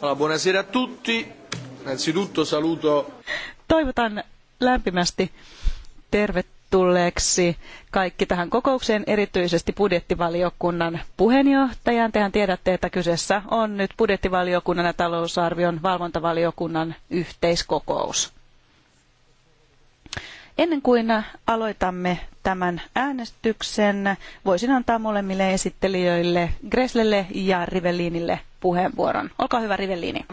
Allora, buonasera a tutti. Innanzitutto saluto... Toivotan lämpimästi tervetulleeksi kaikki tähän kokoukseen, erityisesti budjettivaliokunnan puheenjohtajan. Tehän tiedätte, että kyseessä on nyt budjettivaliokunnan ja talousarvion valvontavaliokunnan yhteiskokous. Ennen kuin aloitamme tämän äänestyksen. Voisin antaa molemmille esittelijöille, Greslelle ja Rivellinille puheenvuoron. Olkaa hyvä Rivellini.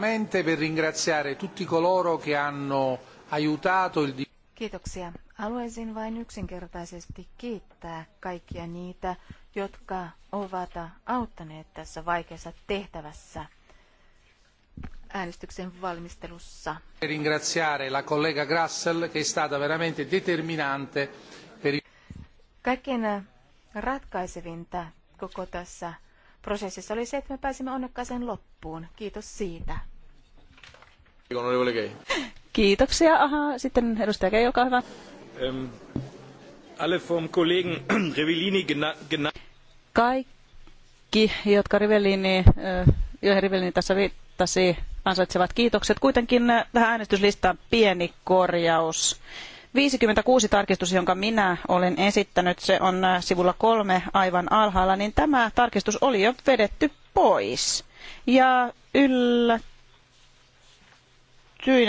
Kiitoksia. Haluaisin vain yksinkertaisesti kiittää kaikkia niitä, jotka ovat auttaneet tässä vaikeassa tehtävässä äänestyksen valmistelussa. Ringraziare la collega Grassel che è stata veramente determinante Kaikkein äh, ratkaisevinta koko tässä prosessissa oli se, että me pääsimme onnekkaaseen loppuun. Kiitos siitä. Kiitoksia. Aha, sitten edustaja Kei, olkaa hyvä. Ähm, alle Rivellini Kaikki, jotka Rivellini, äh, joihin Rivellini tässä viittasi, ansaitsevat kiitokset. Kuitenkin äh, tähän äänestyslistaan pieni korjaus. 56 tarkistus, jonka minä olen esittänyt, se on äh, sivulla kolme aivan alhaalla, niin tämä tarkistus oli jo vedetty pois. Ja yllätyin,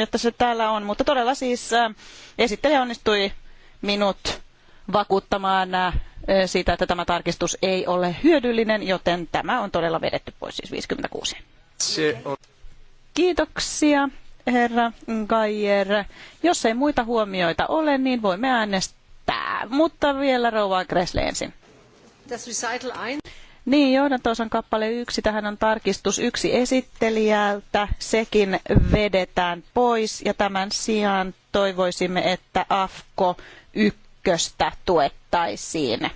että se täällä on, mutta todella siis äh, esittelijä onnistui minut vakuuttamaan äh, siitä, että tämä tarkistus ei ole hyödyllinen, joten tämä on todella vedetty pois, siis 56. Kiitoksia herra Gaier. Jos ei muita huomioita ole, niin voimme äänestää. Mutta vielä rouva Gressle ensin. Niin, johdantoosan kappale yksi, tähän on tarkistus yksi esittelijältä, sekin vedetään pois ja tämän sijaan toivoisimme, että AFKO ykköstä tuettaisiin.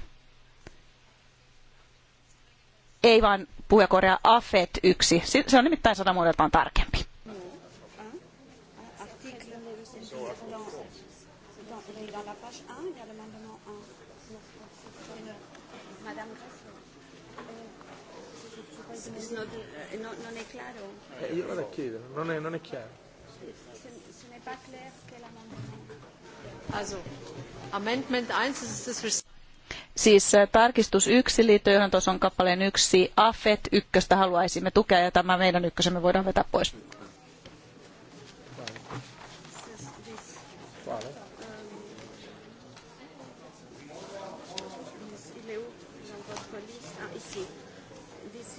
Ei vaan puhujakorjaa AFET yksi, se on nimittäin sanamuodeltaan tarkempi. Eh, io vado a chiedere, non è, non è chiaro. Siis äh, tarkistus yksi liittyy johon tuossa on kappaleen yksi. AFET ykköstä haluaisimme tukea ja tämä meidän ykkösemme voidaan vetää pois.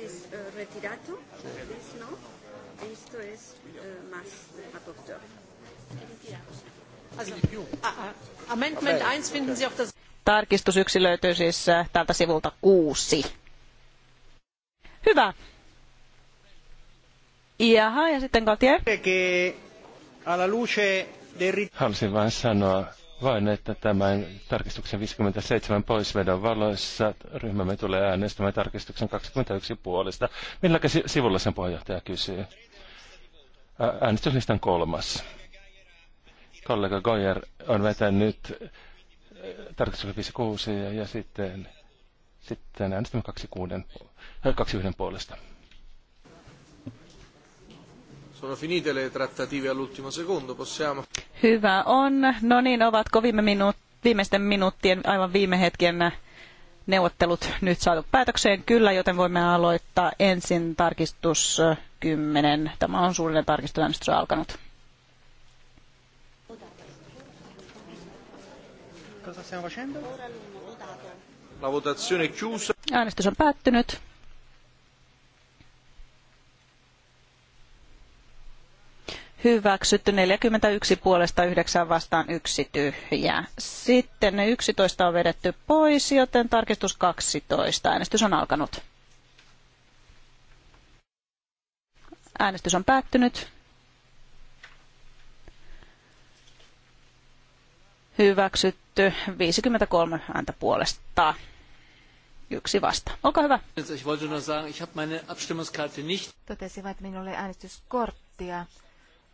Um, uh, Retirato. rapporteur. Amendment 1 finden Sie auf Tarkistus 1 löytyy siis äh, tältä sivulta 6. Hyvä. Jaha, ja sitten Gautier. Halusin vain sanoa vain, että tämän tarkistuksen 57 poisvedon valoissa ryhmämme tulee äänestämään tarkistuksen 21 puolesta. Milläkä sivulla sen puheenjohtaja kysyy? äänestyslistan kolmas. Kollega Goyer on vetänyt tarkastuksen 56 ja, ja sitten, sitten äänestämme 21 puolesta. Sono finite le trattative all'ultimo secondo, possiamo... Hyvä on. No niin, ovatko viime minu- viimeisten minuuttien, aivan viime hetken neuvottelut nyt saatu päätökseen? Kyllä, joten voimme aloittaa ensin tarkistus 10. Äh, Tämä on suullinen tarkistusäänestys alkanut. Äänestys on päättynyt. hyväksytty 41 puolesta 9 vastaan yksi tyhjää. Sitten 11 on vedetty pois, joten tarkistus 12. Äänestys on alkanut. Äänestys on päättynyt. Hyväksytty 53 ääntä puolesta. Yksi vasta. Olkaa hyvä. Totesivat minulle äänestyskorttia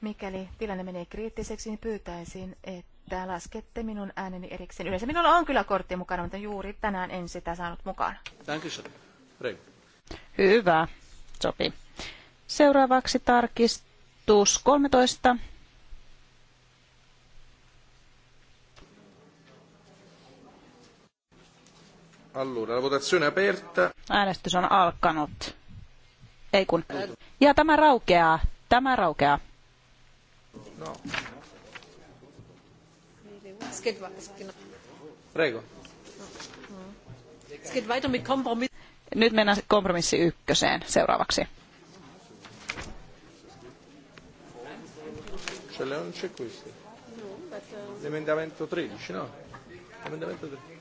Mikäli tilanne menee kriittiseksi, niin pyytäisin, että laskette minun ääneni erikseen. Yleensä minulla on kyllä kortti mukana, mutta juuri tänään en sitä saanut mukaan. Hyvä. Sopi. Seuraavaksi tarkistus 13. Allora, la votazione aperta. Äänestys on alkanut. Ei kun. Ja tämä raukeaa. Tämä raukeaa. No. Prego. Nyt mennään kompromissi ykköseen seuraavaksi. Ce non c'è questo. L'emendamento 13, no? L'emendamento 13.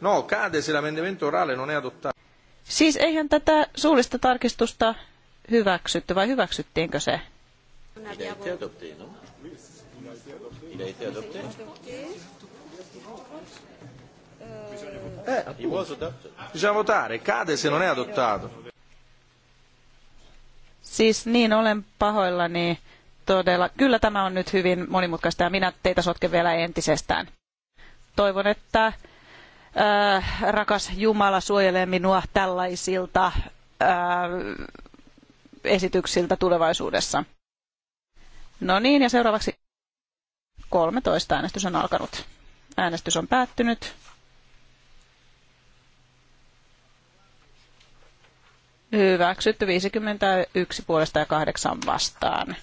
No, cade se l'emendamento orale non è adottato. Siis eihän tätä suullista tarkistusta hyväksytty vai hyväksyttiinkö se? votare, se Siis niin, olen pahoillani todella. Kyllä tämä on nyt hyvin monimutkaista ja minä teitä sotken vielä entisestään. Toivon, että äh, rakas Jumala suojelee minua tällaisilta äh, esityksiltä tulevaisuudessa. No niin, ja seuraavaksi 13 äänestys on alkanut. Äänestys on päättynyt. Hyväksytty 51 puolesta ja 8 vastaan.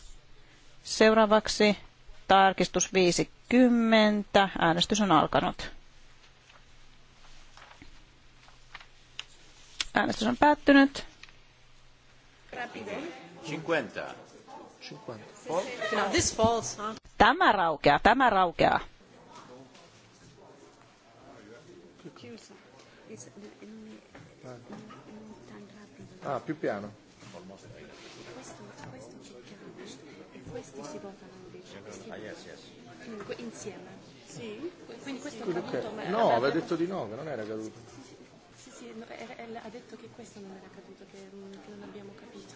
Seuraavaksi tarkistus 50. Äänestys on alkanut. Äänestys on päättynyt. 50. 50. Fall. No, this falls, huh? Tämä raukeaa, tämä raukeaa. Ah, più piano. Questo, questi si votano invece. Ah, yes, yes. Insieme. Sì? Quindi questo è caduto. No, aveva detto di no, che non era caduto sì, no, ha detto che questo non era capito, che, mm, che non abbiamo capito.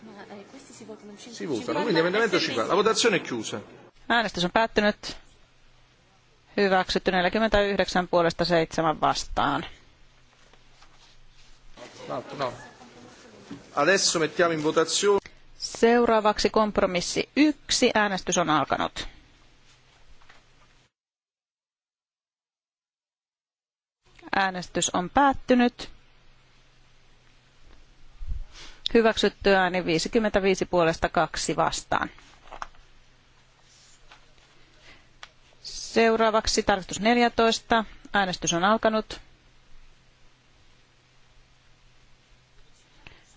Ma eh, questi si votano 5 Si votano, quindi e emendamento 5. La votazione è chiusa. Äänestys on päättynyt. Hyväksytty 49 puolesta 7 vastaan. No, no. Adesso mettiamo in votazione. Seuraavaksi kompromissi 1. Äänestys on alkanut. Äänestys on päättynyt. Hyväksytty ääni 55 puolesta 2 vastaan. Seuraavaksi tarkistus 14. Äänestys on alkanut.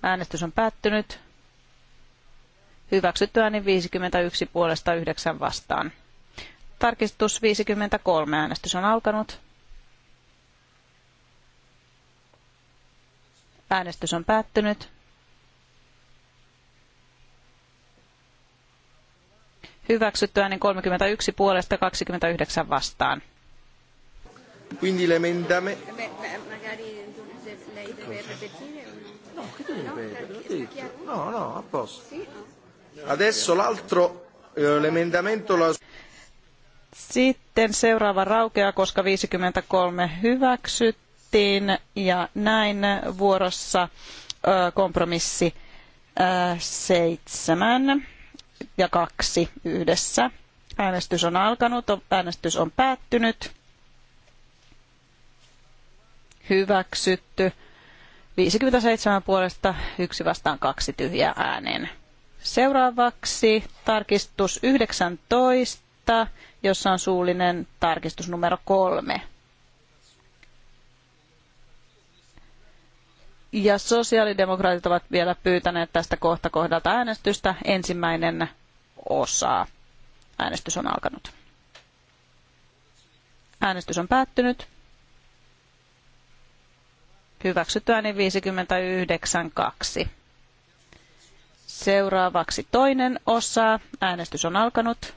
Äänestys on päättynyt. Hyväksytty ääni 51 puolesta 9 vastaan. Tarkistus 53. Äänestys on alkanut. Äänestys on päättynyt. Hyväksytty äänen 31 puolesta 29 vastaan. Quindi l'emendame... No? no, che no, no, no, a posto. No. Adesso l'altro, eh, l'emendamento... La... Sitten seuraava raukea, koska 53 hyväksytty sovittiin ja näin vuorossa kompromissi seitsemän ja kaksi yhdessä. Äänestys on alkanut, äänestys on päättynyt. Hyväksytty. 57 puolesta, yksi vastaan kaksi tyhjää ääneen. Seuraavaksi tarkistus 19, jossa on suullinen tarkistus numero kolme. Ja sosiaalidemokraatit ovat vielä pyytäneet tästä kohta kohdalta äänestystä. Ensimmäinen osa. Äänestys on alkanut. Äänestys on päättynyt. Hyväksytty ääni 59.2. Seuraavaksi toinen osa. Äänestys on alkanut.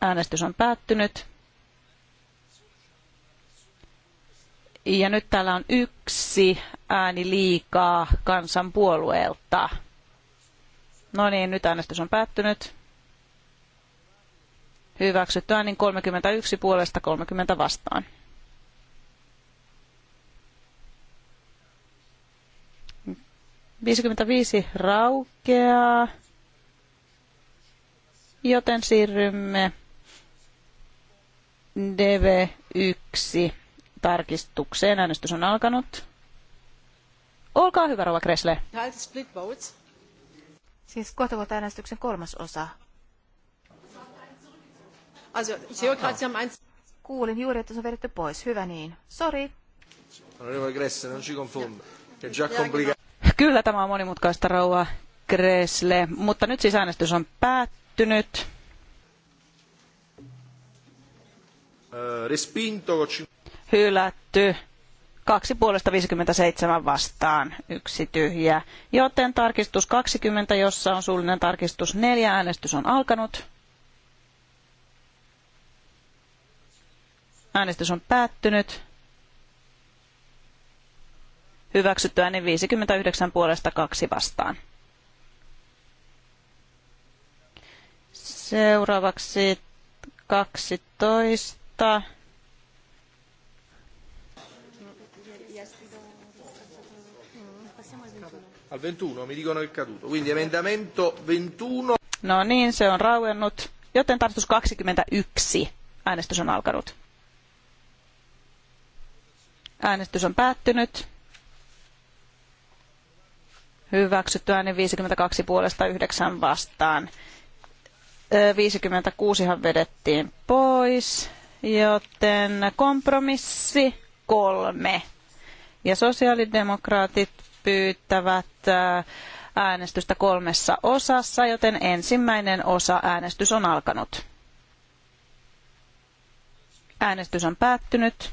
Äänestys on päättynyt. Ja nyt täällä on yksi ääni liikaa kansanpuolueelta. No niin, nyt äänestys on päättynyt. Hyväksytty äänin 31 puolesta 30 vastaan. Viisikymmentäviisi raukeaa, joten siirrymme DV1 tarkistukseen. Äänestys on alkanut. Olkaa hyvä, Rova Kresle. Split Siis kohta äänestyksen kolmas osa. Also, Kuulin juuri, että se on vedetty pois. Hyvä niin. Sori. Kyllä tämä on monimutkaista rouva Kresle, mutta nyt siis äänestys on päättynyt. Eh, respinto hylätty. Kaksi puolesta 57 vastaan, yksi tyhjä. Joten tarkistus 20, jossa on suullinen tarkistus 4, äänestys on alkanut. Äänestys on päättynyt. Hyväksytty ääni 59 puolesta 2 vastaan. Seuraavaksi 12. al 21, mi dicono che è caduto. Quindi emendamento 21. No niin, se on rauennut, joten tarkistus 21. Äänestys on alkanut. Äänestys on päättynyt. Hyväksytty ääni 52 puolesta 9 vastaan. 56han vedettiin pois, joten kompromissi kolme. Ja sosiaalidemokraatit pyytävät äh, äänestystä kolmessa osassa, joten ensimmäinen osa äänestys on alkanut. Äänestys on päättynyt.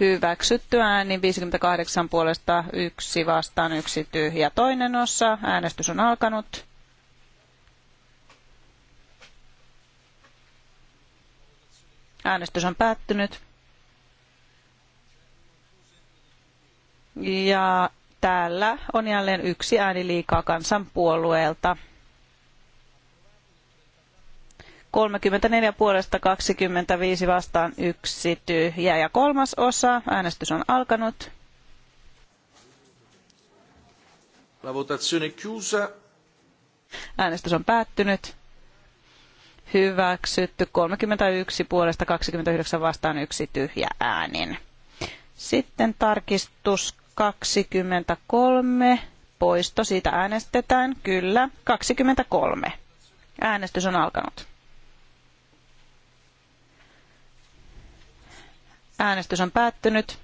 Hyväksytty ääni 58 puolesta yksi vastaan yksi tyhjä. Toinen osa. Äänestys on alkanut. Äänestys on päättynyt. Ja täällä on jälleen yksi ääni liikaa kansanpuolueelta. 34 puolesta 25 vastaan yksi tyhjä ja kolmas osa. Äänestys on alkanut. La votazione chiusa. Äänestys on päättynyt. Hyväksytty 31 puolesta 29 vastaan yksi tyhjä äänin. Sitten tarkistus 23. Poisto, siitä äänestetään. Kyllä, 23. Äänestys on alkanut. Äänestys on päättynyt.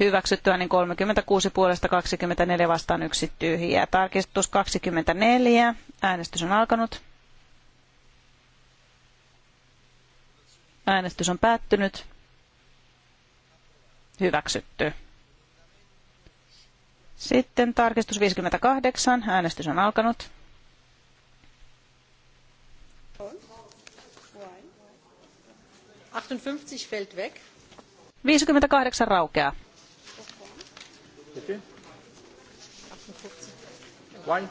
Hyväksyttyä niin 36 puolesta 24 vastaan yksi tyhjää. Tarkistus 24. Äänestys on alkanut. Äänestys on päättynyt hyväksytty. Sitten tarkistus 58. Äänestys on alkanut. fällt 58 raukeaa. Why?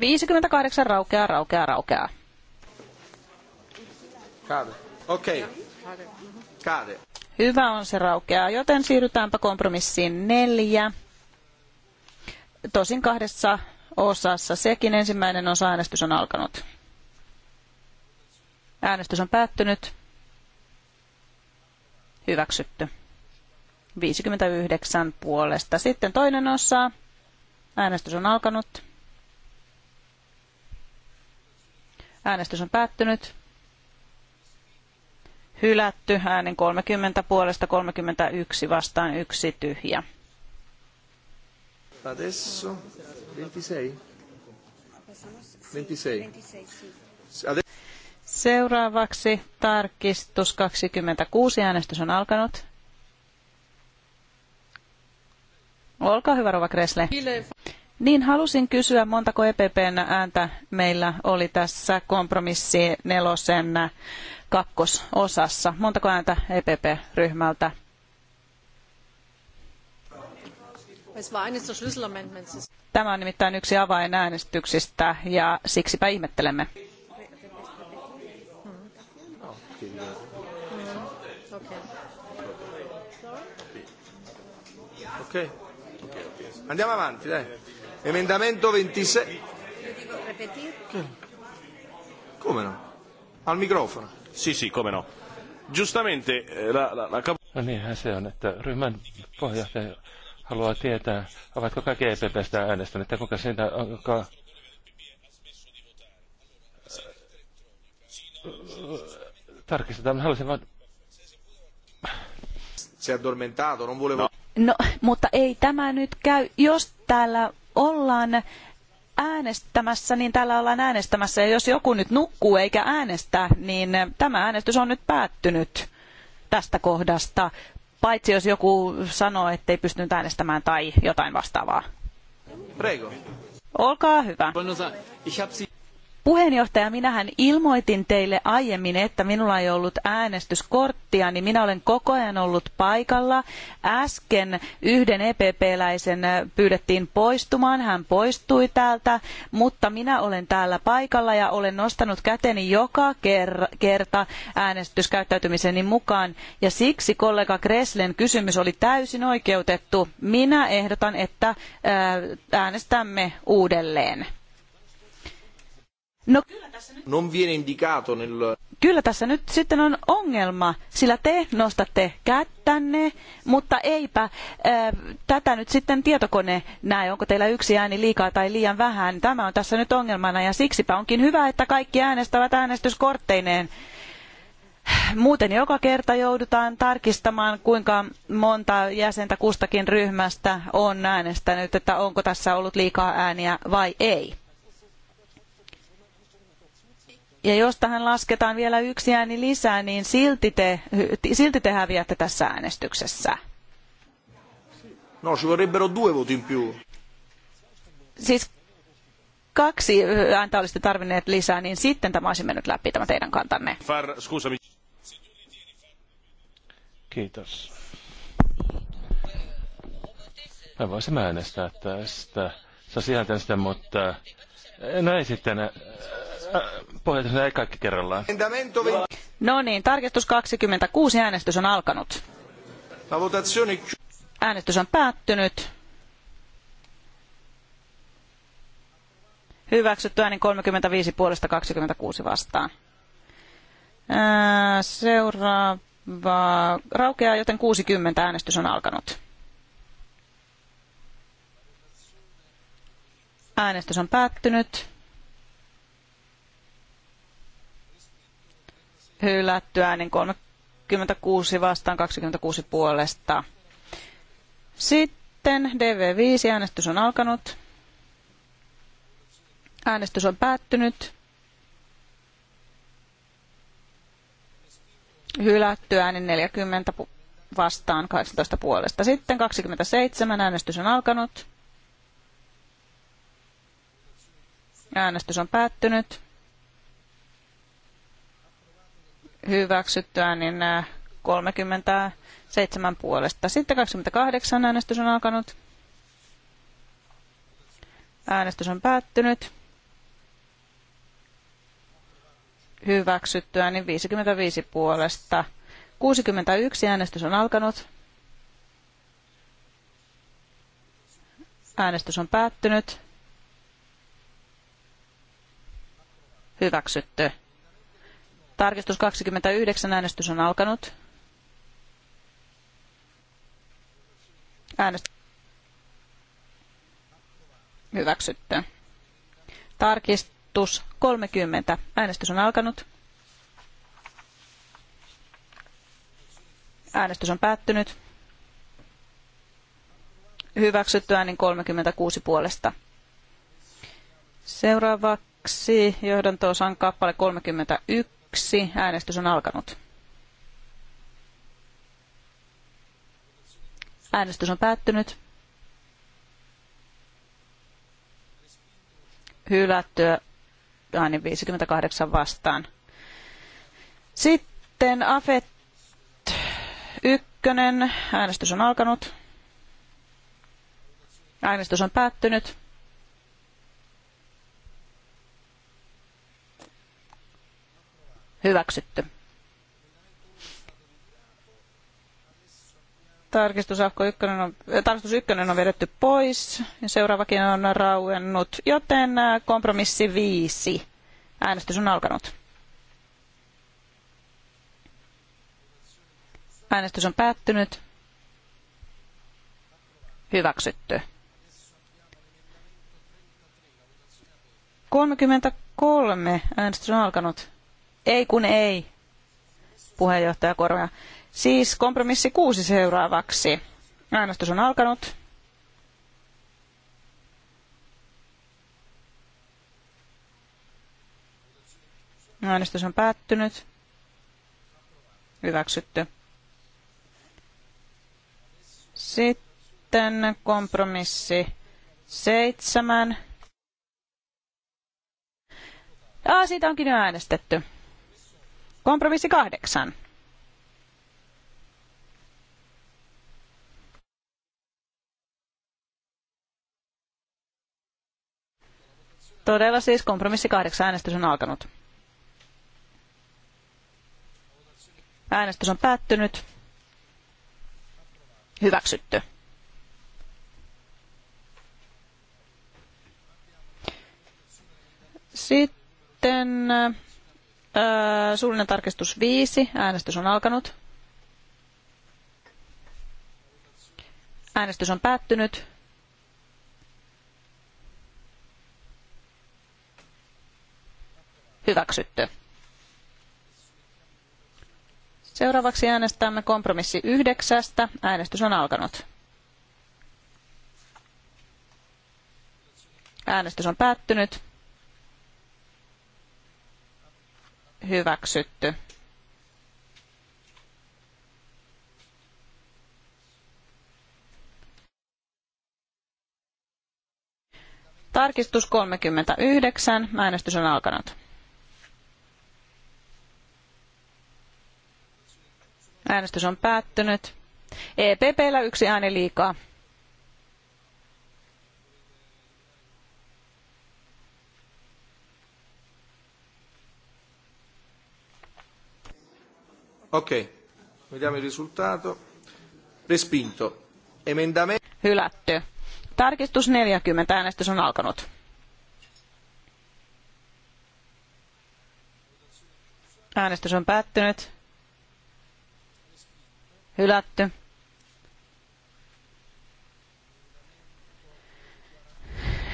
58 raukeaa, raukeaa, raukeaa. Okei. Okay. Hyvä on se raukeaa, joten siirrytäänpä kompromissiin neljä. Tosin kahdessa osassa. Sekin ensimmäinen osa äänestys on alkanut. Äänestys on päättynyt. Hyväksytty. 59 puolesta. Sitten toinen osa. Äänestys on alkanut. Äänestys on päättynyt hylätty äänen 30 puolesta 31 vastaan yksi tyhjä. Adesso 26. 26. Seuraavaksi tarkistus 26. Äänestys on alkanut. Olkaa hyvä, Rova Kresle. Niin halusin kysyä, montako EPPn ääntä meillä oli tässä kompromissi nelosen kakkososassa. Montako ääntä EPP-ryhmältä? Tämä on nimittäin yksi äänestyksistä ja siksipä ihmettelemme. Andiamo avanti, dai. Emendamento 26. Come no? Al microfono. Sì, sì, come no. Giustamente eh, la, la, la... capo... No niinhän se on, että ryhmän pohjohtaja haluaa tietää, ovatko kaikki EPPstä äänestäneet että kuinka siinä onko... Tarkistetaan, haluaisin vaan... Se addormentato, non volevo... No, no, mutta ei tämä nyt käy. Jos täällä ollaan äänestämässä, niin täällä ollaan äänestämässä. Ja jos joku nyt nukkuu eikä äänestä, niin tämä äänestys on nyt päättynyt tästä kohdasta. Paitsi jos joku sanoo, ettei pystynyt äänestämään tai jotain vastaavaa. Prego. Olkaa hyvä. Puheenjohtaja, minähän ilmoitin teille aiemmin, että minulla ei ollut äänestyskorttia, niin minä olen koko ajan ollut paikalla. Äsken yhden EPP-läisen pyydettiin poistumaan, hän poistui täältä, mutta minä olen täällä paikalla ja olen nostanut käteni joka kerta äänestyskäyttäytymiseni mukaan. Ja siksi kollega Kreslen kysymys oli täysin oikeutettu. Minä ehdotan, että äänestämme uudelleen. No kyllä tässä nyt... Non viene indicato nel... Kyllä tässä nyt sitten on ongelma, sillä te nostatte kättänne, mutta eipä äh, tätä nyt sitten tietokone näe, onko teillä yksi ääni liikaa tai liian vähän. Tämä on tässä nyt ongelmana ja siksipä onkin hyvä, että kaikki äänestävät äänestyskortteineen. Muuten joka kerta joudutaan tarkistamaan, kuinka monta jäsentä kustakin ryhmästä on äänestänyt, että onko tässä ollut liikaa ääniä vai ei. Ja jos tähän lasketaan vielä yksi ääni lisää, niin silti te, silti te häviätte tässä äänestyksessä. No, ci vorrebbero due voti in più. Siis kaksi ääntä olisitte tarvinneet lisää, niin sitten tämä olisi mennyt läpi, tämä teidän kantanne. Far, Kiitos. Mä voisin äänestää tästä. Se on mutta näin no sitten Pohjoisena ei kaikki kerrallaan. No niin, tarkistus 26, äänestys on alkanut. Äänestys on päättynyt. Hyväksytty äänen 35 puolesta 26 vastaan. seuraava raukeaa, joten 60 äänestys on alkanut. Äänestys on päättynyt. hylätty äänin 36 vastaan 26 puolesta. Sitten DV5 äänestys on alkanut. Äänestys on päättynyt. Hylätty äänin 40 vastaan 18 puolesta. Sitten 27 äänestys on alkanut. Äänestys on päättynyt. hyväksyttyä, niin 37 puolesta. Sitten 28 äänestys on alkanut. Äänestys on päättynyt. Hyväksyttyä, niin 55 puolesta. 61 äänestys on alkanut. Äänestys on päättynyt. Hyväksytty. Tarkistus 29. Äänestys on alkanut. Äänestys hyväksytty. Tarkistus 30. Äänestys on alkanut. Äänestys on päättynyt. Hyväksytty äänin 36 puolesta. Seuraavaksi johdantoosan kappale 31 yksi. Äänestys on alkanut. Äänestys on päättynyt. Hylättyä äänin 58 vastaan. Sitten AFET 1. Äänestys on alkanut. Äänestys on päättynyt. Hyväksytty. Tarkistus, 1 on, äh, tarkistus ykkönen on vedetty pois ja seuraavakin on rauennut, joten äh, kompromissi viisi. Äänestys on alkanut. Äänestys on päättynyt. Hyväksytty. 33. Äänestys on alkanut. Ei kun ei, puheenjohtaja korjaa. Siis kompromissi kuusi seuraavaksi. Äänestys on alkanut. Äänestys on päättynyt. Hyväksytty. Sitten kompromissi seitsemän. Ah, siitä onkin jo äänestetty. Kompromissi kahdeksan. Todella siis kompromissi kahdeksan äänestys on alkanut. Äänestys on päättynyt. Hyväksytty. Sitten Suullinen tarkistus 5. Äänestys on alkanut. Äänestys on päättynyt. Hyväksytty. Seuraavaksi äänestämme kompromissi yhdeksästä. Äänestys on alkanut. Äänestys on päättynyt. hyväksytty. Tarkistus 39. Äänestys on alkanut. Äänestys on päättynyt. EPPllä yksi ääni liikaa. Okei. Okay. Vediamo il risultato. Respinto. Emendamento. Hylätty. Tarkistus 40. Äänestys on alkanut. Äänestys on päättynyt. Hylätty.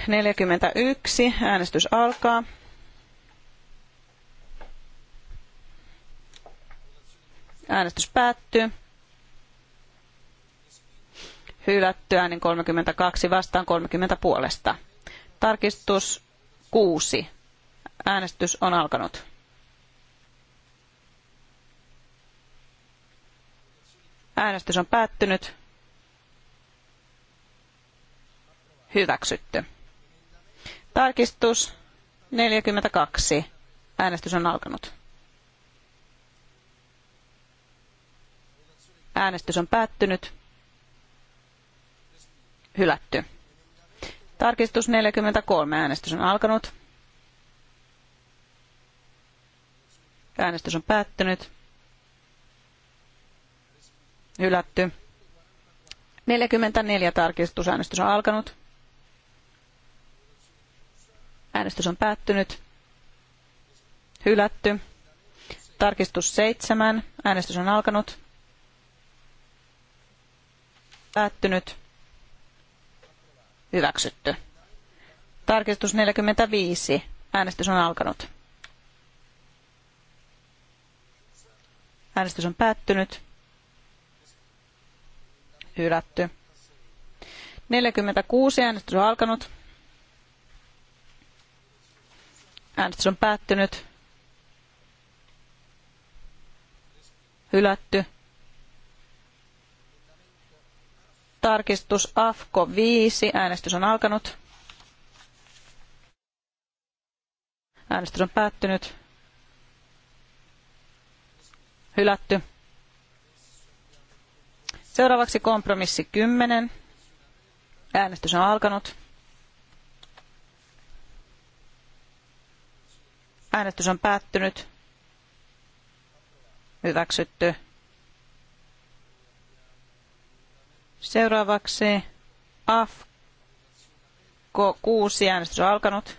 Neljäkymmentäyksi. Äänestys alkaa. Äänestys päättyy. Hylätty äänin 32 vastaan 30 puolesta. Tarkistus 6. Äänestys on alkanut. Äänestys on päättynyt. Hyväksytty. Tarkistus 42. Äänestys on alkanut. Äänestys on päättynyt. Hylätty. Tarkistus 43. Äänestys on alkanut. Äänestys on päättynyt. Hylätty. 44 Tarkistus äänestys on alkanut. Äänestys on päättynyt. Hylätty. Tarkistus 7. Äänestys on alkanut päättynyt, hyväksytty. Tarkistus 45. Äänestys on alkanut. Äänestys on päättynyt. Hylätty. 46. Äänestys on alkanut. Äänestys on päättynyt. Hylätty. Tarkistus AFKO 5. Äänestys on alkanut. Äänestys on päättynyt. Hylätty. Seuraavaksi kompromissi 10. Äänestys on alkanut. Äänestys on päättynyt. Hyväksytty. Seuraavaksi AFKO 6 äänestys on alkanut.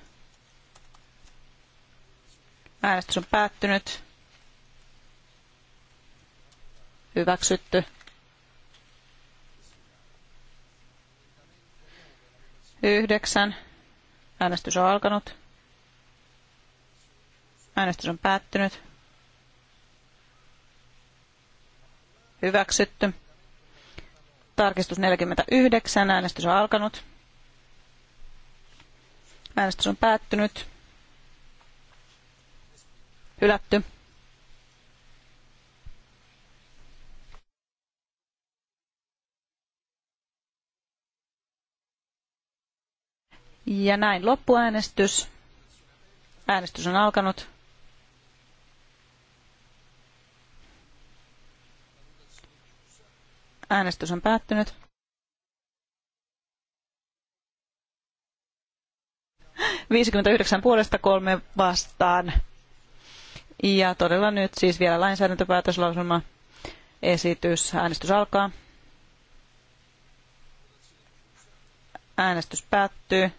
Äänestys on päättynyt. Hyväksytty. Yhdeksän. Äänestys on alkanut. Äänestys on päättynyt. Hyväksytty. Tarkistus 49. Äänestys on alkanut. Äänestys on päättynyt. Hylätty. Ja näin loppuäänestys. Äänestys on alkanut. Äänestys on päättynyt. Viisikymmentäyhdeksän puolesta kolme vastaan. Ja todella nyt siis vielä lainsäädäntöpäätöslausuma esitys. Äänestys alkaa. Äänestys päättyy.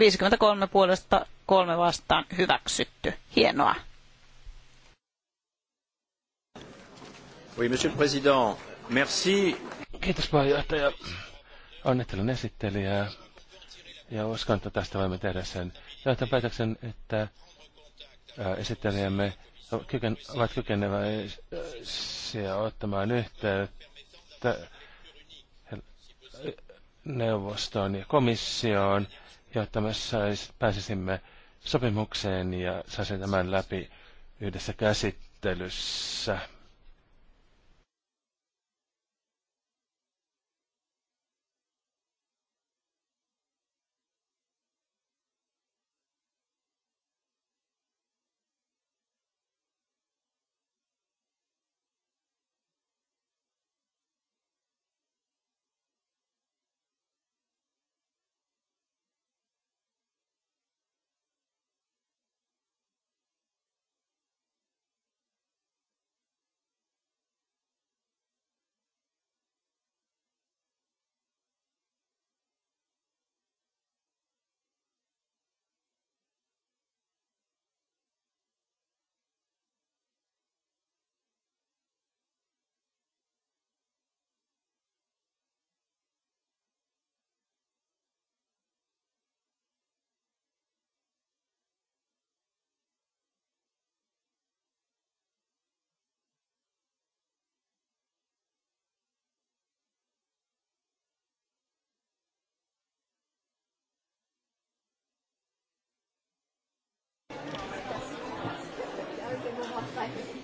53 puolesta kolme vastaan hyväksytty. Hienoa. Oui, monsieur le président. Merci. Kiitos puheenjohtaja. Onnittelen esittelijää. Ja uskon, että tästä voimme tehdä sen johtopäätöksen, että esittelijämme kyken, ovat kykeneväisiä ottamaan yhteyttä neuvostoon ja komissioon että me sais, pääsisimme sopimukseen ja saisimme tämän läpi yhdessä käsittelyssä. Thank you.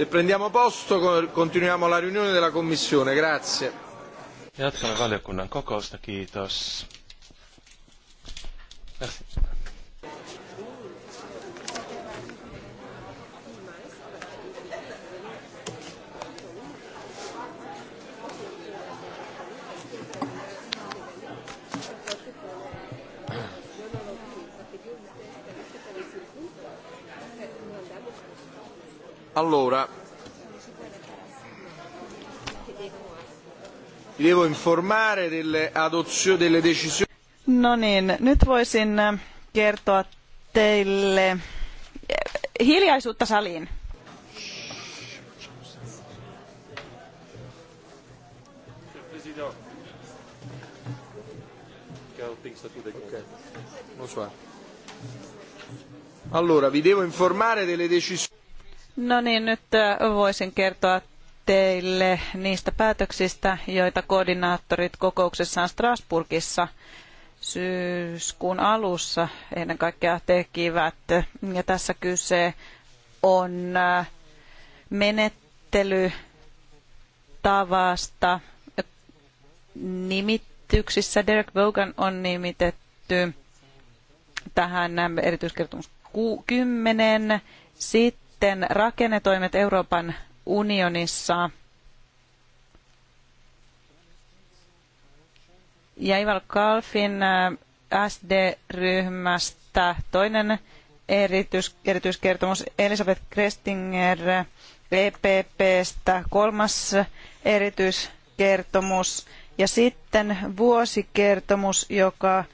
Se prendiamo posto continuiamo la riunione della Commissione. Grazie. Jatkamme valiokunnan kokousta, kiitos. Allora, devo informare delle delle decisioni. No niin, nyt voisin äh, kertoa teille äh, hiljaisuutta saliin. Allora, vi devo informare delle decisioni. No niin, nyt voisin kertoa teille niistä päätöksistä, joita koordinaattorit kokouksessaan Strasbourgissa syyskuun alussa ennen kaikkea tekivät. Ja tässä kyse on menettelytavasta nimityksissä. Derek Vaughan on nimitetty tähän erityiskertomus 10. Sitten sitten rakennetoimet Euroopan unionissa. Ja Ival Kalfin äh, SD-ryhmästä toinen erityis, erityiskertomus Elisabeth Krestinger EPPstä kolmas erityiskertomus ja sitten vuosikertomus, joka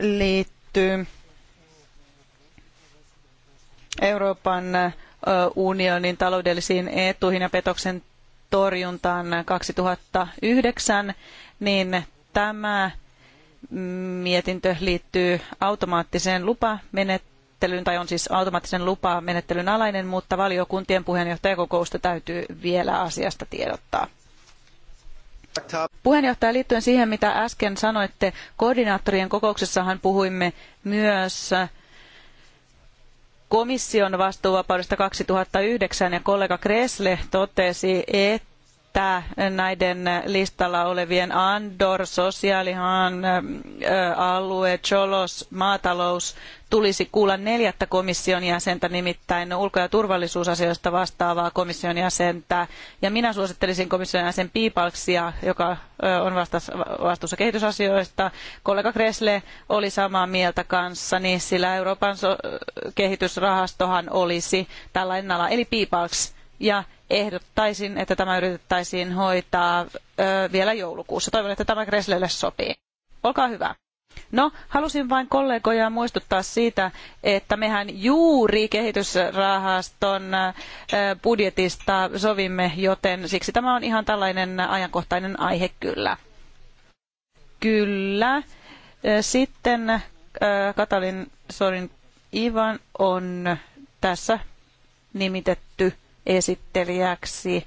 liittyy Euroopan unionin taloudellisiin etuihin ja petoksen torjuntaan 2009, niin tämä mietintö liittyy automaattiseen lupamenettelyyn, tai on siis automaattisen lupamenettelyn alainen, mutta valiokuntien puheenjohtajakokousta täytyy vielä asiasta tiedottaa. Puheenjohtaja, liittyen siihen, mitä äsken sanoitte, koordinaattorien kokouksessahan puhuimme myös komission vastuuvapaudesta 2009 ja kollega Kresle totesi, että että näiden listalla olevien Andor, sosiaalihan, alue, Cholos, maatalous tulisi kuulla neljättä komission jäsentä, nimittäin ulko- ja turvallisuusasioista vastaavaa komission jäsentä. Ja minä suosittelisin komission jäsen Piipalksia, joka on vastuussa kehitysasioista. Kollega Kresle oli samaa mieltä kanssani, sillä Euroopan kehitysrahastohan olisi tällainen ala, eli Piipalks. Ja ehdottaisin, että tämä yritettäisiin hoitaa vielä joulukuussa. Toivon, että tämä Kreslelle sopii. Olkaa hyvä. No, halusin vain kollegoja muistuttaa siitä, että mehän juuri kehitysrahaston budjetista sovimme, joten siksi tämä on ihan tällainen ajankohtainen aihe kyllä. Kyllä. Sitten Katalin Sorin Ivan on tässä nimitetty esittelijäksi.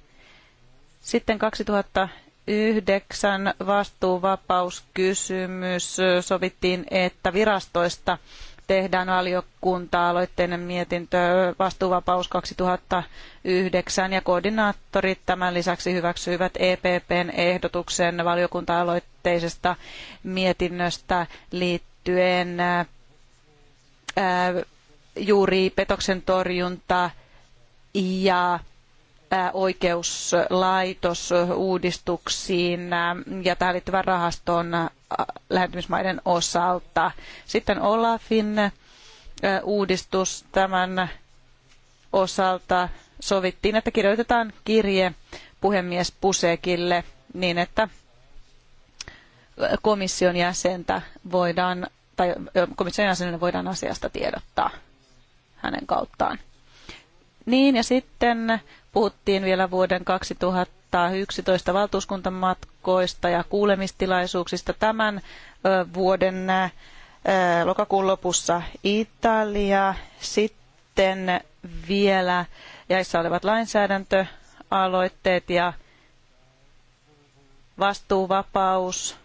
Sitten 2009 vastuuvapauskysymys sovittiin, että virastoista tehdään valiokunta-aloitteinen mietintö vastuuvapaus 2009 ja koordinaattorit tämän lisäksi hyväksyivät EPPn ehdotuksen valiokunta-aloitteisesta mietinnöstä liittyen juuri petoksen torjunta ja oikeuslaitosuudistuksiin ja tähän liittyvän rahaston lähentymismaiden osalta. Sitten Olafin uudistus tämän osalta sovittiin, että kirjoitetaan kirje puhemies Pusekille niin, että komission jäsentä voidaan, tai komission jäsenelle voidaan asiasta tiedottaa hänen kauttaan. Niin, ja sitten puhuttiin vielä vuoden 2011 valtuuskuntamatkoista ja kuulemistilaisuuksista tämän vuoden lokakuun lopussa Italia, sitten vielä jäissä olevat lainsäädäntöaloitteet ja vastuuvapaus,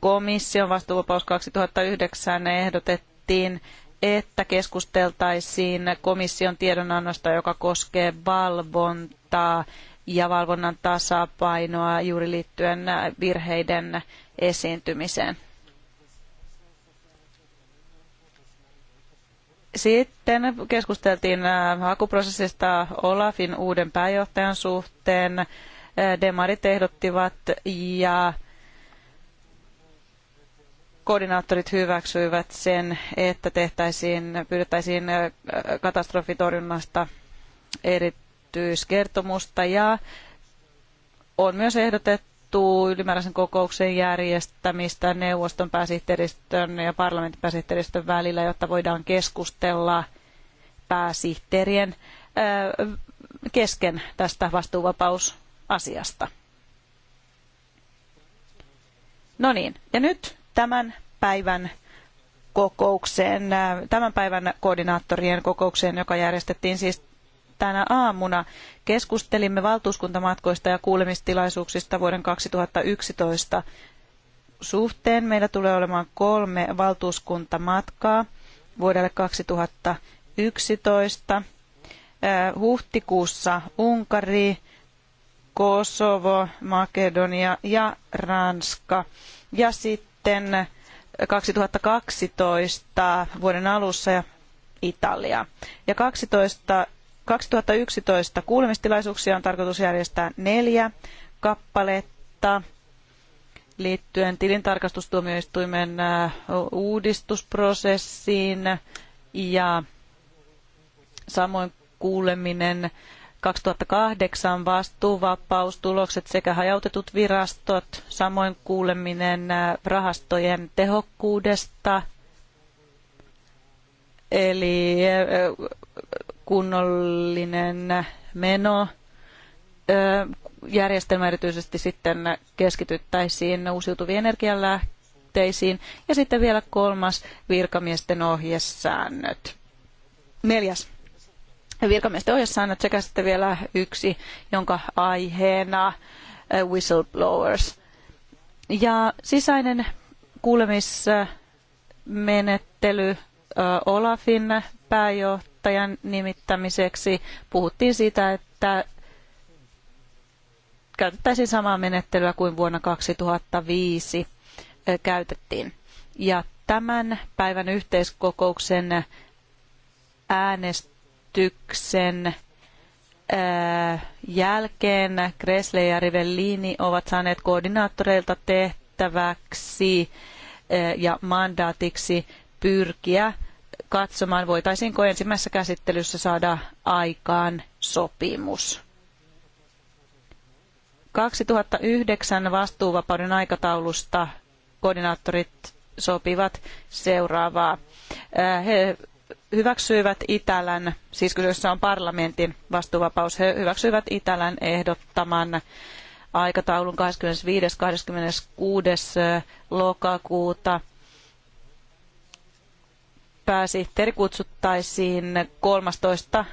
komission vastuuvapaus 2009 ehdotettiin että keskusteltaisiin komission tiedonannosta, joka koskee valvontaa ja valvonnan tasapainoa juuri liittyen virheiden esiintymiseen. Sitten keskusteltiin äh, hakuprosessista Olafin uuden pääjohtajan suhteen. Äh, demarit ehdottivat ja koordinaattorit hyväksyivät sen, että tehtäisiin, pyydettäisiin katastrofitorjunnasta erityiskertomusta ja on myös ehdotettu ylimääräisen kokouksen järjestämistä neuvoston pääsihteeristön ja parlamentin pääsihteeristön välillä, jotta voidaan keskustella pääsihteerien kesken tästä vastuuvapausasiasta. No niin, ja nyt tämän päivän kokoukseen, äh, tämän päivän koordinaattorien kokoukseen, joka järjestettiin siis tänä aamuna. Keskustelimme valtuuskuntamatkoista ja kuulemistilaisuuksista vuoden 2011 suhteen. Meillä tulee olemaan kolme valtuuskuntamatkaa vuodelle 2011. Äh, huhtikuussa Unkari, Kosovo, Makedonia ja Ranska. Ja sitten sitten 2012 vuoden alussa ja Italia. Ja 12, 2011 kuulemistilaisuuksia on tarkoitus järjestää neljä kappaletta liittyen tilintarkastustuomioistuimen uudistusprosessiin ja samoin kuuleminen 2008 vastuuvapaus, tulokset sekä hajautetut virastot, samoin kuuleminen äh, rahastojen tehokkuudesta, eli äh, kunnollinen meno, järjestelmä erityisesti sitten keskityttäisiin uusiutuviin energianlähteisiin ja sitten vielä kolmas virkamiesten ohjesäännöt. Neljäs virkamiesten ohjesäännöt sekä sitten vielä yksi, jonka aiheena eh, whistleblowers. Ja sisäinen kuulemismenettely eh, Olafin pääjohtajan nimittämiseksi puhuttiin siitä, että käytettäisiin samaa menettelyä kuin vuonna 2005 eh, käytettiin. Ja tämän päivän yhteiskokouksen äänestys äänestyksen jälkeen Kresle ja Rivellini ovat saaneet koordinaattoreilta tehtäväksi ja mandaatiksi pyrkiä katsomaan, voitaisiinko ensimmäisessä käsittelyssä saada aikaan sopimus. 2009 vastuuvapauden aikataulusta koordinaattorit sopivat seuraavaa. He hyväksyivät Itälän, siis kyseessä on parlamentin vastuuvapaus, he hyväksyivät Itälän ehdottaman aikataulun 25.–26. Eh, lokakuuta. Pääsihteeri kutsuttaisiin 13.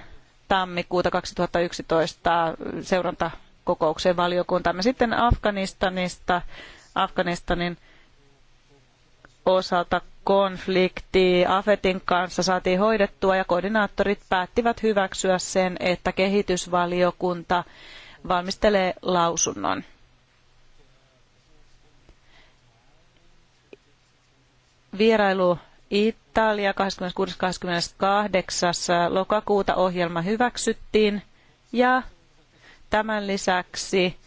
tammikuuta 2011 seurantakokoukseen valiokuntaan. sitten Afganistanista, Afganistanin osalta konflikti AFETin kanssa saatiin hoidettua ja koordinaattorit päättivät hyväksyä sen, että kehitysvaliokunta valmistelee lausunnon. Vierailu Italia 26.28. lokakuuta ohjelma hyväksyttiin ja tämän lisäksi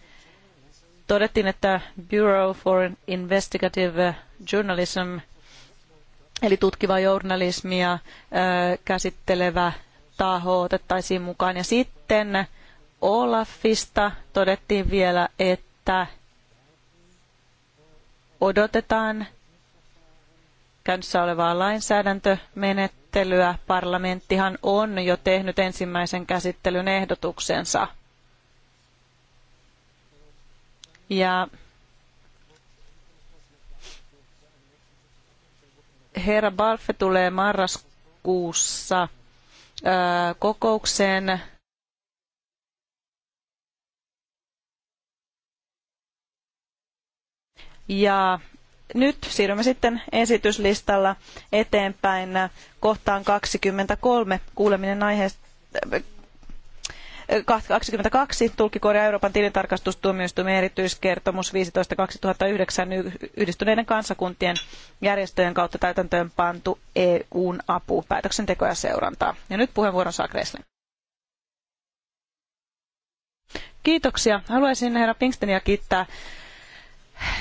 todettiin, että Bureau for Investigative journalism, eli tutkiva journalismia käsittelevä taho otettaisiin mukaan. Ja sitten Olafista todettiin vielä, että odotetaan käynnissä olevaa lainsäädäntömenettelyä. Parlamenttihan on jo tehnyt ensimmäisen käsittelyn ehdotuksensa. Ja herra Balfe tulee marraskuussa kokoukseen Ja nyt siirrymme sitten esityslistalla eteenpäin kohtaan 23 kuuleminen aiheesta 22 tulkikorja Euroopan tilintarkastustuomioistuimen erityiskertomus 15.2009 yhdistyneiden kansakuntien järjestöjen kautta täytäntöön pantu EUn apu päätöksentekoa ja seurantaa. Ja nyt puheenvuoron saa Kresli. Kiitoksia. Haluaisin herra Pinkstenia kiittää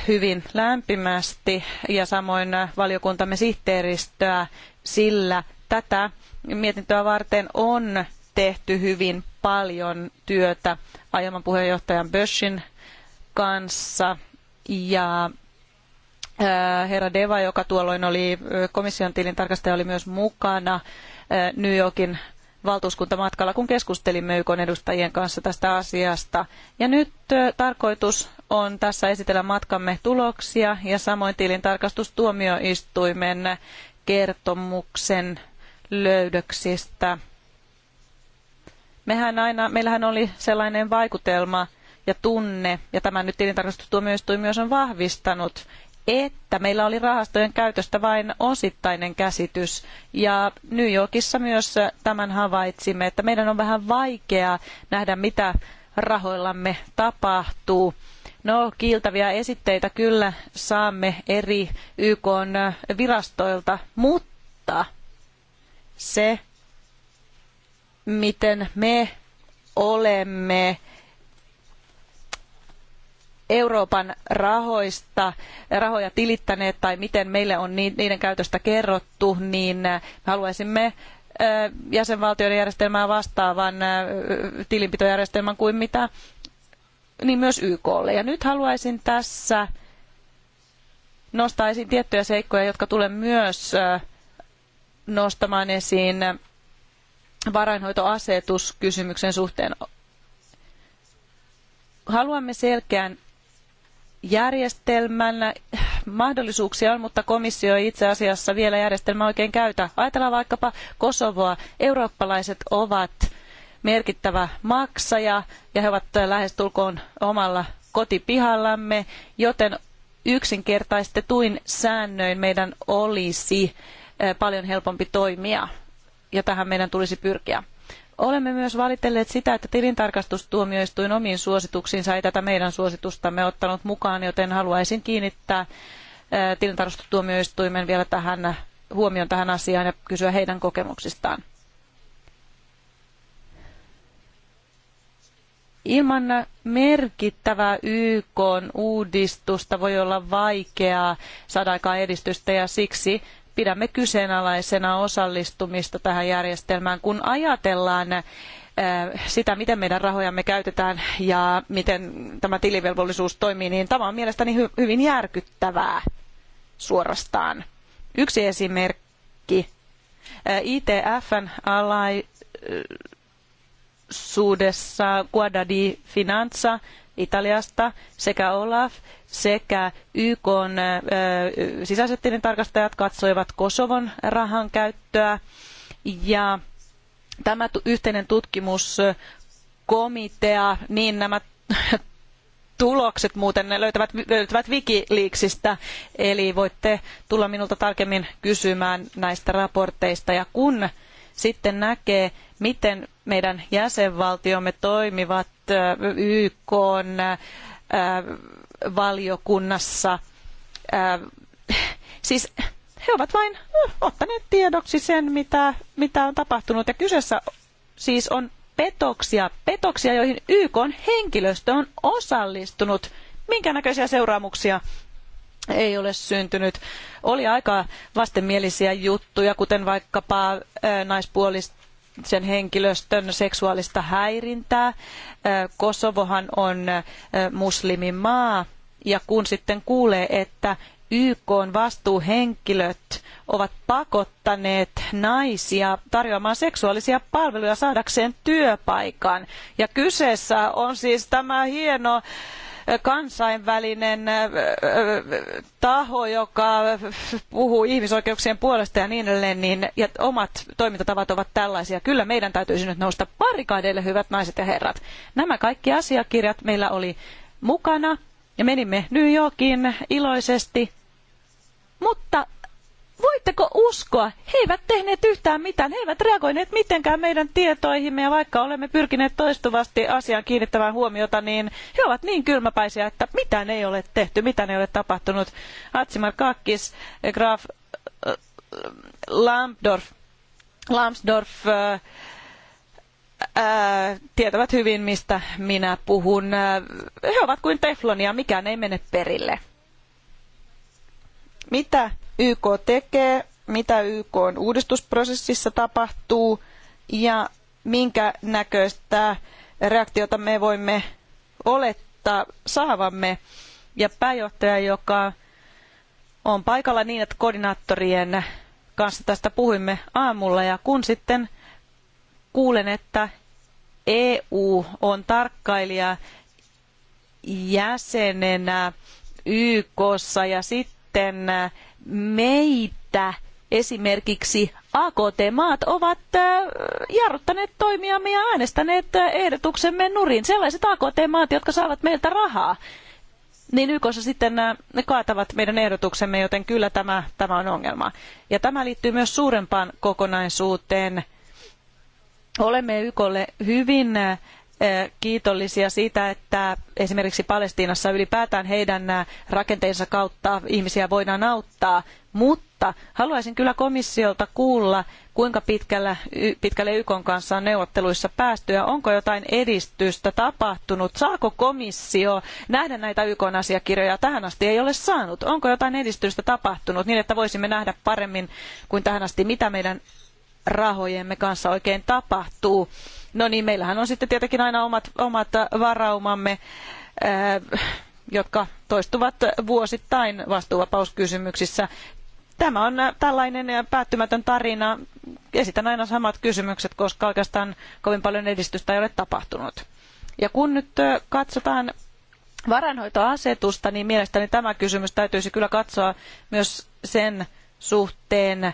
hyvin lämpimästi ja samoin valiokuntamme sihteeristöä, sillä tätä mietintöä varten on tehty hyvin paljon työtä aiemman puheenjohtajan Böschin kanssa ja herra Deva, joka tuolloin oli komission tilintarkastaja, oli myös mukana New Yorkin valtuuskuntamatkalla, kun keskustelimme YK edustajien kanssa tästä asiasta. Ja nyt tarkoitus on tässä esitellä matkamme tuloksia ja samoin tilintarkastustuomioistuimen kertomuksen löydöksistä Mehän aina, meillähän oli sellainen vaikutelma ja tunne, ja tämä nyt tilintarkastustuomioistuin myös on vahvistanut, että meillä oli rahastojen käytöstä vain osittainen käsitys. Ja New Yorkissa myös tämän havaitsimme, että meidän on vähän vaikea nähdä, mitä rahoillamme tapahtuu. No, kiiltäviä esitteitä kyllä saamme eri YK virastoilta, mutta se miten me olemme Euroopan rahoista rahoja tilittäneet tai miten meille on niiden käytöstä kerrottu, niin äh, haluaisimme äh, jäsenvaltioiden järjestelmää vastaavan äh, tilinpitojärjestelmän kuin mitä niin myös YKlle. Ja nyt haluaisin tässä nostaa esiin tiettyjä seikkoja, jotka tulen myös nostamaan esiin varainhoitoasetuskysymyksen suhteen. Haluamme selkeän järjestelmän. Mahdollisuuksia on, mutta komissio ei itse asiassa vielä järjestelmää oikein käytä. Ajatellaan vaikkapa Kosovoa. Eurooppalaiset ovat merkittävä maksaja ja he ovat lähestulkoon omalla kotipihallamme, joten yksinkertaistetuin säännöin meidän olisi eh, paljon helpompi toimia ja tähän meidän tulisi pyrkiä. Olemme myös valitelleet sitä, että tilintarkastustuomioistuin omiin suosituksiinsa ei tätä meidän suositustamme ottanut mukaan, joten haluaisin kiinnittää tilintarkastustuomioistuimen vielä tähän huomion tähän asiaan ja kysyä heidän kokemuksistaan. Ilman merkittävää YK uudistusta voi olla vaikeaa saada aikaan edistystä ja siksi pidämme kyseenalaisena osallistumista tähän järjestelmään, kun ajatellaan äh, sitä, miten meidän rahojamme käytetään ja miten tämä tilivelvollisuus toimii, niin tämä on mielestäni hyvin järkyttävää suorastaan. Yksi esimerkki. Äh, ITFn alaisuudessa Guadadi Finanza Italiasta sekä Olaf sekä YK sisäiset tilintarkastajat katsoivat Kosovon rahan käyttöä ja tämä yhteinen tutkimuskomitea, niin nämä tulokset muuten ne löytävät, löytyvät Wikileaksista, eli voitte tulla minulta tarkemmin kysymään näistä raporteista. Ja kun sitten näkee, miten meidän jäsenvaltiomme toimivat YK valiokunnassa. Siis he ovat vain ottaneet tiedoksi sen, mitä, mitä on tapahtunut. Ja kyseessä siis on petoksia, petoksia, joihin YK henkilöstö on osallistunut. Minkä näköisiä seuraamuksia ei ole syntynyt. Oli aika vastenmielisiä juttuja, kuten vaikkapa naispuolista sen henkilöstön seksuaalista häirintää. Kosovohan on muslimimaa ja kun sitten kuulee, että YK on vastuuhenkilöt ovat pakottaneet naisia tarjoamaan seksuaalisia palveluja saadakseen työpaikan. Ja kyseessä on siis tämä hieno äh, kansainvälinen taho, joka puhuu ihmisoikeuksien puolesta ja niin edelleen, niin, ja omat toimintatavat ovat tällaisia. Kyllä meidän täytyisi nyt nousta parikadeille, hyvät naiset ja herrat. Nämä kaikki asiakirjat meillä oli mukana ja menimme New Yorkiin iloisesti, mutta Voitteko uskoa? He eivät tehneet yhtään mitään. He eivät reagoineet mitenkään meidän tietoihimme ja vaikka olemme pyrkineet toistuvasti asiaan kiinnittämään huomiota, niin he ovat niin kylmäpäisiä, että mitään ei ole tehty, mitään ei ole tapahtunut. Atsimar Kakkis, eh, Graf eh, Lambdorf, Lambsdorff ää, eh, tietävät hyvin, mistä minä puhun. He ovat kuin teflonia, mikään ei mene perille. Mitä YK tekee, mitä YK on uudistusprosessissa tapahtuu ja minkä näköistä reaktiota me voimme olettaa saavamme. Ja pääjohtaja, joka on paikalla niin, että koordinaattorien kanssa tästä puhuimme aamulla ja kun sitten kuulen, että EU on tarkkailija jäsenenä YKssa ja sitten meitä esimerkiksi AKT-maat ovat jarruttaneet toimiamme ja äänestäneet ehdotuksemme nurin. Sellaiset AKT-maat, jotka saavat meiltä rahaa, niin YKssa sitten ne kaatavat meidän ehdotuksemme, joten kyllä tämä, tämä on ongelma. Ja tämä liittyy myös suurempaan kokonaisuuteen. Olemme YKlle hyvin kiitollisia siitä, että esimerkiksi Palestiinassa ylipäätään heidän rakenteensa kautta ihmisiä voidaan auttaa, mutta haluaisin kyllä komissiolta kuulla, kuinka pitkälle YK kanssa on neuvotteluissa päästy ja onko jotain edistystä tapahtunut. Saako komissio nähdä näitä YK asiakirjoja? Tähän asti ei ole saanut. Onko jotain edistystä tapahtunut niin, että voisimme nähdä paremmin kuin tähän asti, mitä meidän rahojemme kanssa oikein tapahtuu? No niin, meillähän on sitten tietenkin aina omat, omat varaumamme, äh, jotka toistuvat vuosittain vastuuvapauskysymyksissä. Tämä on tällainen päättymätön tarina. Esitän aina samat kysymykset, koska oikeastaan kovin paljon edistystä ei ole tapahtunut. Ja kun nyt äh, katsotaan varainhoitoasetusta, niin mielestäni tämä kysymys täytyisi kyllä katsoa myös sen suhteen,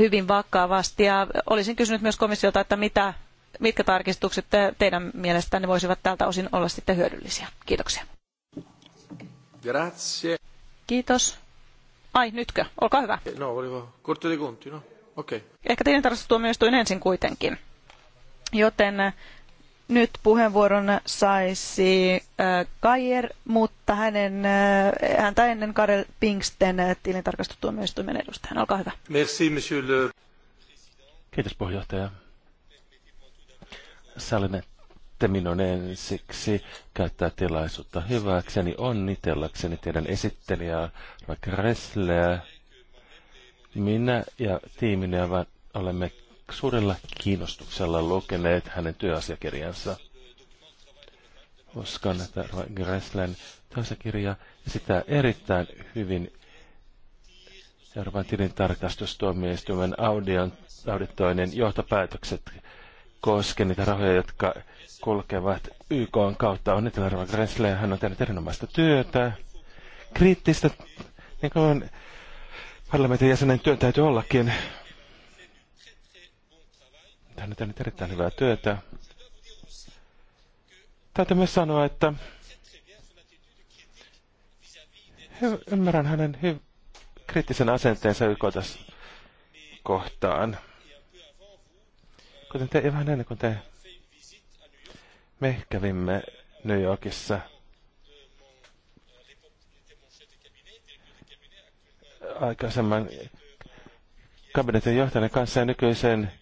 hyvin vakavasti ja olisin kysynyt myös komissiolta, että mitä, mitkä tarkistukset teidän mielestänne voisivat tältä osin olla sitten hyödyllisiä. Kiitoksia. Grazie. Kiitos. Ai, nytkö? Olkaa hyvä. No, oliko kortti no? Okei. Okay. Ehkä teidän tarkastustuomioistuin ensin kuitenkin. Joten nyt puheenvuoron saisi äh, Kajer, mutta hänen, äh, häntä ennen Karel Pinksten äh, tilintarkastustuomioistuimen edustajana. Olkaa hyvä. Merci, monsieur le... Kiitos puheenjohtaja. Sallinette minun ensiksi käyttää tilaisuutta hyväkseni, onnitellakseni teidän esittelijää, Ressleä. Minä ja tiimini olemme suurella kiinnostuksella lukeneet hänen työasiakirjansa. Oskan että Gräslän työasiakirja sitä erittäin hyvin Euroopan tilin tarkastustuomioistuimen auditoinnin johtopäätökset koskien niitä rahoja, jotka kulkevat YK kautta. On Euroopan Gressler, hän on tehnyt erinomaista työtä, kriittistä, niin kuin parlamentin jäsenen työn täytyy ollakin, hän on tehnyt erittäin hyvää työtä. Täytyy myös sanoa, että ymmärrän hänen hy- kriittisen asenteensa YKta kohtaan. Kuten te vähän ennen kuin te, me kävimme New Yorkissa aikaisemman kabinetin johtajan kanssa ja nykyisen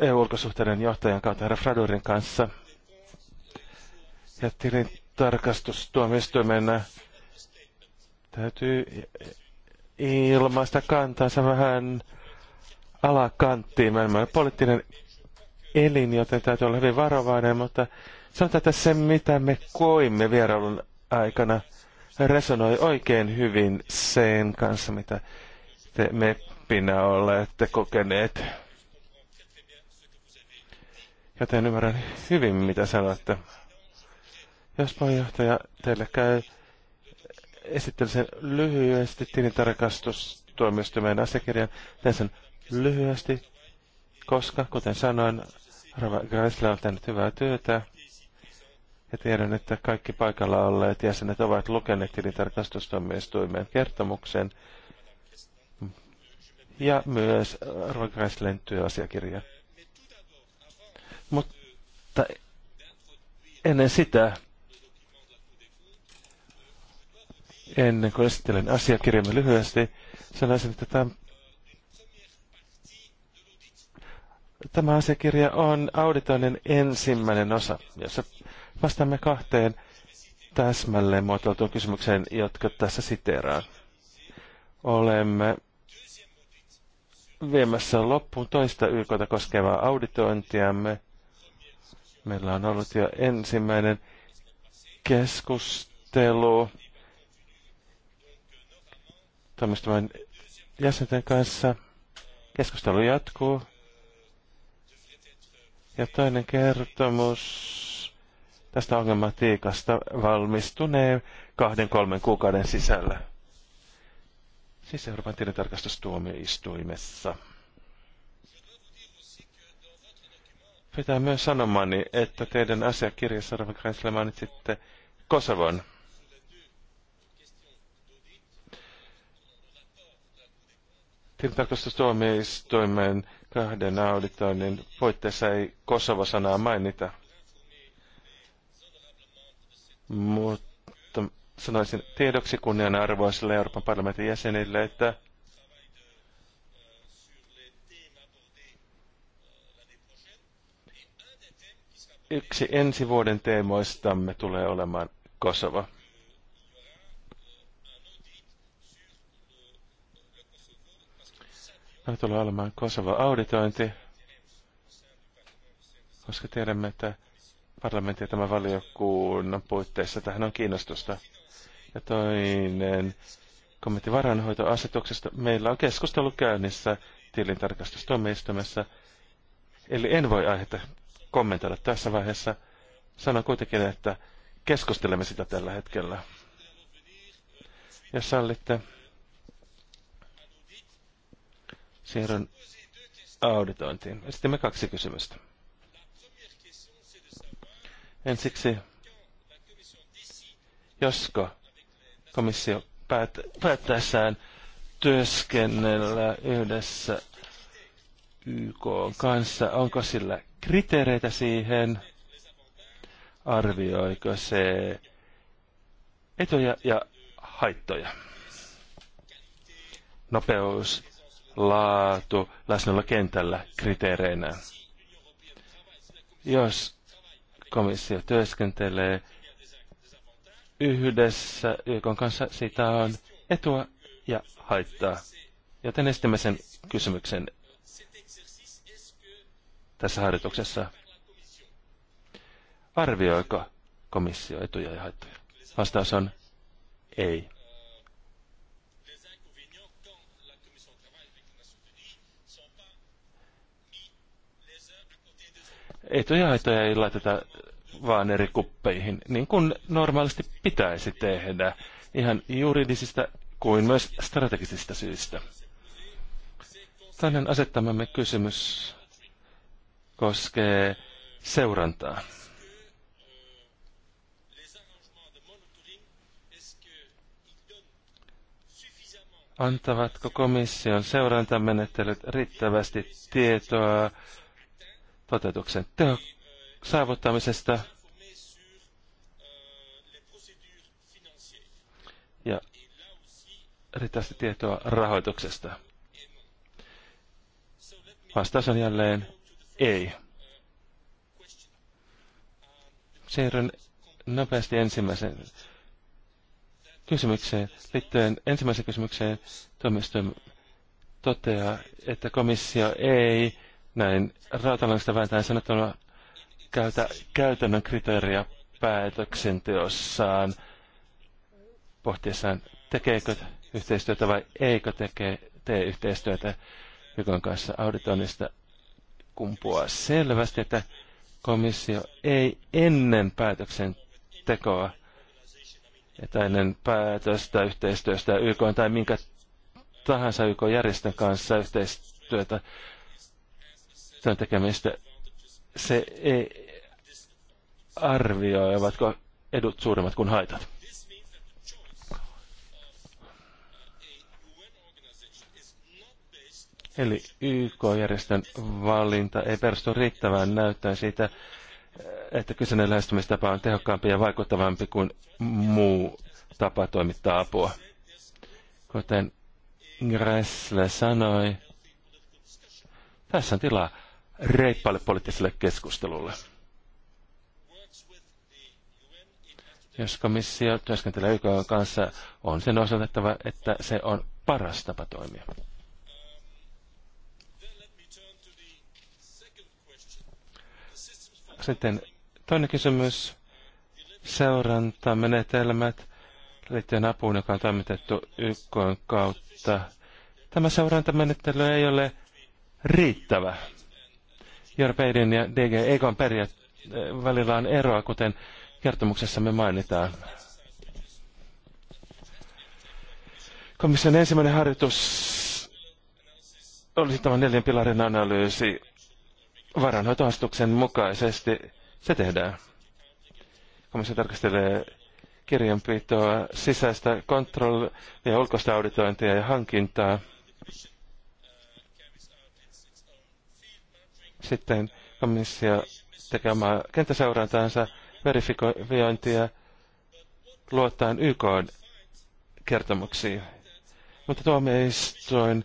EU-ulkosuhteiden johtajan kautta herra Fradurin kanssa. Ja tilintarkastustuomioistuimena täytyy ilmaista kantansa vähän alakanttiin. Meillä on poliittinen elin, joten täytyy olla hyvin varovainen, mutta sanotaan, että se mitä me koimme vierailun aikana resonoi oikein hyvin sen kanssa, mitä te, me mepinä olette kokeneet. Joten ymmärrän hyvin, mitä sanoitte. Jos puheenjohtaja teille käy, esittelen sen lyhyesti tilintarkastustuomioistuimen asiakirjan. Teen sen lyhyesti, koska, kuten sanoin, Rava Gressler on tehnyt hyvää työtä. Ja tiedän, että kaikki paikalla olleet jäsenet ovat lukeneet tilintarkastustuomioistuimen kertomuksen – ja myös Roikaislen työasiakirja. Mutta ennen sitä, ennen kuin esittelen asiakirjamme lyhyesti, sanoisin, että tämän Tämä asiakirja on auditoinnin ensimmäinen osa, jossa vastaamme kahteen täsmälleen muotoiltuun kysymykseen, jotka tässä siteeraan. Olemme viemässä loppuun toista YKta koskevaa auditointiamme. Meillä on ollut jo ensimmäinen keskustelu toimistuvan jäsenten kanssa. Keskustelu jatkuu. Ja toinen kertomus tästä ongelmatiikasta valmistunee kahden kolmen kuukauden sisällä. Siis Euroopan tilintarkastustuomioistuimessa. Pitää myös sanomani, että teidän asiakirjassa Ravakaisella mainitsitte Kosovon. Tilintarkastustuomioistuimen kahden auditoinnin puitteissa ei Kosovo-sanaa mainita. Mutta sanoisin tiedoksi kunnianarvoisille Euroopan parlamentin jäsenille, että yksi ensi vuoden teemoistamme tulee olemaan Kosova. Me tulee olemaan Kosova-auditointi, koska tiedämme, että parlamentin ja tämän valiokunnan puitteissa tähän on kiinnostusta. Ja toinen kommentti varainhoitoasetuksesta. Meillä on keskustelu käynnissä tilintarkastustuomioistuimessa, eli en voi aihetta kommentoida tässä vaiheessa. Sanon kuitenkin, että keskustelemme sitä tällä hetkellä. Jos sallitte, siirryn auditointiin. Esitimme kaksi kysymystä. Ensiksi, josko komissio päät, päättäessään työskennellä yhdessä YK kanssa. Onko sillä kriteereitä siihen? Arvioiko se etuja ja haittoja? Nopeus, laatu, läsnäolo kentällä kriteereinä. Jos komissio työskentelee yhdessä YK kanssa siitä on etua ja haittaa. Joten estimme sen kysymyksen tässä harjoituksessa. Arvioiko komissio etuja ja haittoja? Vastaus on ei. Etuja ja haittoja ei laiteta vaan eri kuppeihin, niin kuin normaalisti pitäisi tehdä, ihan juridisista kuin myös strategisista syistä. Tänään asettamamme kysymys koskee seurantaa. Antavatko komission seurantamenettelyt riittävästi tietoa toteutuksen tehokkuudesta? saavuttamisesta. Ja riittävästi tietoa rahoituksesta. Vastaus on jälleen ei. Siirryn nopeasti ensimmäisen kysymykseen. Liittyen ensimmäiseen kysymykseen tuomioistuin toteaa, että komissio ei näin rautalangasta vääntäen sanottuna käytä käytännön kriteeriä päätöksenteossaan pohtiessaan, tekeekö yhteistyötä vai eikö tekee, tee yhteistyötä Jukon kanssa auditoinnista kumpuaa selvästi, että komissio ei ennen päätöksentekoa että ennen päätöstä yhteistyöstä YK tai minkä tahansa YK-järjestön kanssa yhteistyötä sen tekemistä se ei arvioi, ovatko edut suuremmat kuin haitat. Eli YK-järjestön valinta ei perustu riittävään näyttöön siitä, että kyseinen lähestymistapa on tehokkaampi ja vaikuttavampi kuin muu tapa toimittaa apua. Kuten Gressle sanoi, tässä on tilaa reippaalle poliittiselle keskustelulle. Jos komissio työskentelee YK kanssa, on sen osoitettava, että se on paras tapa toimia. Sitten toinen kysymys. Seurantamenetelmät liittyen apuun, joka on toimitettu YK kautta. Tämä seurantamenettely ei ole riittävä. Jörpeiden ja DG Egon periaat välillä on eroa, kuten kertomuksessamme mainitaan. Komission ensimmäinen harjoitus oli tämä neljän pilarin analyysi varanhoitoastuksen mukaisesti. Se tehdään. Komissio tarkastelee kirjanpitoa, sisäistä kontrollia, ulkoista auditointia ja hankintaa. Sitten komissio tekemään kenttäseurantaansa, verifiointia luottaen YK kertomuksiin. Mutta tuomioistuin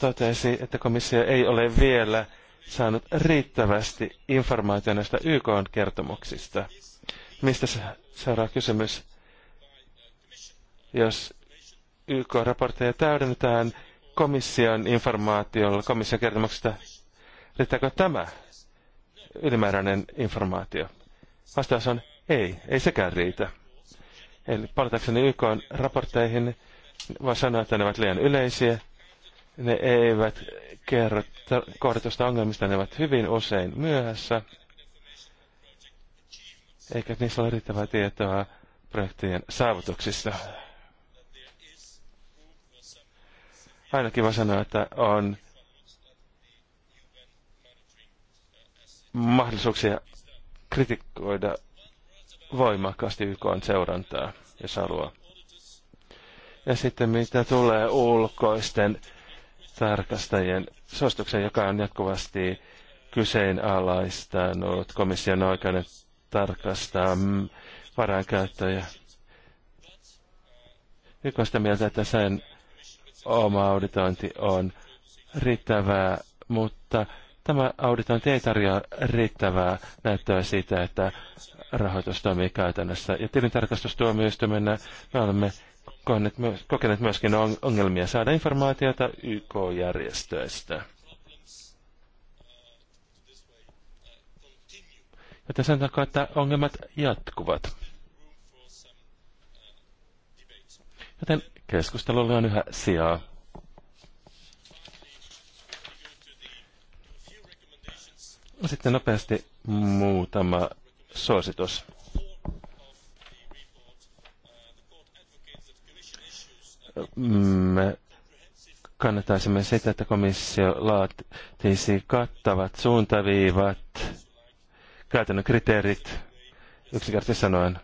totesi, että komissio ei ole vielä saanut riittävästi informaatiota näistä YK kertomuksista. Mistä seuraa kysymys? Jos YK-raportteja täydennetään komission informaatiolla, komission kertomuksista, Riittääkö tämä ylimääräinen informaatio? Vastaus on ei, ei sekään riitä. Eli palatakseni YK raportteihin, voi sanoa, että ne ovat liian yleisiä. Ne eivät kerro kohdatusta ongelmista, ne ovat hyvin usein myöhässä. Eikä niissä ole riittävää tietoa projektien saavutuksista. Ainakin voi sanoa, että on mahdollisuuksia kritikoida voimakkaasti YK seurantaa, jos haluaa. Ja sitten mitä tulee ulkoisten tarkastajien suostuksen, joka on jatkuvasti kyseenalaistanut komission oikeuden tarkastaa mm, varainkäyttöjä. YK on sitä mieltä, että sen oma auditointi on riittävää, mutta Tämä auditan ei tarjoa riittävää näyttöä siitä, että rahoitus toimii käytännössä. Ja tilintarkastustuomioistuimena me olemme kokeneet myöskin ongelmia saada informaatiota YK-järjestöistä. Joten sanotaanko, että ongelmat jatkuvat. Joten keskustelulla on yhä sijaa. No sitten nopeasti muutama suositus. Me kannattaisimme sitä, että komissio laatisi kattavat suuntaviivat, käytännön kriteerit, yksinkertaisesti sanoen,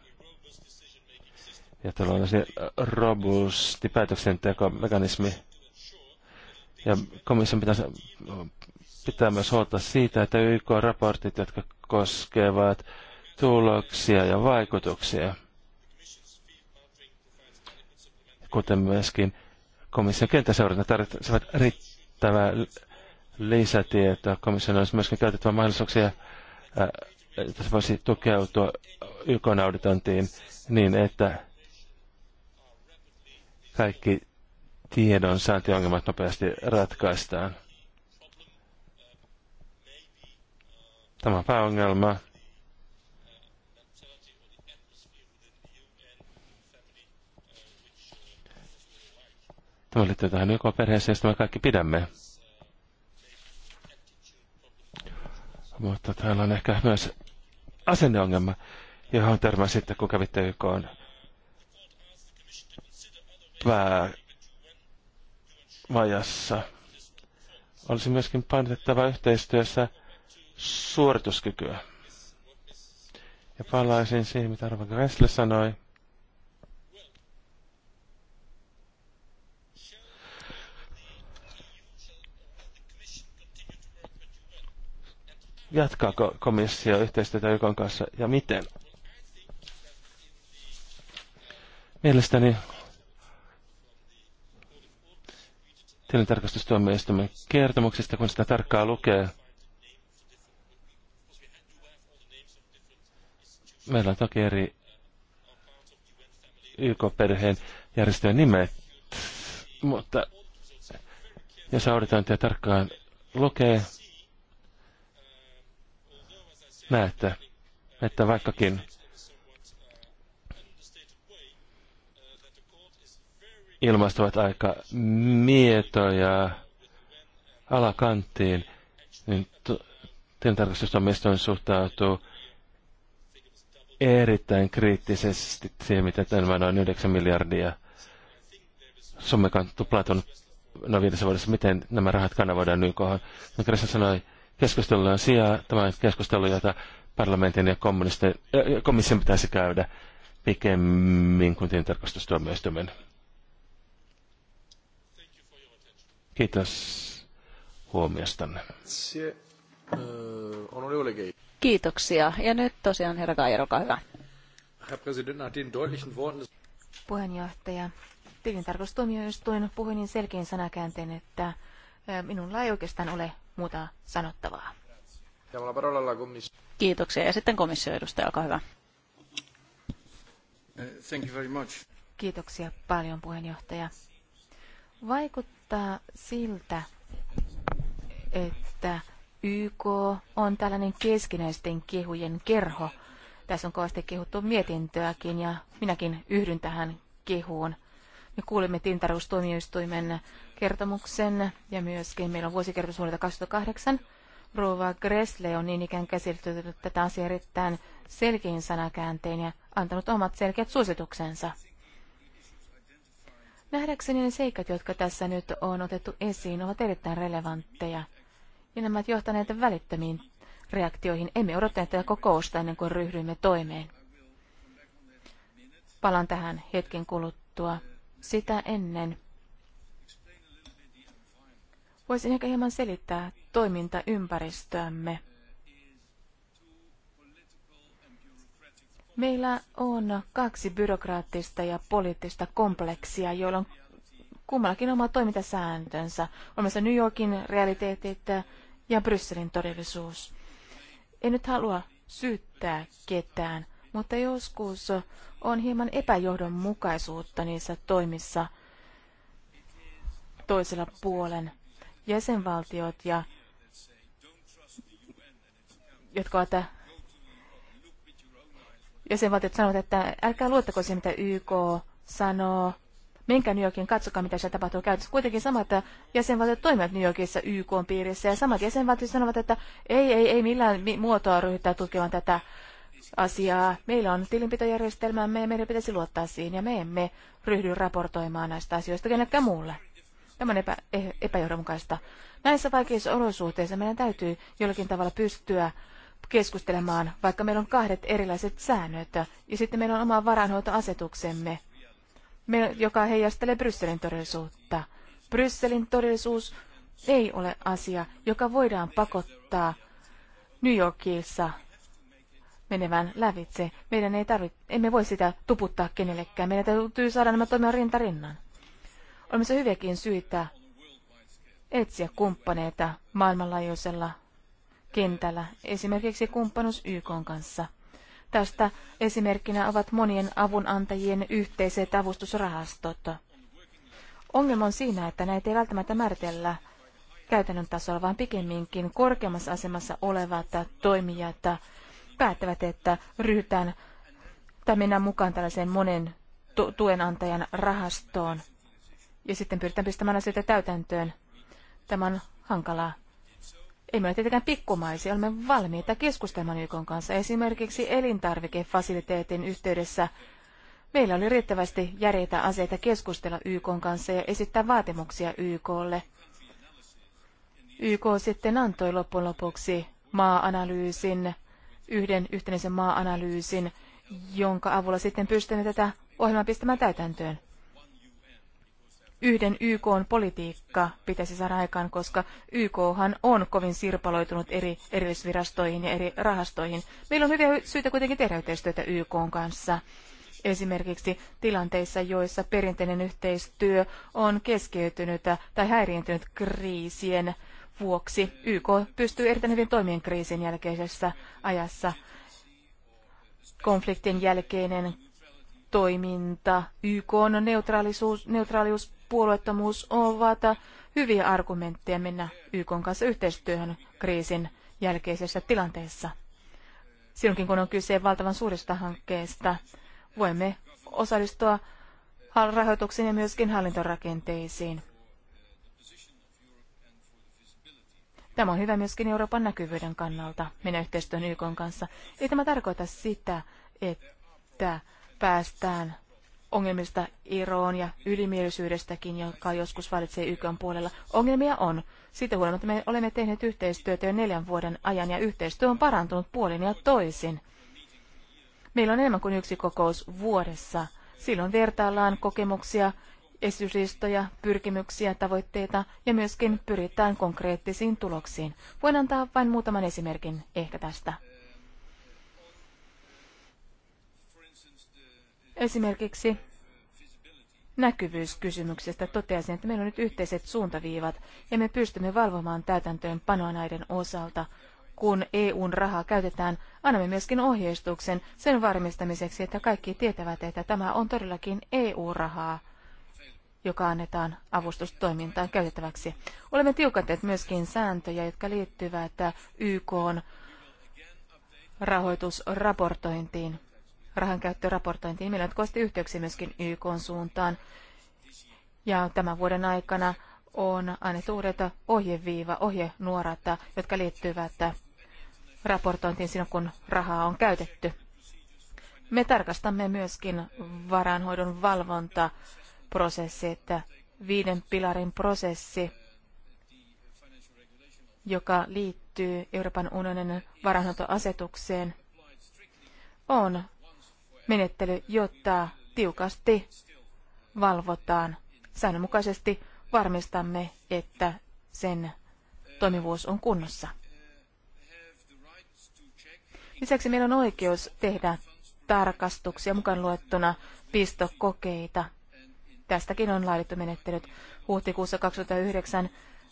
ja tällainen olisi robusti päätöksentekomekanismi. Ja komission pitäisi pitää myös huolta siitä, että YK-raportit, jotka koskevat tuloksia ja vaikutuksia, kuten myöskin komission kenttäseuranta tarvitsevat riittävää lisätietoa. Komission olisi myöskin käytettävä mahdollisuuksia, äh, että se voisi tukeutua YK-auditointiin niin, että kaikki tiedon saantiongelmat nopeasti ratkaistaan. Tämä pääongelma. Tämä liittyy tähän YK-perheeseen, josta me kaikki pidämme. Mutta täällä on ehkä myös asenneongelma, johon törmäsitte, kun kävitte YK on päävajassa. Olisi myöskin painotettava yhteistyössä suorituskykyä. Ja palaisin siihen, mitä Arvo Gressle sanoi. Jatkaako komissio yhteistyötä YK kanssa ja miten? Mielestäni tilintarkastustuomioistuimen kertomuksista, kun sitä tarkkaan lukee, Meillä on toki eri YK-perheen järjestöjen nimet, mutta jos auditointia tarkkaan lukee, näette, että vaikkakin ilmaistuvat aika mietoja alakanttiin, niin tilintarkastustoimistoon suhtautuu erittäin kriittisesti siihen, mitä tämä noin 9 miljardia summekaan tuplaton noin viidessä vuodessa, miten nämä rahat kanavoidaan YKhan. Niin no Kressa sanoi, keskustelulla on sijaa, tämä keskustelu, jota parlamentin ja äh, komission pitäisi käydä pikemmin kuin tilintarkastustuomioistuimen. Kiitos huomiostanne. Kiitoksia. Ja nyt tosiaan herra Geier, olkaa hyvä. Herr Präsident, nach den deutlichen Worten Puheenjohtaja, tilintarkastustuomioistuin puhui niin selkein sanakäänteen, että minulla ei oikeastaan ole muuta sanottavaa. Kiitoksia. Ja sitten komission edustaja, olkaa hyvä. Uh, thank you very much. Kiitoksia paljon puheenjohtaja. Vaikuttaa siltä, että YK on tällainen keskinäisten kehujen kerho. Tässä on kovasti kehuttu mietintöäkin ja minäkin yhdyn tähän kehuun. Me kuulimme tintaruustuomioistuimen kertomuksen ja myöskin meillä on vuosikertomus vuodelta 2008. Rova Gressle on niin ikään käsitellyt tätä asiaa erittäin selkein sanakääntein ja antanut omat selkeät suosituksensa. Nähdäkseni ne seikat, jotka tässä nyt on otettu esiin, ovat erittäin relevantteja ja nämä johtaneet välittömiin reaktioihin. Emme odottaneet tätä kokousta ennen kuin ryhdyimme toimeen. Palan tähän hetken kuluttua. Sitä ennen voisin ehkä hieman selittää toimintaympäristöämme. Meillä on kaksi byrokraattista ja poliittista kompleksia, joilla on kummallakin oma toimintasääntönsä. myös New Yorkin realiteetit ja Brysselin todellisuus. En nyt halua syyttää ketään, mutta joskus on hieman epäjohdonmukaisuutta niissä toimissa toisella puolen. Jäsenvaltiot, ja, jotka ovat jäsenvaltiot sanovat, että älkää luottako siihen, mitä YK sanoo, Menkää New Yorkin, katsokaa mitä siellä tapahtuu käytössä. Kuitenkin samat äh, jäsenvaltiot toimivat New Yorkissa YK piirissä ja samat jäsenvaltiot sanovat, että ei, ei, ei millään muotoa ryhdytä tutkimaan tätä asiaa. Meillä on tilinpitojärjestelmämme ja meidän pitäisi luottaa siihen ja me emme ryhdy raportoimaan näistä asioista kenellekään muulle. Tämä on epä, e, epäjohdonmukaista. Näissä vaikeissa olosuhteissa meidän täytyy jollakin tavalla pystyä keskustelemaan, vaikka meillä on kahdet erilaiset säännöt ja sitten meillä on oma varainhoitoasetuksemme joka heijastelee Brysselin todellisuutta. Brysselin todellisuus ei ole asia, joka voidaan pakottaa New Yorkissa menevän lävitse. Meidän ei tarvitse, emme voi sitä tuputtaa kenellekään. Meidän täytyy saada nämä toimia rinta rinnan. Olemassa hyviäkin syitä etsiä kumppaneita maailmanlaajuisella kentällä, esimerkiksi kumppanuus YK kanssa – Tästä esimerkkinä ovat monien avunantajien yhteiset avustusrahastot. Ongelma on siinä, että näitä ei välttämättä määritellä käytännön tasolla, vaan pikemminkin korkeammassa asemassa olevat toimijat päättävät, että ryhdytään tai mennään mukaan tällaiseen monen tuenantajan rahastoon. Ja sitten pyritään pistämään asioita täytäntöön. Tämä on hankalaa. Emme ole tietenkään pikkumaisia, olemme valmiita keskustelemaan YK kanssa esimerkiksi elintarvikefasiliteetin yhteydessä. Meillä oli riittävästi järeitä aseita keskustella YK kanssa ja esittää vaatimuksia YKlle. YK sitten antoi loppujen lopuksi maa-analyysin, yhden yhtenäisen maa-analyysin, jonka avulla sitten pystymme tätä ohjelmaa pistämään täytäntöön yhden YK politiikka pitäisi saada aikaan, koska YKhan on kovin sirpaloitunut eri erillisvirastoihin ja eri rahastoihin. Meillä on hyviä syitä kuitenkin tehdä yhteistyötä YK kanssa. Esimerkiksi tilanteissa, joissa perinteinen yhteistyö on keskeytynyt tai häiriintynyt kriisien vuoksi. YK pystyy erittäin hyvin toimien kriisin jälkeisessä ajassa. Konfliktin jälkeinen toiminta, YK on neutraalius, neutraalius puolueettomuus ovat hyviä argumentteja mennä YK kanssa yhteistyöhön kriisin jälkeisessä tilanteessa. Silloinkin kun on kyse valtavan suurista hankkeista, voimme osallistua rahoituksiin ja myöskin hallintorakenteisiin. Tämä on hyvä myöskin Euroopan näkyvyyden kannalta, minä yhteistyön YK kanssa. Ei tämä tarkoita sitä, että päästään ongelmista eroon ja ylimielisyydestäkin, joka joskus valitsee YKn puolella. Ongelmia on. Siitä huolimatta me olemme tehneet yhteistyötä jo neljän vuoden ajan ja yhteistyö on parantunut puolin ja toisin. Meillä on enemmän kuin yksi kokous vuodessa. Silloin vertaillaan kokemuksia, esityslistoja, pyrkimyksiä, tavoitteita ja myöskin pyritään konkreettisiin tuloksiin. Voin antaa vain muutaman esimerkin ehkä tästä. Esimerkiksi näkyvyyskysymyksestä toteaisin, että meillä on nyt yhteiset suuntaviivat ja me pystymme valvomaan täytäntöön panoa näiden osalta. Kun EUn rahaa käytetään, annamme myöskin ohjeistuksen sen varmistamiseksi, että kaikki tietävät, että tämä on todellakin EU-rahaa, joka annetaan avustustoimintaan käytettäväksi. Olemme tiukanteet myöskin sääntöjä, jotka liittyvät YK rahoitusraportointiin rahankäyttöraportointiin. Meillä on kovasti yhteyksiä myöskin YK suuntaan. Ja tämän vuoden aikana on annettu uudet ohjeviiva, ohjenuorat, jotka liittyvät raportointiin silloin, kun rahaa on käytetty. Me tarkastamme myöskin varainhoidon valvontaprosessi, että viiden pilarin prosessi, joka liittyy Euroopan unionin varainhoitoasetukseen, on menettely, jotta tiukasti valvotaan. Säännönmukaisesti varmistamme, että sen toimivuus on kunnossa. Lisäksi meillä on oikeus tehdä tarkastuksia mukaan luettuna pistokokeita. Tästäkin on laadittu menettelyt. Huhtikuussa 2009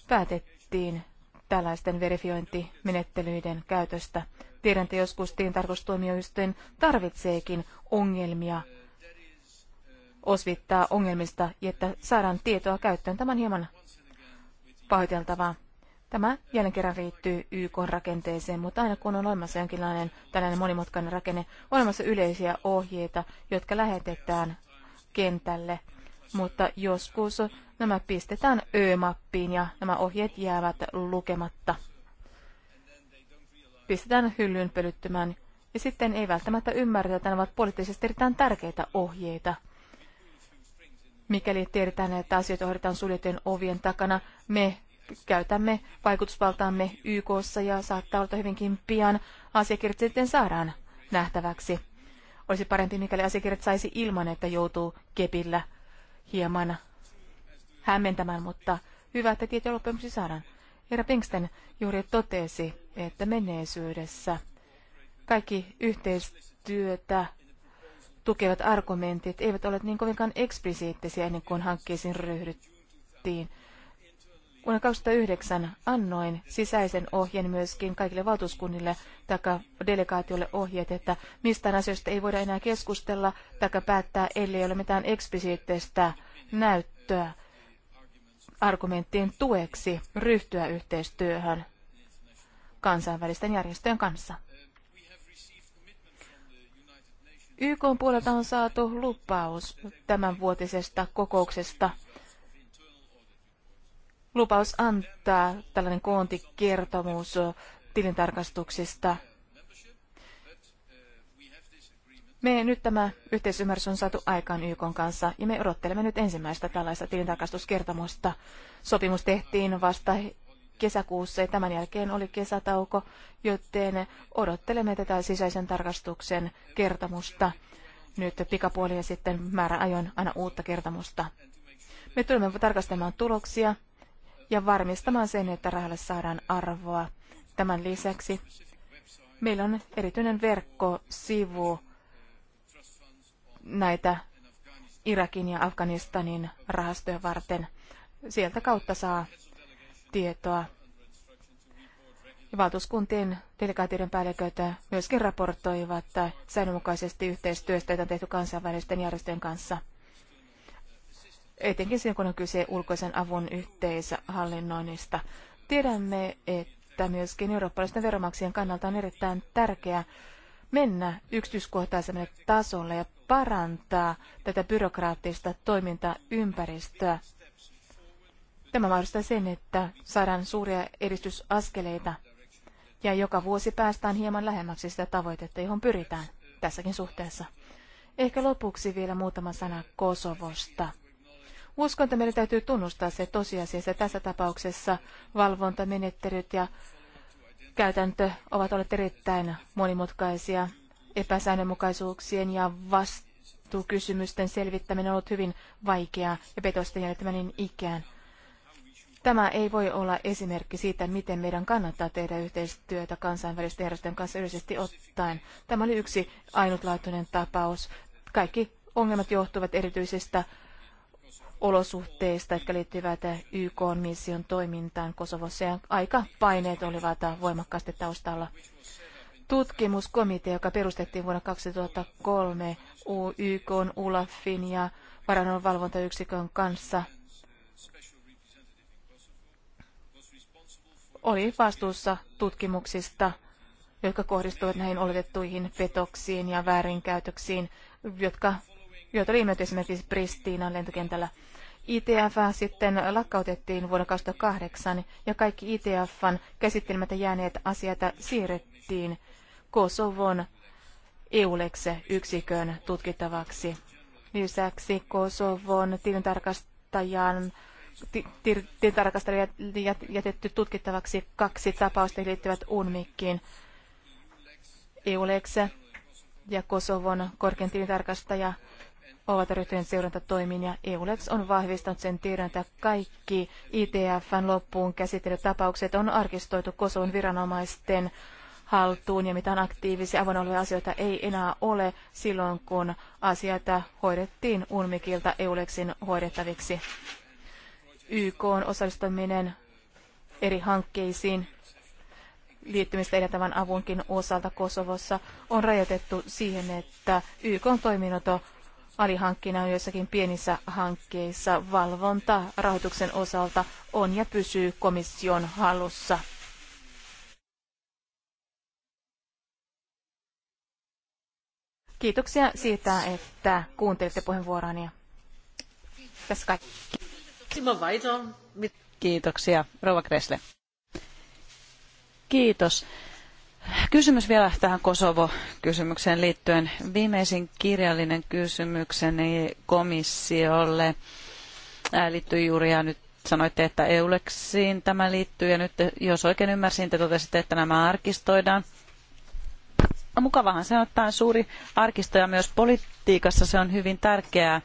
päätettiin tällaisten verifiointimenettelyiden käytöstä. Tiedän, että joskus tiintarkoistuomioistuin tarvitseekin ongelmia osvittaa ongelmista, että saadaan tietoa käyttöön. Tämä on hieman pahoiteltavaa. Tämä jälleen kerran liittyy YK-rakenteeseen, mutta aina kun on olemassa jonkinlainen tällainen monimutkainen rakenne, on olemassa yleisiä ohjeita, jotka lähetetään kentälle. Mutta joskus nämä pistetään Ö-mappiin ja nämä ohjeet jäävät lukematta pistetään hyllyyn pölyttymään. Ja sitten ei välttämättä ymmärretä, että nämä ovat poliittisesti erittäin tärkeitä ohjeita. Mikäli tiedetään, että asioita hoidetaan suljettujen ovien takana, me käytämme vaikutusvaltaamme YKssa ja saattaa olla hyvinkin pian asiakirjat sitten saadaan nähtäväksi. Olisi parempi, mikäli asiakirjat saisi ilman, että joutuu kepillä hieman hämmentämään, mutta hyvä, että tietoja loppujen saadaan. Herra Pinksten juuri totesi, että menneisyydessä kaikki yhteistyötä tukevat argumentit eivät ole niin kovinkaan eksplisiittisiä ennen kuin hankkeisiin ryhdyttiin. Vuonna 2009 annoin sisäisen ohjeen myöskin kaikille valtuuskunnille tai delegaatiolle ohjeet, että mistään asioista ei voida enää keskustella tai päättää, ellei ole mitään eksplisiittistä näyttöä argumenttien tueksi ryhtyä yhteistyöhön kansainvälisten järjestöjen kanssa. YK puolelta on saatu lupaus tämänvuotisesta kokouksesta. Lupaus antaa tällainen koontikertomus tilintarkastuksista. Me nyt tämä yhteisymmärrys on saatu aikaan YK kanssa ja me odottelemme nyt ensimmäistä tällaista tilintarkastuskertomusta. Sopimus tehtiin vasta kesäkuussa ja tämän jälkeen oli kesätauko, joten odottelemme tätä sisäisen tarkastuksen kertomusta nyt pikapuoli ja sitten määrä ajoin aina uutta kertomusta. Me tulemme tarkastamaan tuloksia ja varmistamaan sen, että rahalle saadaan arvoa. Tämän lisäksi meillä on erityinen verkkosivu näitä Irakin ja Afganistanin rahastoja varten. Sieltä kautta saa tietoa. Valtuuskuntien delegaatioiden päälliköitä myöskin raportoivat säännönmukaisesti yhteistyöstä, jota on tehty kansainvälisten järjestöjen kanssa. Etenkin siinä, kun on kyse ulkoisen avun yhteishallinnoinnista. Tiedämme, että myöskin eurooppalaisten veromaksien kannalta on erittäin tärkeää mennä yksityiskohtaiselle tasolle ja parantaa tätä byrokraattista toimintaympäristöä Tämä mahdollistaa sen, että saadaan suuria edistysaskeleita ja joka vuosi päästään hieman lähemmäksi sitä tavoitetta, johon pyritään tässäkin suhteessa. Ehkä lopuksi vielä muutama sana Kosovosta. Uskon, että meidän täytyy tunnustaa se tosiasia, että tässä tapauksessa valvontamenettelyt ja käytäntö ovat olleet erittäin monimutkaisia. Epäsäännönmukaisuuksien ja vastuukysymysten selvittäminen on ollut hyvin vaikeaa ja petosten jäljittäminen niin ikään. Tämä ei voi olla esimerkki siitä, miten meidän kannattaa tehdä yhteistyötä kansainvälisten järjestöjen kanssa yleisesti ottaen. Tämä oli yksi ainutlaatuinen tapaus. Kaikki ongelmat johtuvat erityisistä olosuhteista, jotka liittyvät YK-mission toimintaan Kosovossa ja aika paineet olivat voimakkaasti taustalla. Tutkimuskomitea, joka perustettiin vuonna 2003 YK, ULAFin ja valvontayksikön kanssa – oli vastuussa tutkimuksista, jotka kohdistuivat näihin oletettuihin petoksiin ja väärinkäytöksiin, jotka, joita oli ilmeisesti esimerkiksi Pristiinan lentokentällä. ITF sitten lakkautettiin vuonna 2008 ja kaikki ITFn käsittelemättä jääneet asiat siirrettiin Kosovon EULEX-yksikön tutkittavaksi. Lisäksi Kosovon tilintarkastajan tilintarkastajille jätetty tutkittavaksi kaksi tapausta, jotka liittyvät UNMIKkiin. EULEX ja Kosovon korkein tilintarkastaja ovat ryhtyneet seurantatoimiin ja EULEX on vahvistanut sen tiedon, että kaikki ITFn loppuun käsittelytapaukset on arkistoitu Kosovon viranomaisten haltuun ja mitään aktiivisia avoin olevia asioita ei enää ole silloin, kun asioita hoidettiin Unmikilta EULEXin hoidettaviksi. YK on osallistuminen eri hankkeisiin liittymistä edeltävän avunkin osalta Kosovossa on rajoitettu siihen, että YK on toiminut alihankkina on joissakin pienissä hankkeissa. Valvonta rahoituksen osalta on ja pysyy komission hallussa. Kiitoksia siitä, että kuuntelitte puheenvuoroani. Tässä kaikki. Kiitoksia, Rova Kresle. Kiitos. Kysymys vielä tähän Kosovo-kysymykseen liittyen. Viimeisin kirjallinen kysymykseni komissiolle äh, liittyy juuri ja nyt sanoitte, että EULEXiin tämä liittyy ja nyt jos oikein ymmärsin, te totesitte, että nämä arkistoidaan. Mukavahan se on tämä suuri arkisto ja myös politiikassa se on hyvin tärkeää,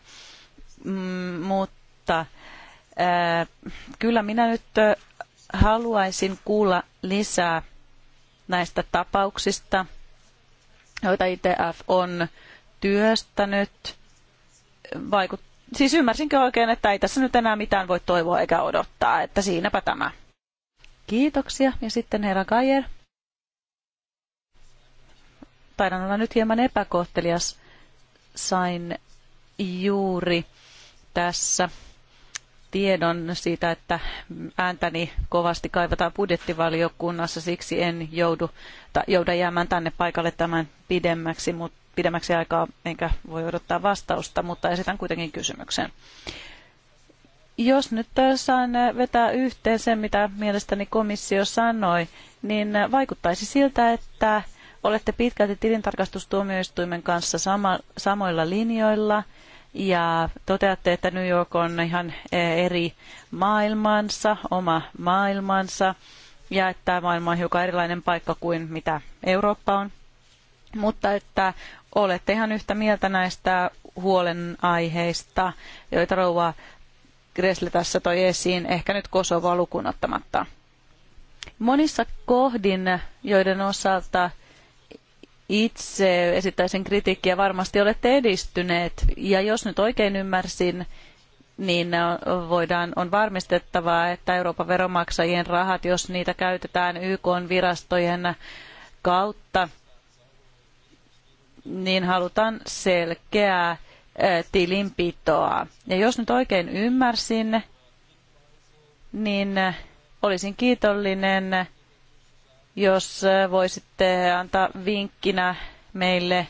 mm, mutta Kyllä minä nyt haluaisin kuulla lisää näistä tapauksista, joita ITF on työstänyt. Vaikut... Siis ymmärsinkö oikein, että ei tässä nyt enää mitään voi toivoa eikä odottaa, että siinäpä tämä. Kiitoksia. Ja sitten herra Kajer. Taidan olla nyt hieman epäkohtelias. Sain juuri tässä tiedon siitä, että ääntäni kovasti kaivataan budjettivaliokunnassa, siksi en joudu, ta, jouda jäämään tänne paikalle tämän pidemmäksi, mut, pidemmäksi aikaa, enkä voi odottaa vastausta, mutta esitän kuitenkin kysymyksen. Jos nyt saan vetää yhteen sen, mitä mielestäni komissio sanoi, niin vaikuttaisi siltä, että olette pitkälti tilintarkastustuomioistuimen kanssa sama, samoilla linjoilla – ja toteatte, että New York on ihan eh, eri maailmansa, oma maailmansa ja että maailma on hiukan erilainen paikka kuin mitä Eurooppa on. Mutta että olette ihan yhtä mieltä näistä huolenaiheista, joita rouva Gressle tässä toi esiin, ehkä nyt Kosovoa lukunottamatta. Monissa kohdin, joiden osalta itse esittäisin kritiikkiä, varmasti olette edistyneet. Ja jos nyt oikein ymmärsin, niin voidaan, on varmistettava, että Euroopan veromaksajien rahat, jos niitä käytetään YK-virastojen kautta, niin halutaan selkeää eh, tilinpitoa. Ja jos nyt oikein ymmärsin, niin eh, olisin kiitollinen jos äh, voisitte antaa vinkkinä meille,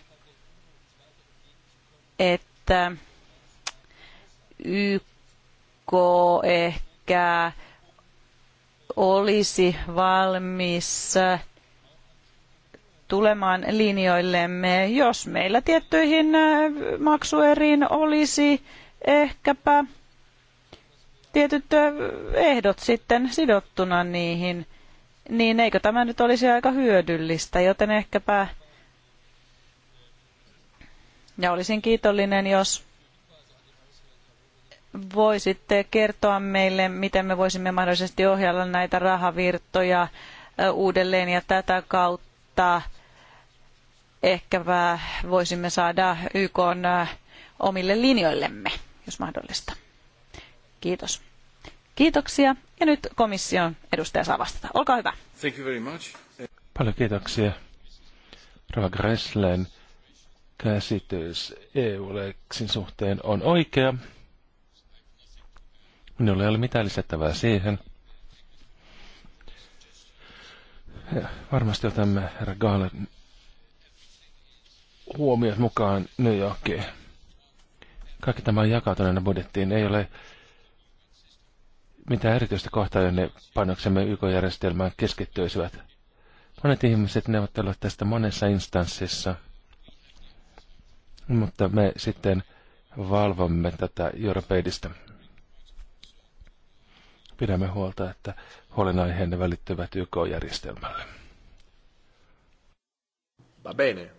että YK ehkä olisi valmis tulemaan linjoillemme, jos meillä tiettyihin äh, maksueriin olisi ehkäpä tietyt äh, ehdot sitten sidottuna niihin – niin eikö tämä nyt olisi aika hyödyllistä, joten ehkäpä... Ja olisin kiitollinen, jos voisitte kertoa meille, miten me voisimme mahdollisesti ohjella näitä rahavirtoja uudelleen ja tätä kautta ehkäpä voisimme saada YK omille linjoillemme, jos mahdollista. Kiitos. Kiitoksia. Ja nyt komission edustaja saa vastata. Olkaa hyvä. Thank you very much. Paljon kiitoksia. Rava Gresslen käsitys EU-leksin suhteen on oikea. Minulla ei ole mitään lisättävää siihen. Ja varmasti otamme herra Gaalen huomiot mukaan New Yorkiin. Kaikki tämä on jakautuneena budjettiin. Ei ole mitä erityistä kohtaa ne panoksemme YK-järjestelmään keskittyisivät. Monet ihmiset neuvottelevat tästä monessa instanssissa, mutta me sitten valvomme tätä Europeidistä. Pidämme huolta, että huolenaiheenne välittyvät YK-järjestelmälle. Va bene.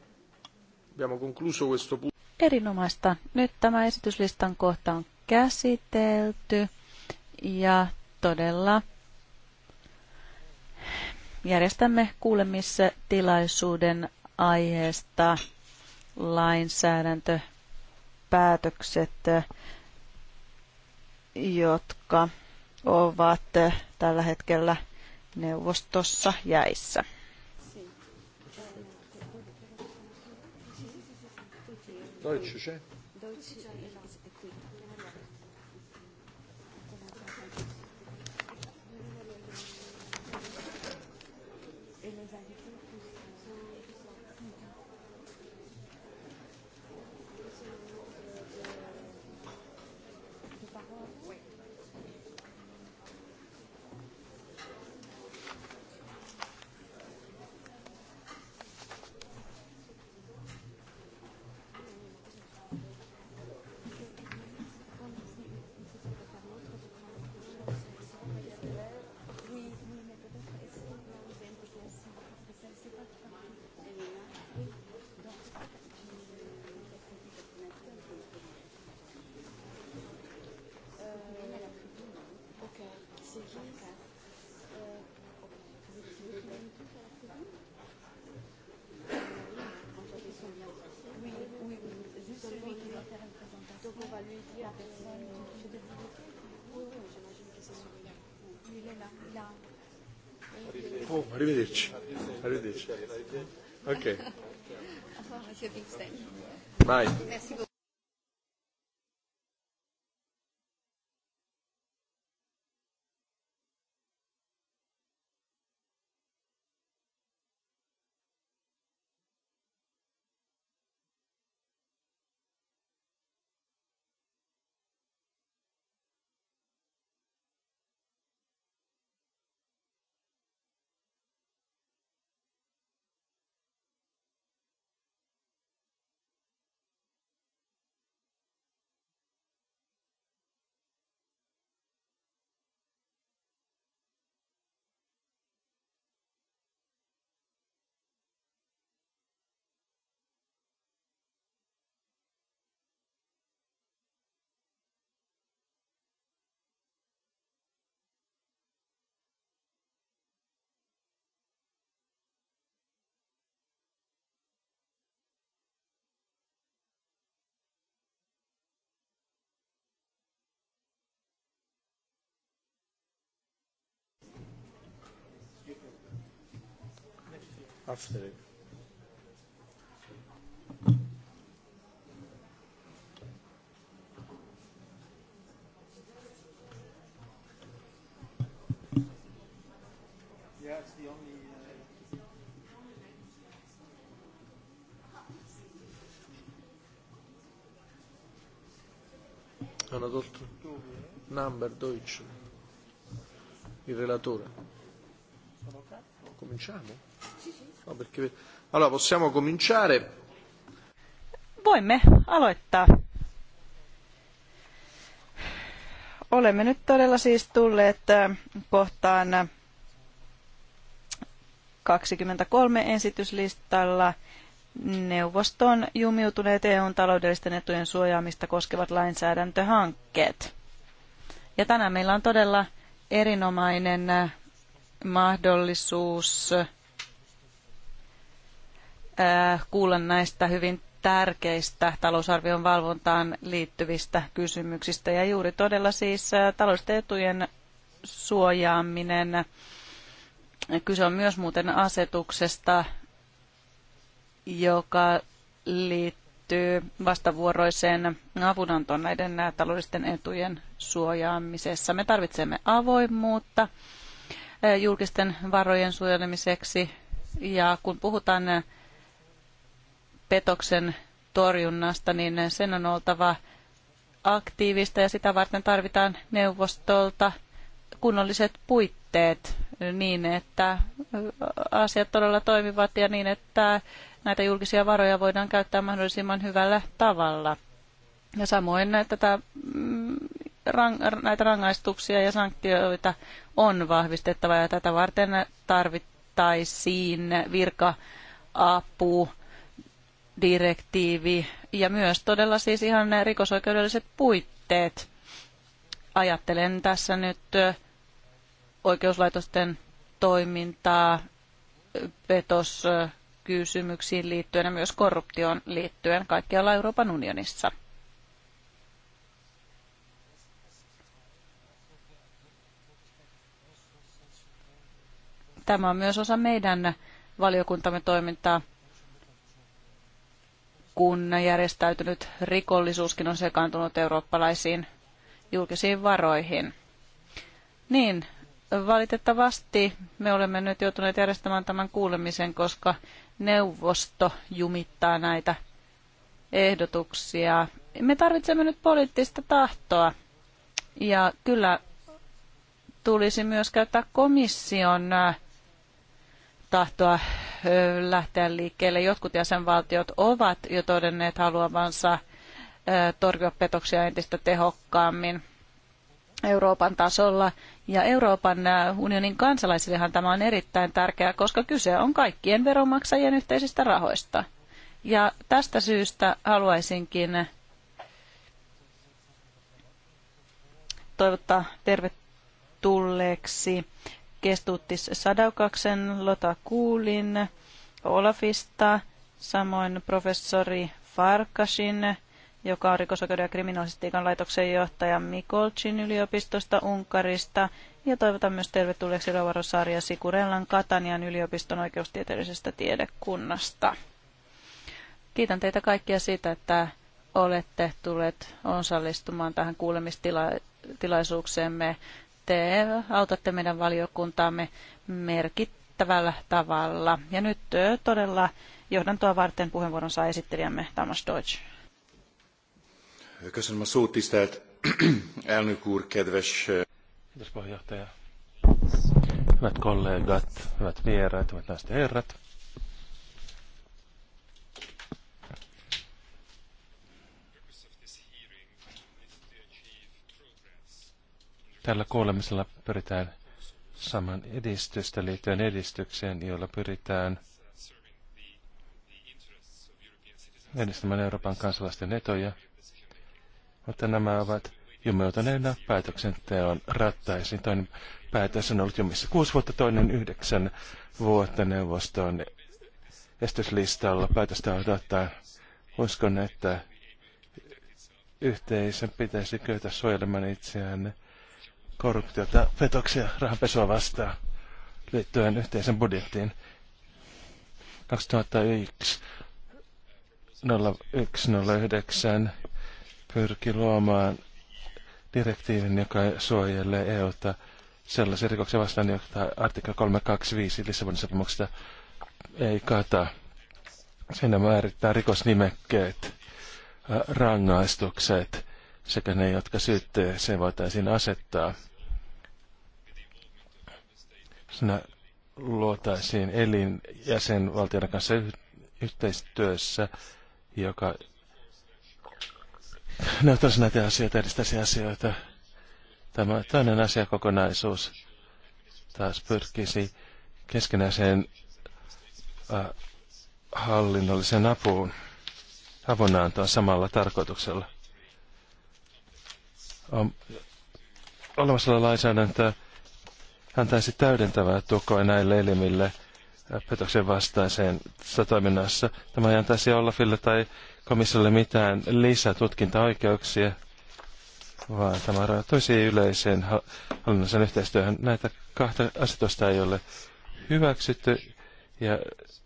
Abbiamo concluso questo punto. Erinomaista. Nyt tämä esityslistan kohta on käsitelty ja todella järjestämme kuulemistilaisuuden aiheesta lainsäädäntöpäätökset, jotka ovat tällä hetkellä neuvostossa jäissä. Deutsche, Oh, arrivederci. Arrivederci. Ok. Vai. Aferin. Yeah, uh, number Deutsch il relatore Cominciamo? No, perché... Allora, possiamo cominciare. Voimme aloittaa. Olemme nyt todella siis tulleet äh, kohtaan 23 äh, esityslistalla neuvoston jumiutuneet EUn taloudellisten etujen suojaamista koskevat lainsäädäntöhankkeet. Ja tänään meillä on todella erinomainen äh, mahdollisuus äh, kuulla näistä hyvin tärkeistä talousarvion valvontaan liittyvistä kysymyksistä ja juuri todella siis äh, taloudellisten etujen suojaaminen. Kyse on myös muuten asetuksesta, joka liittyy vastavuoroiseen avunantoon näiden äh, taloudellisten etujen suojaamisessa. Me tarvitsemme avoimuutta julkisten varojen suojelemiseksi. Ja kun puhutaan petoksen torjunnasta, niin sen on oltava aktiivista ja sitä varten tarvitaan neuvostolta kunnolliset puitteet niin, että asiat todella toimivat ja niin, että näitä julkisia varoja voidaan käyttää mahdollisimman hyvällä tavalla. Ja samoin tätä mm, rang- näitä rangaistuksia ja sanktioita on vahvistettava ja tätä varten tarvittaisiin virka-apu, direktiivi ja myös todella siis ihan rikosoikeudelliset puitteet. Ajattelen tässä nyt oikeuslaitosten toimintaa, petoskysymyksiin liittyen ja myös korruptioon liittyen kaikkialla Euroopan unionissa. Tämä on myös osa meidän valiokuntamme toimintaa, kun järjestäytynyt rikollisuuskin on sekaantunut eurooppalaisiin julkisiin varoihin. Niin, valitettavasti me olemme nyt joutuneet järjestämään tämän kuulemisen, koska neuvosto jumittaa näitä ehdotuksia. Me tarvitsemme nyt poliittista tahtoa ja kyllä tulisi myös käyttää komission äh, tahtoa lähteä liikkeelle. Jotkut jäsenvaltiot ovat jo todenneet haluavansa torjua petoksia entistä tehokkaammin Euroopan tasolla. Ja Euroopan unionin kansalaisillehan tämä on erittäin tärkeää, koska kyse on kaikkien veronmaksajien yhteisistä rahoista. Ja tästä syystä haluaisinkin toivottaa tervetulleeksi Kestuttis Sadaukaksen, Lota Kuulin, Olafista, samoin professori Farkasin, joka on rikosoikeuden ja kriminalistiikan laitoksen johtaja Mikolcin yliopistosta Unkarista, ja toivotan myös tervetulleeksi Rova Sikurellan Katanian yliopiston oikeustieteellisestä tiedekunnasta. Kiitän teitä kaikkia siitä, että olette tulleet osallistumaan tähän kuulemistilaisuuksemme te autatte meidän valiokuntaamme merkittävällä tavalla. Ja nyt todella johdantoa varten puheenvuoron saa esittelijämme Thomas Deutsch. Köszönöm a szót, tisztelt elnök úr, kedves... Kiitos puheenjohtaja. Hyvät kollegat, hyvät vieraat, hyvät naiset ja herrat. Tällä kuulemisella pyritään saman edistystä liittyen edistykseen, jolla pyritään edistämään Euroopan kansalaisten etoja, mutta nämä ovat jumeutuneena päätöksenteon rattaisiin. Toinen päätös on ollut jumissa kuusi vuotta, toinen yhdeksän vuotta neuvoston estyslistalla päätöstä odottaa. Uskon, että yhteisön pitäisi kyetä suojelemaan itseään korruptiota, petoksia, rahanpesua vastaan liittyen yhteisen budjettiin. 2001 0109 pyrki luomaan direktiivin, joka suojelee EUta sellaisia rikoksia vastaan, joita artikla 325 Lissabonin sopimuksesta ei kata. Siinä määrittää rikosnimekkeet, äh, rangaistukset sekä ne, jotka syytteeseen voitaisiin asettaa – sinä luotaisiin elin jäsenvaltioiden kanssa yh- yhteistyössä, joka neutraisi näitä asioita, edistäisi asioita. Tämä toinen asiakokonaisuus taas pyrkisi keskenäiseen äh, hallinnolliseen apuun, avunantoon samalla tarkoituksella. On olemassa lainsäädäntöä, antaisi täydentävää tukoa näille elimille petoksen vastaiseen toiminnassa. Tämä ei antaisi Olafille tai komissiolle mitään lisätutkintaoikeuksia, vaan tämä rajoittuisi yleiseen hallinnollisen yhteistyöhön. Näitä kahta asetusta ei ole hyväksytty, ja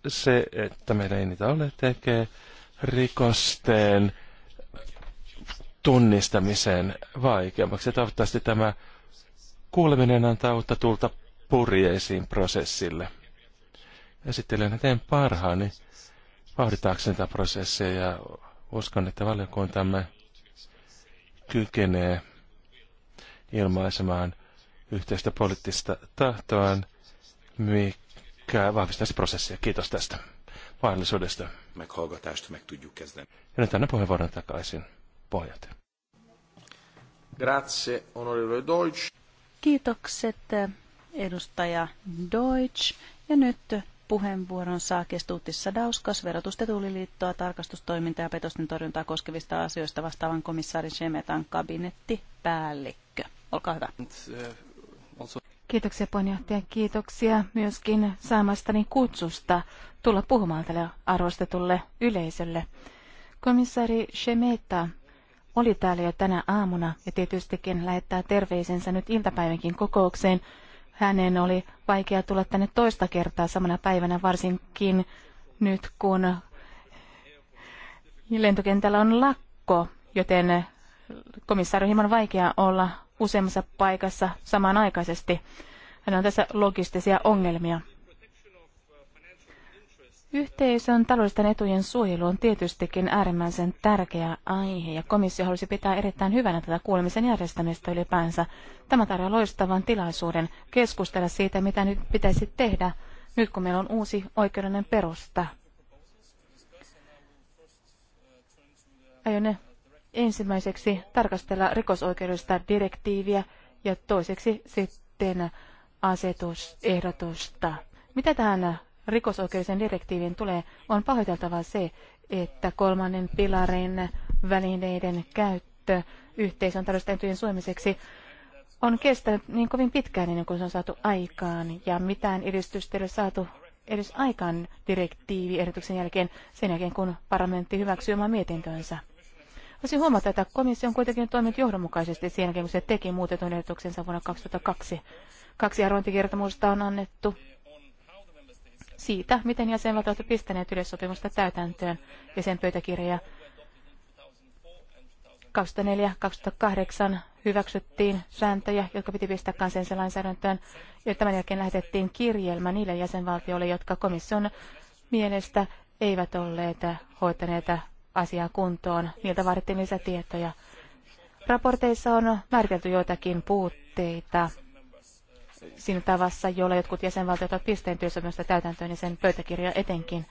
se, että meillä ei niitä ole, tekee rikosteen tunnistamisen vaikeammaksi. Ja toivottavasti tämä Kuuleminen antaa uutta tulta purjeisiin prosessille. Esittelen teen parhaani vauhditaakseni tätä prosessia ja uskon, että valiokuntamme kykenee ilmaisemaan yhteistä poliittista tahtoaan, mikä vahvistaisi prosessia. Kiitos tästä mahdollisuudesta. Ja nyt annan puheenvuoron takaisin pohjat. Grazie, onorevole Deutsch. Kiitokset edustaja Deutsch. Ja nyt puheenvuoron saa Kestuutissa Dauskas, verotus- tarkastustoiminta tarkastustoimintaa ja petosten torjuntaa koskevista asioista vastaavan komissaari Shemetan kabinettipäällikkö. Olkaa hyvä. Kiitoksia puheenjohtaja. Kiitoksia myöskin saamastani kutsusta tulla puhumaan tälle arvostetulle yleisölle. Komissaari Shemeta oli täällä jo tänä aamuna ja tietystikin lähettää terveisensä nyt iltapäivänkin kokoukseen. Hänen oli vaikea tulla tänne toista kertaa samana päivänä, varsinkin nyt kun lentokentällä on lakko, joten komissaari on vaikea olla useammassa paikassa samanaikaisesti. Hän on tässä logistisia ongelmia. Yhteisön taloudellisten etujen suojelu on tietystikin äärimmäisen tärkeä aihe ja komissio halusi pitää erittäin hyvänä tätä kuulemisen järjestämistä ylipäänsä. Tämä tarjoaa loistavan tilaisuuden keskustella siitä, mitä nyt pitäisi tehdä, nyt kun meillä on uusi oikeudellinen perusta. Aion ensimmäiseksi tarkastella rikosoikeudellista direktiiviä ja toiseksi sitten asetusehdotusta. Mitä tähän rikosoikeudellisen direktiivin tulee, on pahoiteltava se, että kolmannen pilarin välineiden käyttö yhteisön taloudellisten suomiseksi on kestänyt niin kovin pitkään ennen kuin se on saatu aikaan ja mitään edistystä ei ole saatu edes aikaan direktiiviehdotuksen jälkeen sen jälkeen, kun parlamentti hyväksyi oman mietintönsä. Voisin huomata, että komissio on kuitenkin toiminut johdonmukaisesti sen jälkeen, kun se teki muutetun ehdotuksensa vuonna 2002. Kaksi arvointikertomusta on annettu siitä, miten jäsenvaltiot ovat pistäneet yleissopimusta täytäntöön ja sen pöytäkirjaa. 2004-2008 hyväksyttiin sääntöjä, jotka piti pistää kansalliseen lainsäädäntöön, ja tämän jälkeen lähetettiin kirjelmä niille jäsenvaltioille, jotka komission mielestä eivät olleet hoitaneet asiaa kuntoon. Niiltä vaadittiin lisätietoja. Raporteissa on määritelty joitakin puutteita siinä tavassa, jolla jotkut jäsenvaltiot ovat pisteen työsopimusta täytäntöön ja sen pöytäkirja etenkin.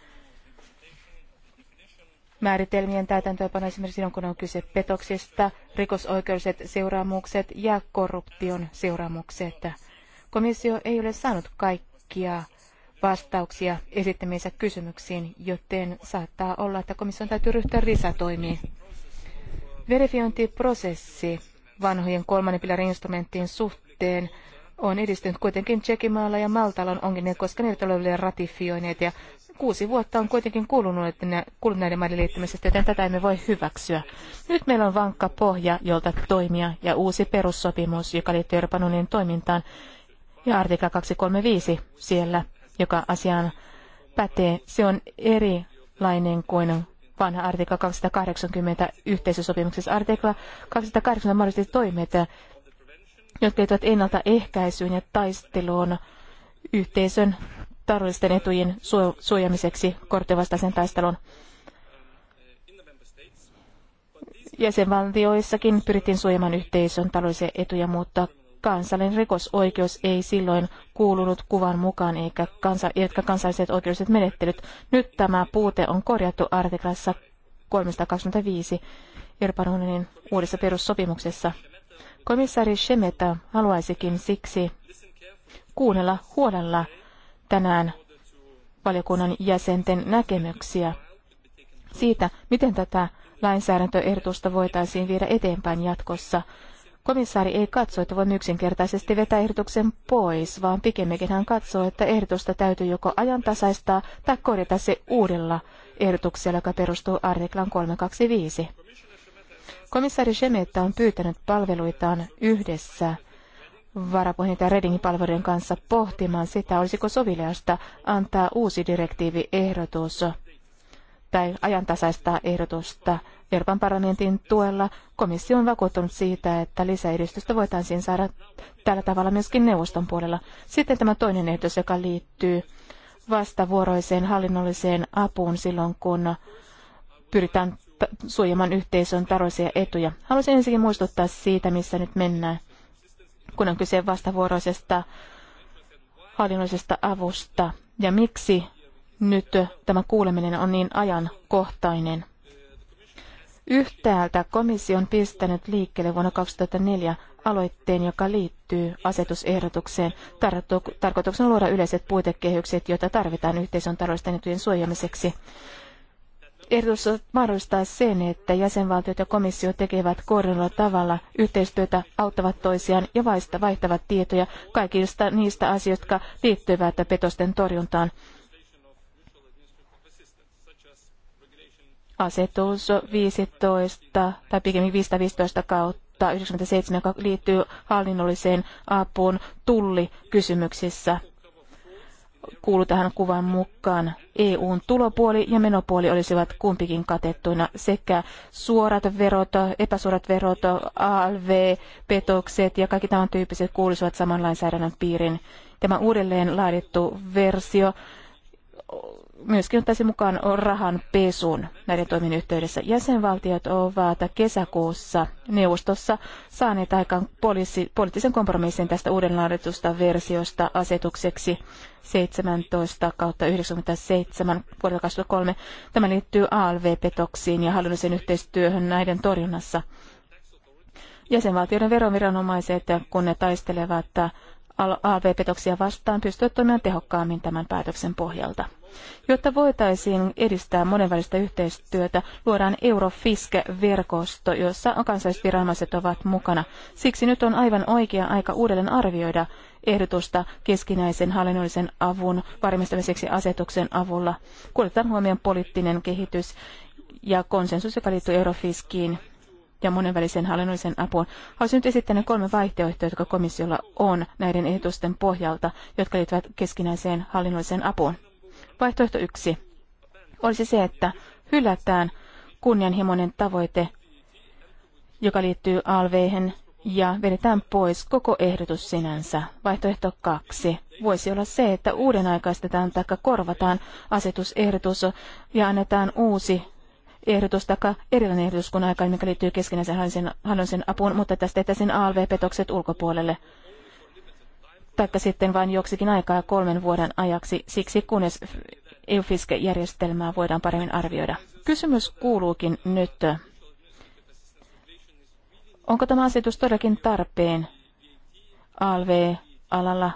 Määritelmien täytäntöönpano esimerkiksi silloin, kun on kyse petoksista, rikosoikeudelliset seuraamukset ja korruption seuraamukset. Komissio ei ole saanut kaikkia vastauksia esittämiinsä kysymyksiin, joten saattaa olla, että komission täytyy ryhtyä lisätoimiin. Verifiointiprosessi vanhojen kolmannen pilarin instrumenttiin suhteen on edistynyt kuitenkin Tsekimaalla ja Maltalla on ongelmia, koska ne eivät ole ratifioineet. Ja kuusi vuotta on kuitenkin kulunut, että ne, kulunut näiden maiden liittymisestä, joten tätä emme voi hyväksyä. Nyt meillä on vankka pohja, jolta toimia ja uusi perussopimus, joka liittyy Euroopan unionin toimintaan ja artikla 235 siellä, joka asiaan pätee. Se on erilainen kuin vanha artikla 280 yhteisösopimuksessa. Artikla 280 mahdollisesti että jotka liittyvät ennaltaehkäisyyn ja taisteluun yhteisön taloudellisten etujen suojamiseksi korttivastaisen taistelun. Jäsenvaltioissakin pyrittiin suojamaan yhteisön taloudellisia etuja, mutta kansallinen rikosoikeus ei silloin kuulunut kuvan mukaan, eikä kansa, eivätkä kansalliset oikeudelliset menettelyt. Nyt tämä puute on korjattu artiklassa 325 Euroopan unionin uudessa perussopimuksessa. Komissaari Shemeta haluaisikin siksi kuunnella huolella tänään valiokunnan jäsenten näkemyksiä siitä, miten tätä lainsäädäntöehdotusta voitaisiin viedä eteenpäin jatkossa. Komissaari ei katso, että voimme yksinkertaisesti vetää ehdotuksen pois, vaan pikemminkin hän katsoo, että ehdotusta täytyy joko ajantasaistaa tai korjata se uudella ehdotuksella, joka perustuu artiklan 325. Komissaari Semetta on pyytänyt palveluitaan yhdessä varapuheenjohtaja Redingin palveluiden kanssa pohtimaan sitä, olisiko soviliasta antaa uusi direktiiviehdotus tai ajantasaista ehdotusta Euroopan parlamentin tuella. Komissio on vakuuttunut siitä, että lisäedistystä voitaisiin saada tällä tavalla myöskin neuvoston puolella. Sitten tämä toinen ehdotus, joka liittyy vastavuoroiseen hallinnolliseen apuun silloin, kun pyritään suojamaan yhteisön taroisia etuja. Haluaisin ensinnäkin muistuttaa siitä, missä nyt mennään, kun on kyse vastavuoroisesta hallinnollisesta avusta ja miksi nyt tämä kuuleminen on niin ajankohtainen. Yhtäältä komissio on pistänyt liikkeelle vuonna 2004 aloitteen, joka liittyy asetusehdotukseen. Tarkoituksena on luoda yleiset puitekehykset, joita tarvitaan yhteisön taloudellisten etujen suojamiseksi. Ehdotus mahdollistaa sen, että jäsenvaltiot ja komissio tekevät koordinoidulla tavalla yhteistyötä, auttavat toisiaan ja vaihtavat tietoja kaikista niistä asioista, jotka liittyvät petosten torjuntaan. Asetus 15 tai pikemmin 515 kautta 97, joka liittyy hallinnolliseen apuun tullikysymyksissä kuulu tähän kuvan mukaan. EUn tulopuoli ja menopuoli olisivat kumpikin katettuina sekä suorat verot, epäsuorat verot, ALV, petokset ja kaikki tämän tyyppiset kuuluisivat saman lainsäädännön piirin. Tämä uudelleen laadittu versio myöskin ottaisi mukaan rahan pesun näiden toimin yhteydessä. Jäsenvaltiot ovat kesäkuussa neuvostossa saaneet aikaan poliisi, poliittisen kompromissin tästä uudenlaadetusta versiosta asetukseksi 17 kautta 97 vuodelta 2003. Tämä liittyy ALV-petoksiin ja hallinnollisen yhteistyöhön näiden torjunnassa. Jäsenvaltioiden veroviranomaiset, kun ne taistelevat AV-petoksia vastaan pystyä toimimaan tehokkaammin tämän päätöksen pohjalta. Jotta voitaisiin edistää monenvälistä yhteistyötä, luodaan Eurofiske-verkosto, jossa kansallisviranomaiset ovat mukana. Siksi nyt on aivan oikea aika uudelleen arvioida ehdotusta keskinäisen hallinnollisen avun varmistamiseksi asetuksen avulla. Kuljetaan huomioon poliittinen kehitys ja konsensus, joka liittyy Eurofiskiin ja monenvälisen hallinnollisen apuun. Haluaisin nyt esittää kolme vaihtoehtoa, jotka komissiolla on näiden ehdotusten pohjalta, jotka liittyvät keskinäiseen hallinnolliseen apuun. Vaihtoehto yksi olisi se, että hylätään kunnianhimoinen tavoite, joka liittyy alveihin ja vedetään pois koko ehdotus sinänsä. Vaihtoehto kaksi voisi olla se, että uuden tai korvataan asetusehdotus ja annetaan uusi ehdotus tai erilainen ehdotus kuin aikaan, mikä liittyy keskinäisen hallinnollisen apuun, mutta tästä tehtäisiin ALV-petokset ulkopuolelle. Taikka sitten vain joksikin aikaa kolmen vuoden ajaksi, siksi kunnes EUFISC-järjestelmää voidaan paremmin arvioida. Kysymys kuuluukin nyt, onko tämä asetus todellakin tarpeen ALV-alalla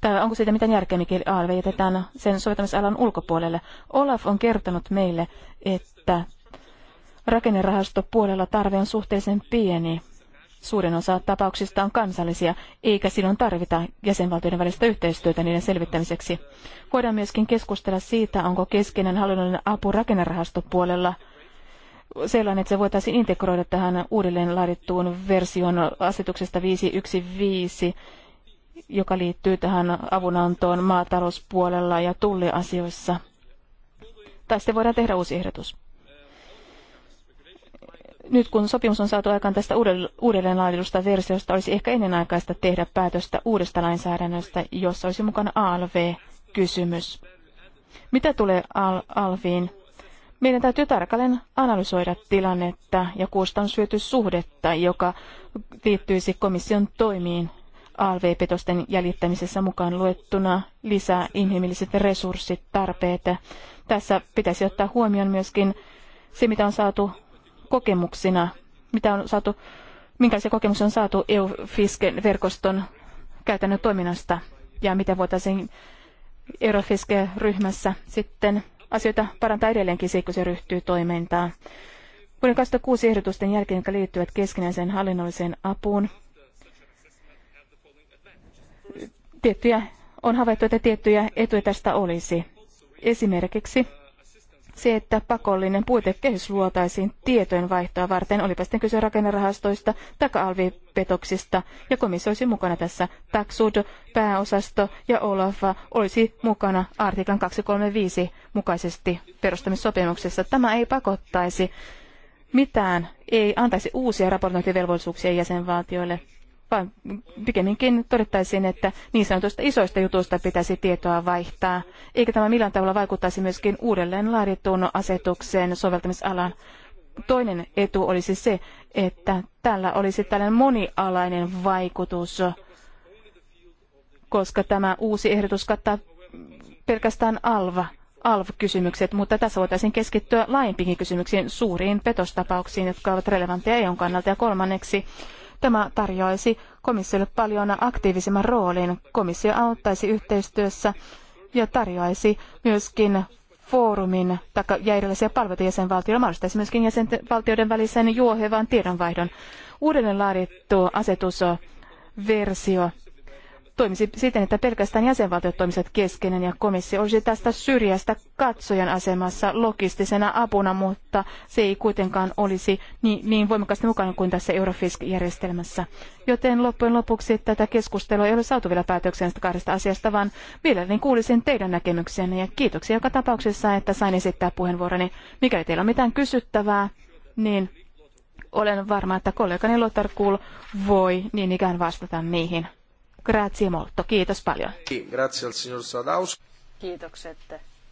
tai onko siitä mitään järkeä, mikäli ALV jätetään sen soveltamisalan ulkopuolelle. Olaf on kertonut meille, että rakennerahastopuolella tarve on suhteellisen pieni. Suurin osa tapauksista on kansallisia, eikä silloin tarvita jäsenvaltioiden välistä yhteistyötä niiden selvittämiseksi. Voidaan myöskin keskustella siitä, onko keskeinen hallinnollinen apu rakennerahastopuolella sellainen, että se voitaisiin integroida tähän uudelleen laadittuun version asetuksesta 515 joka liittyy tähän avunantoon maatalouspuolella ja tulliasioissa. Tai sitten voidaan tehdä uusi ehdotus. Nyt kun sopimus on saatu aikaan tästä uudelleenlaadusta versiosta, olisi ehkä ennenaikaista tehdä päätöstä uudesta lainsäädännöstä, jossa olisi mukana ALV-kysymys. Mitä tulee al- alviin? Meidän täytyy tarkalleen analysoida tilannetta ja kustannushyötysuhdetta, joka liittyisi komission toimiin ALV-petosten jäljittämisessä mukaan luettuna lisää inhimilliset resurssit, tarpeet. Tässä pitäisi ottaa huomioon myöskin se, mitä on saatu kokemuksina, mitä on saatu, minkälaisia kokemuksia on saatu EU-Fisken-verkoston käytännön toiminnasta ja miten voitaisiin Eurofiske-ryhmässä sitten asioita parantaa edelleenkin se, kun se ryhtyy toimintaan. Vuoden 2006 ehdotusten jälkeen, jotka liittyvät keskinäiseen hallinnolliseen apuun, tiettyjä, on havaittu, että tiettyjä etuja tästä olisi. Esimerkiksi se, että pakollinen puitekehys luotaisiin tietojenvaihtoa varten, olipa sitten kyse rakennerahastoista, taka-alvipetoksista, ja komissio olisi mukana tässä. Taksud, pääosasto ja Olaf olisi mukana artiklan 235 mukaisesti perustamissopimuksessa. Tämä ei pakottaisi mitään, ei antaisi uusia raportointivelvollisuuksia jäsenvaltioille vaan pikemminkin todettaisiin, että niin sanotusta isoista jutuista pitäisi tietoa vaihtaa, eikä tämä millään tavalla vaikuttaisi myöskin uudelleen laadittuun asetukseen soveltamisalan. Toinen etu olisi se, että tällä olisi tällainen monialainen vaikutus, koska tämä uusi ehdotus kattaa pelkästään alva ALV-kysymykset, mutta tässä voitaisiin keskittyä laajempiin kysymyksiin, suuriin petostapauksiin, jotka ovat relevantteja EUn kannalta. Ja kolmanneksi Tämä tarjoaisi komissiolle paljon aktiivisemman roolin. Komissio auttaisi yhteistyössä ja tarjoaisi myöskin foorumin taka- ja erilaisia palveluita jäsenvaltioille, mahdollistaisi myöskin jäsenvaltioiden välisen juohevan tiedonvaihdon. Uudelleen laadittu asetusversio toimisi siten, että pelkästään jäsenvaltiot toimisivat keskenään ja komissio olisi tästä syrjästä katsojan asemassa logistisena apuna, mutta se ei kuitenkaan olisi niin, niin voimakkaasti mukana kuin tässä Eurofisk-järjestelmässä. Joten loppujen lopuksi tätä keskustelua ei ole saatu vielä päätökseen näistä kahdesta asiasta, vaan mielelläni kuulisin teidän näkemyksenne ja kiitoksia joka tapauksessa, että sain esittää puheenvuoroni. Mikäli teillä on mitään kysyttävää, niin olen varma, että kollegani Lothar Kuhl voi niin ikään vastata niihin. Grazie molto. Kiitos paljon. Grazie al signor Sadaus. Kiitokset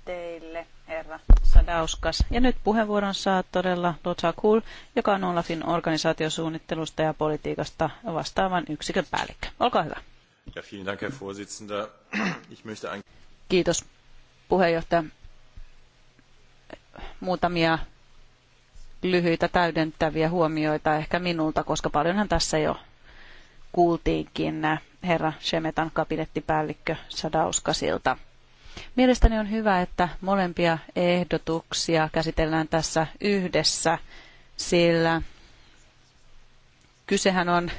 teille, herra Sadauskas. Ja nyt puheenvuoron saa todella Lotsa Kuhl, joka on Olafin organisaatiosuunnittelusta ja politiikasta vastaavan yksikön päällikkö. Olkaa hyvä. Ja vielen Dank, Herr Vorsitzender. Ich möchte ein... Kiitos, puheenjohtaja. Muutamia lyhyitä täydentäviä huomioita ehkä minulta, koska paljonhan tässä jo kuultiinkin herra Shemetan kabinettipäällikkö Sadauskasilta. Mielestäni on hyvä, että molempia ehdotuksia käsitellään tässä yhdessä, sillä kysehän on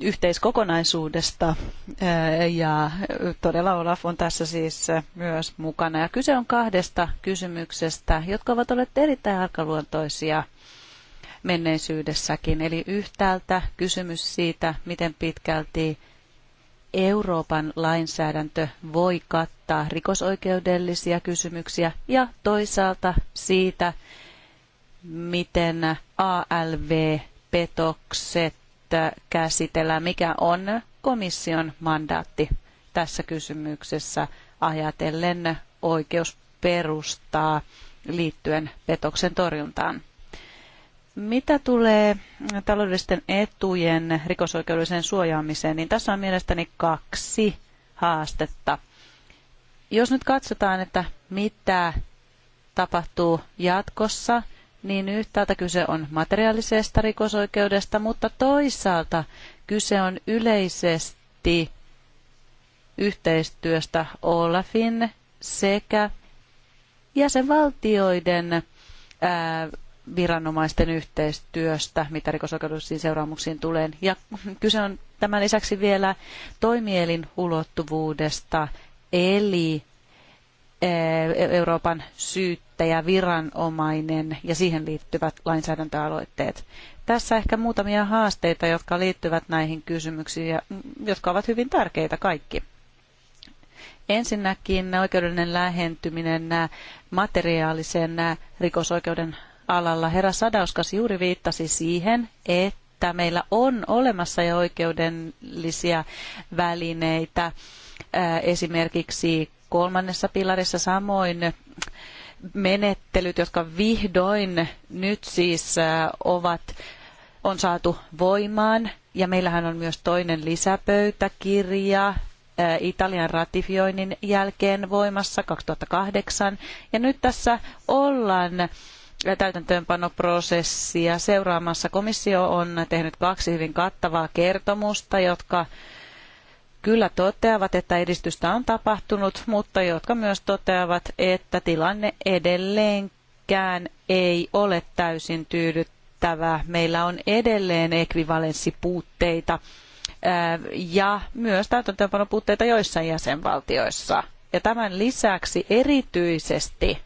yhteiskokonaisuudesta ja todella Olaf on tässä siis myös mukana. Ja kyse on kahdesta kysymyksestä, jotka ovat olleet erittäin arkaluontoisia menneisyydessäkin. Eli yhtäältä kysymys siitä, miten pitkälti Euroopan lainsäädäntö voi kattaa rikosoikeudellisia kysymyksiä ja toisaalta siitä, miten ALV-petokset käsitellään, mikä on komission mandaatti tässä kysymyksessä ajatellen oikeusperustaa liittyen petoksen torjuntaan. Mitä tulee taloudellisten etujen rikosoikeudelliseen suojaamiseen, niin tässä on mielestäni kaksi haastetta. Jos nyt katsotaan, että mitä tapahtuu jatkossa, niin yhtäältä kyse on materiaalisesta rikosoikeudesta, mutta toisaalta kyse on yleisesti yhteistyöstä Olafin sekä jäsenvaltioiden ää, viranomaisten yhteistyöstä, mitä rikosoikeudellisiin seuraamuksiin tulee. Ja kyse on tämän lisäksi vielä toimielin ulottuvuudesta, eli eh, Euroopan syyttäjä, viranomainen ja siihen liittyvät lainsäädäntöaloitteet. Tässä ehkä muutamia haasteita, jotka liittyvät näihin kysymyksiin ja mm, jotka ovat hyvin tärkeitä kaikki. Ensinnäkin oikeudellinen lähentyminen eh, materiaalisen eh, rikosoikeuden alalla. Herra Sadauskas juuri viittasi siihen, että meillä on olemassa jo oikeudellisia välineitä esimerkiksi kolmannessa pilarissa samoin menettelyt, jotka vihdoin nyt siis ovat, on saatu voimaan. Ja meillähän on myös toinen lisäpöytäkirja Italian ratifioinnin jälkeen voimassa 2008. Ja nyt tässä ollaan täytäntöönpanoprosessia seuraamassa. Komissio on tehnyt kaksi hyvin kattavaa kertomusta, jotka kyllä toteavat, että edistystä on tapahtunut, mutta jotka myös toteavat, että tilanne edelleenkään ei ole täysin tyydyttävä. Meillä on edelleen ekvivalenssipuutteita ja myös täytäntöönpanopuutteita joissain jäsenvaltioissa. Ja tämän lisäksi erityisesti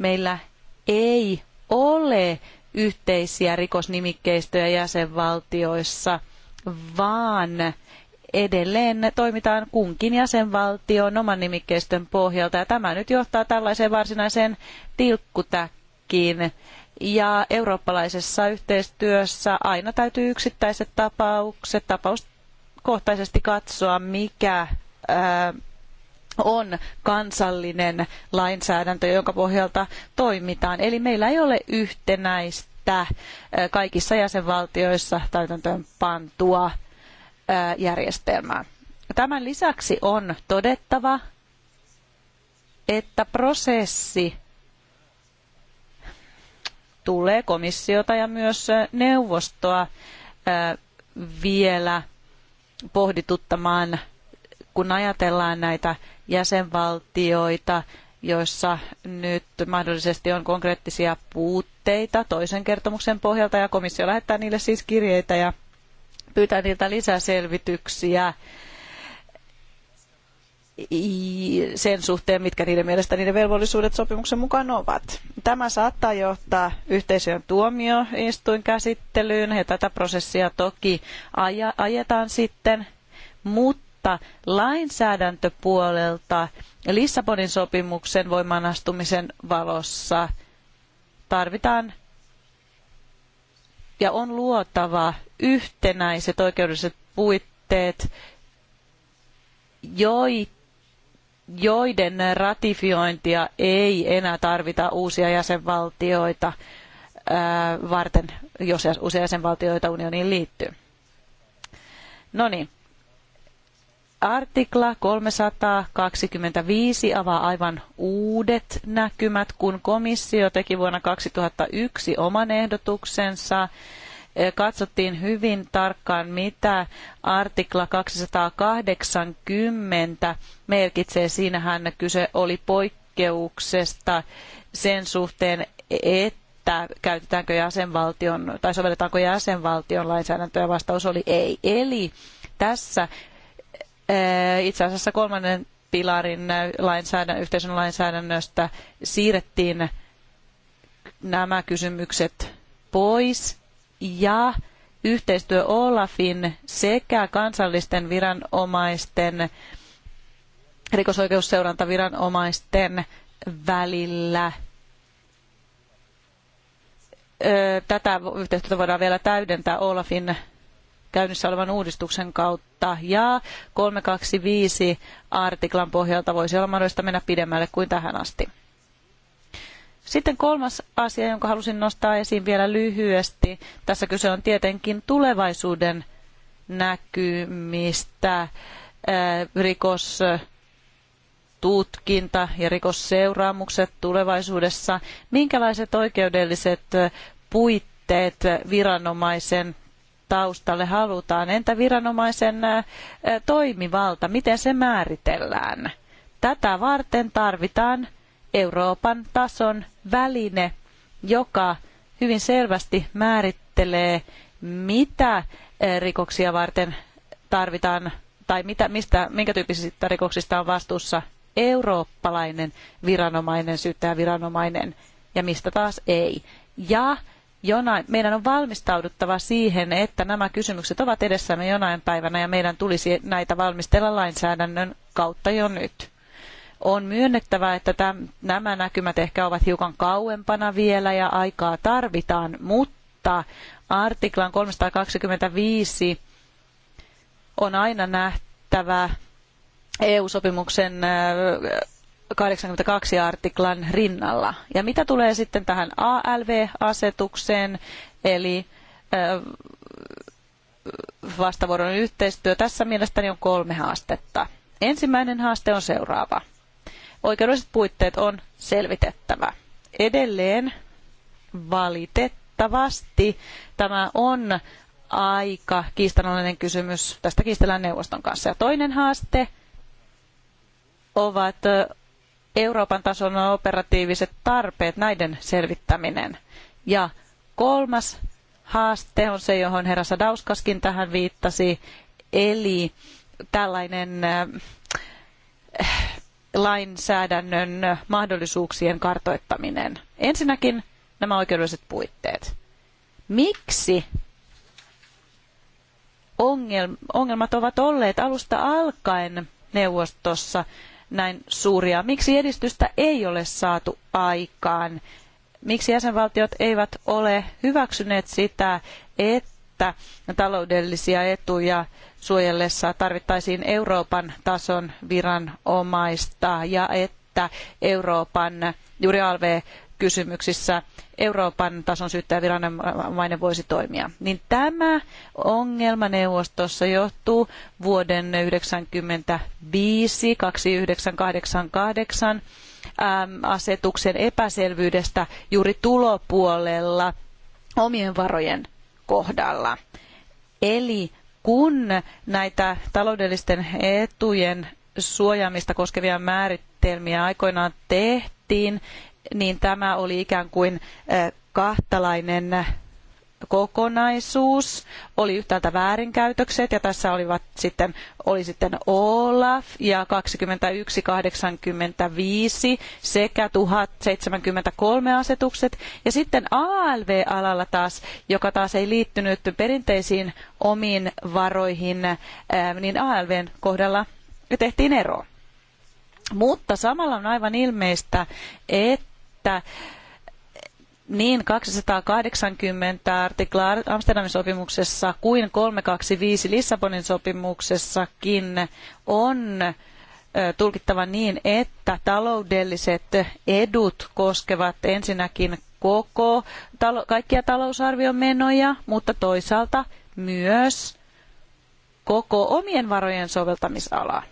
meillä ei ole yhteisiä rikosnimikkeistöjä jäsenvaltioissa, vaan edelleen toimitaan kunkin jäsenvaltion oman nimikkeistön pohjalta. Ja tämä nyt johtaa tällaiseen varsinaiseen tilkkutäkkiin. Ja eurooppalaisessa yhteistyössä aina täytyy yksittäiset tapaukset tapauskohtaisesti katsoa, mikä ää, on kansallinen lainsäädäntö, jonka pohjalta toimitaan. Eli meillä ei ole yhtenäistä kaikissa jäsenvaltioissa täytäntöön pantua järjestelmää. Tämän lisäksi on todettava, että prosessi tulee komissiota ja myös neuvostoa vielä pohdituttamaan kun ajatellaan näitä jäsenvaltioita, joissa nyt mahdollisesti on konkreettisia puutteita toisen kertomuksen pohjalta ja komissio lähettää niille siis kirjeitä ja pyytää niiltä lisäselvityksiä sen suhteen, mitkä niiden mielestä niiden velvollisuudet sopimuksen mukaan ovat. Tämä saattaa johtaa yhteisön tuomioistuinkäsittelyyn ja tätä prosessia toki ajetaan sitten, mutta mutta lainsäädäntöpuolelta Lissabonin sopimuksen voimaanastumisen valossa tarvitaan ja on luotava yhtenäiset oikeudelliset puitteet, joiden ratifiointia ei enää tarvita uusia jäsenvaltioita varten, jos uusia jäsenvaltioita unioniin liittyy. No niin, Artikla 325 avaa aivan uudet näkymät, kun komissio teki vuonna 2001 oman ehdotuksensa eh, katsottiin hyvin tarkkaan, mitä artikla 280 merkitsee. Siinähän kyse oli poikkeuksesta sen suhteen, että käytetäänkö jäsenvaltion tai sovelletaanko jäsenvaltion lainsäädäntöä. Vastaus oli ei. Eli tässä Eh, itse asiassa kolmannen pilarin eh, lainsäädä, yhteisön lainsäädännöstä siirrettiin nämä kysymykset pois ja yhteistyö Olafin sekä kansallisten viranomaisten rikosoikeusseurantaviranomaisten välillä. Eh, tätä yhteistyötä voidaan vielä täydentää Olafin käynnissä olevan uudistuksen kautta ja 325 artiklan pohjalta voisi olla mahdollista mennä pidemmälle kuin tähän asti. Sitten kolmas asia, jonka halusin nostaa esiin vielä lyhyesti. Tässä kyse on tietenkin tulevaisuuden näkymistä, eh, rikostutkinta ja rikosseuraamukset tulevaisuudessa. Minkälaiset oikeudelliset puitteet viranomaisen taustalle halutaan. Entä viranomaisen toimivalta, miten se määritellään? Tätä varten tarvitaan Euroopan tason väline, joka hyvin selvästi määrittelee, mitä rikoksia varten tarvitaan tai mitä, mistä, minkä tyyppisistä rikoksista on vastuussa eurooppalainen viranomainen, syyttäjäviranomainen ja mistä taas ei. Ja jonain, meidän on valmistauduttava siihen, että nämä kysymykset ovat edessämme jonain päivänä ja meidän tulisi näitä valmistella lainsäädännön kautta jo nyt. On myönnettävä, että täm, nämä näkymät ehkä ovat hiukan kauempana vielä ja aikaa tarvitaan, mutta artiklan 325 on aina nähtävä EU-sopimuksen äh, kahdeksankymmentäkaksi artiklan rinnalla. Ja mitä tulee sitten tähän ALV-asetukseen, eli vastavuoroinen yhteistyö, tässä mielestäni on kolme haastetta. Ensimmäinen haaste on seuraava. Oikeudelliset puitteet on selvitettävä. Edelleen valitettavasti tämä on aika kiistanalainen kysymys. Tästä kiistellään neuvoston kanssa. Ja toinen haaste ovat Euroopan tason on operatiiviset tarpeet, näiden selvittäminen. Ja kolmas haaste on se, johon herra Sadauskaskin tähän viittasi, eli tällainen äh, lainsäädännön mahdollisuuksien kartoittaminen. Ensinnäkin nämä oikeudelliset puitteet. Miksi ongelmat ovat olleet alusta alkaen neuvostossa näin suuria. Miksi edistystä ei ole saatu aikaan? Miksi jäsenvaltiot eivät ole hyväksyneet sitä, että taloudellisia etuja suojellessa tarvittaisiin Euroopan tason viranomaista ja että Euroopan juuri ALV-kysymyksissä Euroopan tason syyttäjäviranomainen voisi toimia. Niin tämä ongelma neuvostossa johtuu vuoden 1995 2988 asetuksen epäselvyydestä juuri tulopuolella omien varojen kohdalla. Eli kun näitä taloudellisten etujen suojaamista koskevia määritelmiä aikoinaan tehtiin, niin tämä oli ikään kuin kahtalainen kokonaisuus. Oli yhtäältä väärinkäytökset ja tässä olivat sitten, oli sitten Olaf ja 2185 sekä 1073 asetukset. Ja sitten ALV-alalla taas, joka taas ei liittynyt perinteisiin omiin varoihin, niin ALVn kohdalla tehtiin ero. Mutta samalla on aivan ilmeistä, että että niin 280 artikla Amsterdamin sopimuksessa kuin 325 Lissabonin sopimuksessakin on tulkittava niin, että taloudelliset edut koskevat ensinnäkin koko, kaikkia talousarvion menoja, mutta toisaalta myös koko omien varojen soveltamisalaa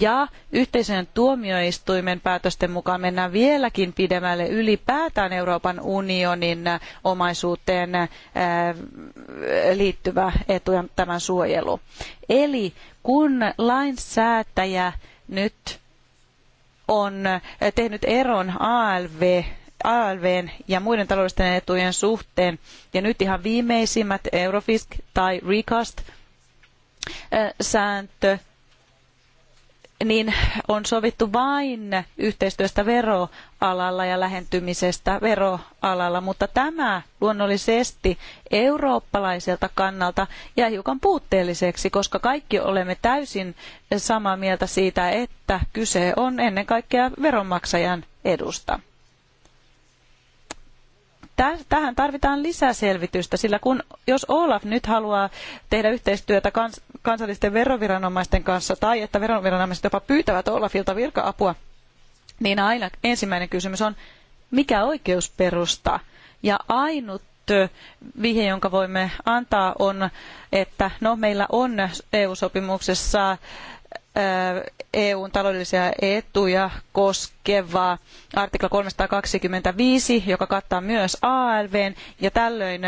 ja yhteisen tuomioistuimen päätösten mukaan mennään vieläkin pidemmälle ylipäätään Euroopan unionin äh, omaisuuteen äh, liittyvä etu ja tämän suojelu. Eli kun lainsäätäjä nyt on äh, tehnyt eron ALV ALVn ja muiden taloudellisten etujen suhteen. Ja nyt ihan viimeisimmät Eurofisk tai Recast sääntö niin on sovittu vain yhteistyöstä veroalalla ja lähentymisestä veroalalla, mutta tämä luonnollisesti eurooppalaiselta kannalta jäi hiukan puutteelliseksi, koska kaikki olemme täysin samaa mieltä siitä, että kyse on ennen kaikkea veronmaksajan edusta. Tähän tarvitaan lisää selvitystä, sillä kun, jos Olaf nyt haluaa tehdä yhteistyötä kans, kansallisten veroviranomaisten kanssa tai että veroviranomaiset jopa pyytävät Olafilta virka-apua, niin aina ensimmäinen kysymys on, mikä oikeusperusta? Ja ainut vihje, jonka voimme antaa, on, että no, meillä on EU-sopimuksessa EUn taloudellisia etuja koskeva artikla 325, joka kattaa myös ALVn, ja tällöin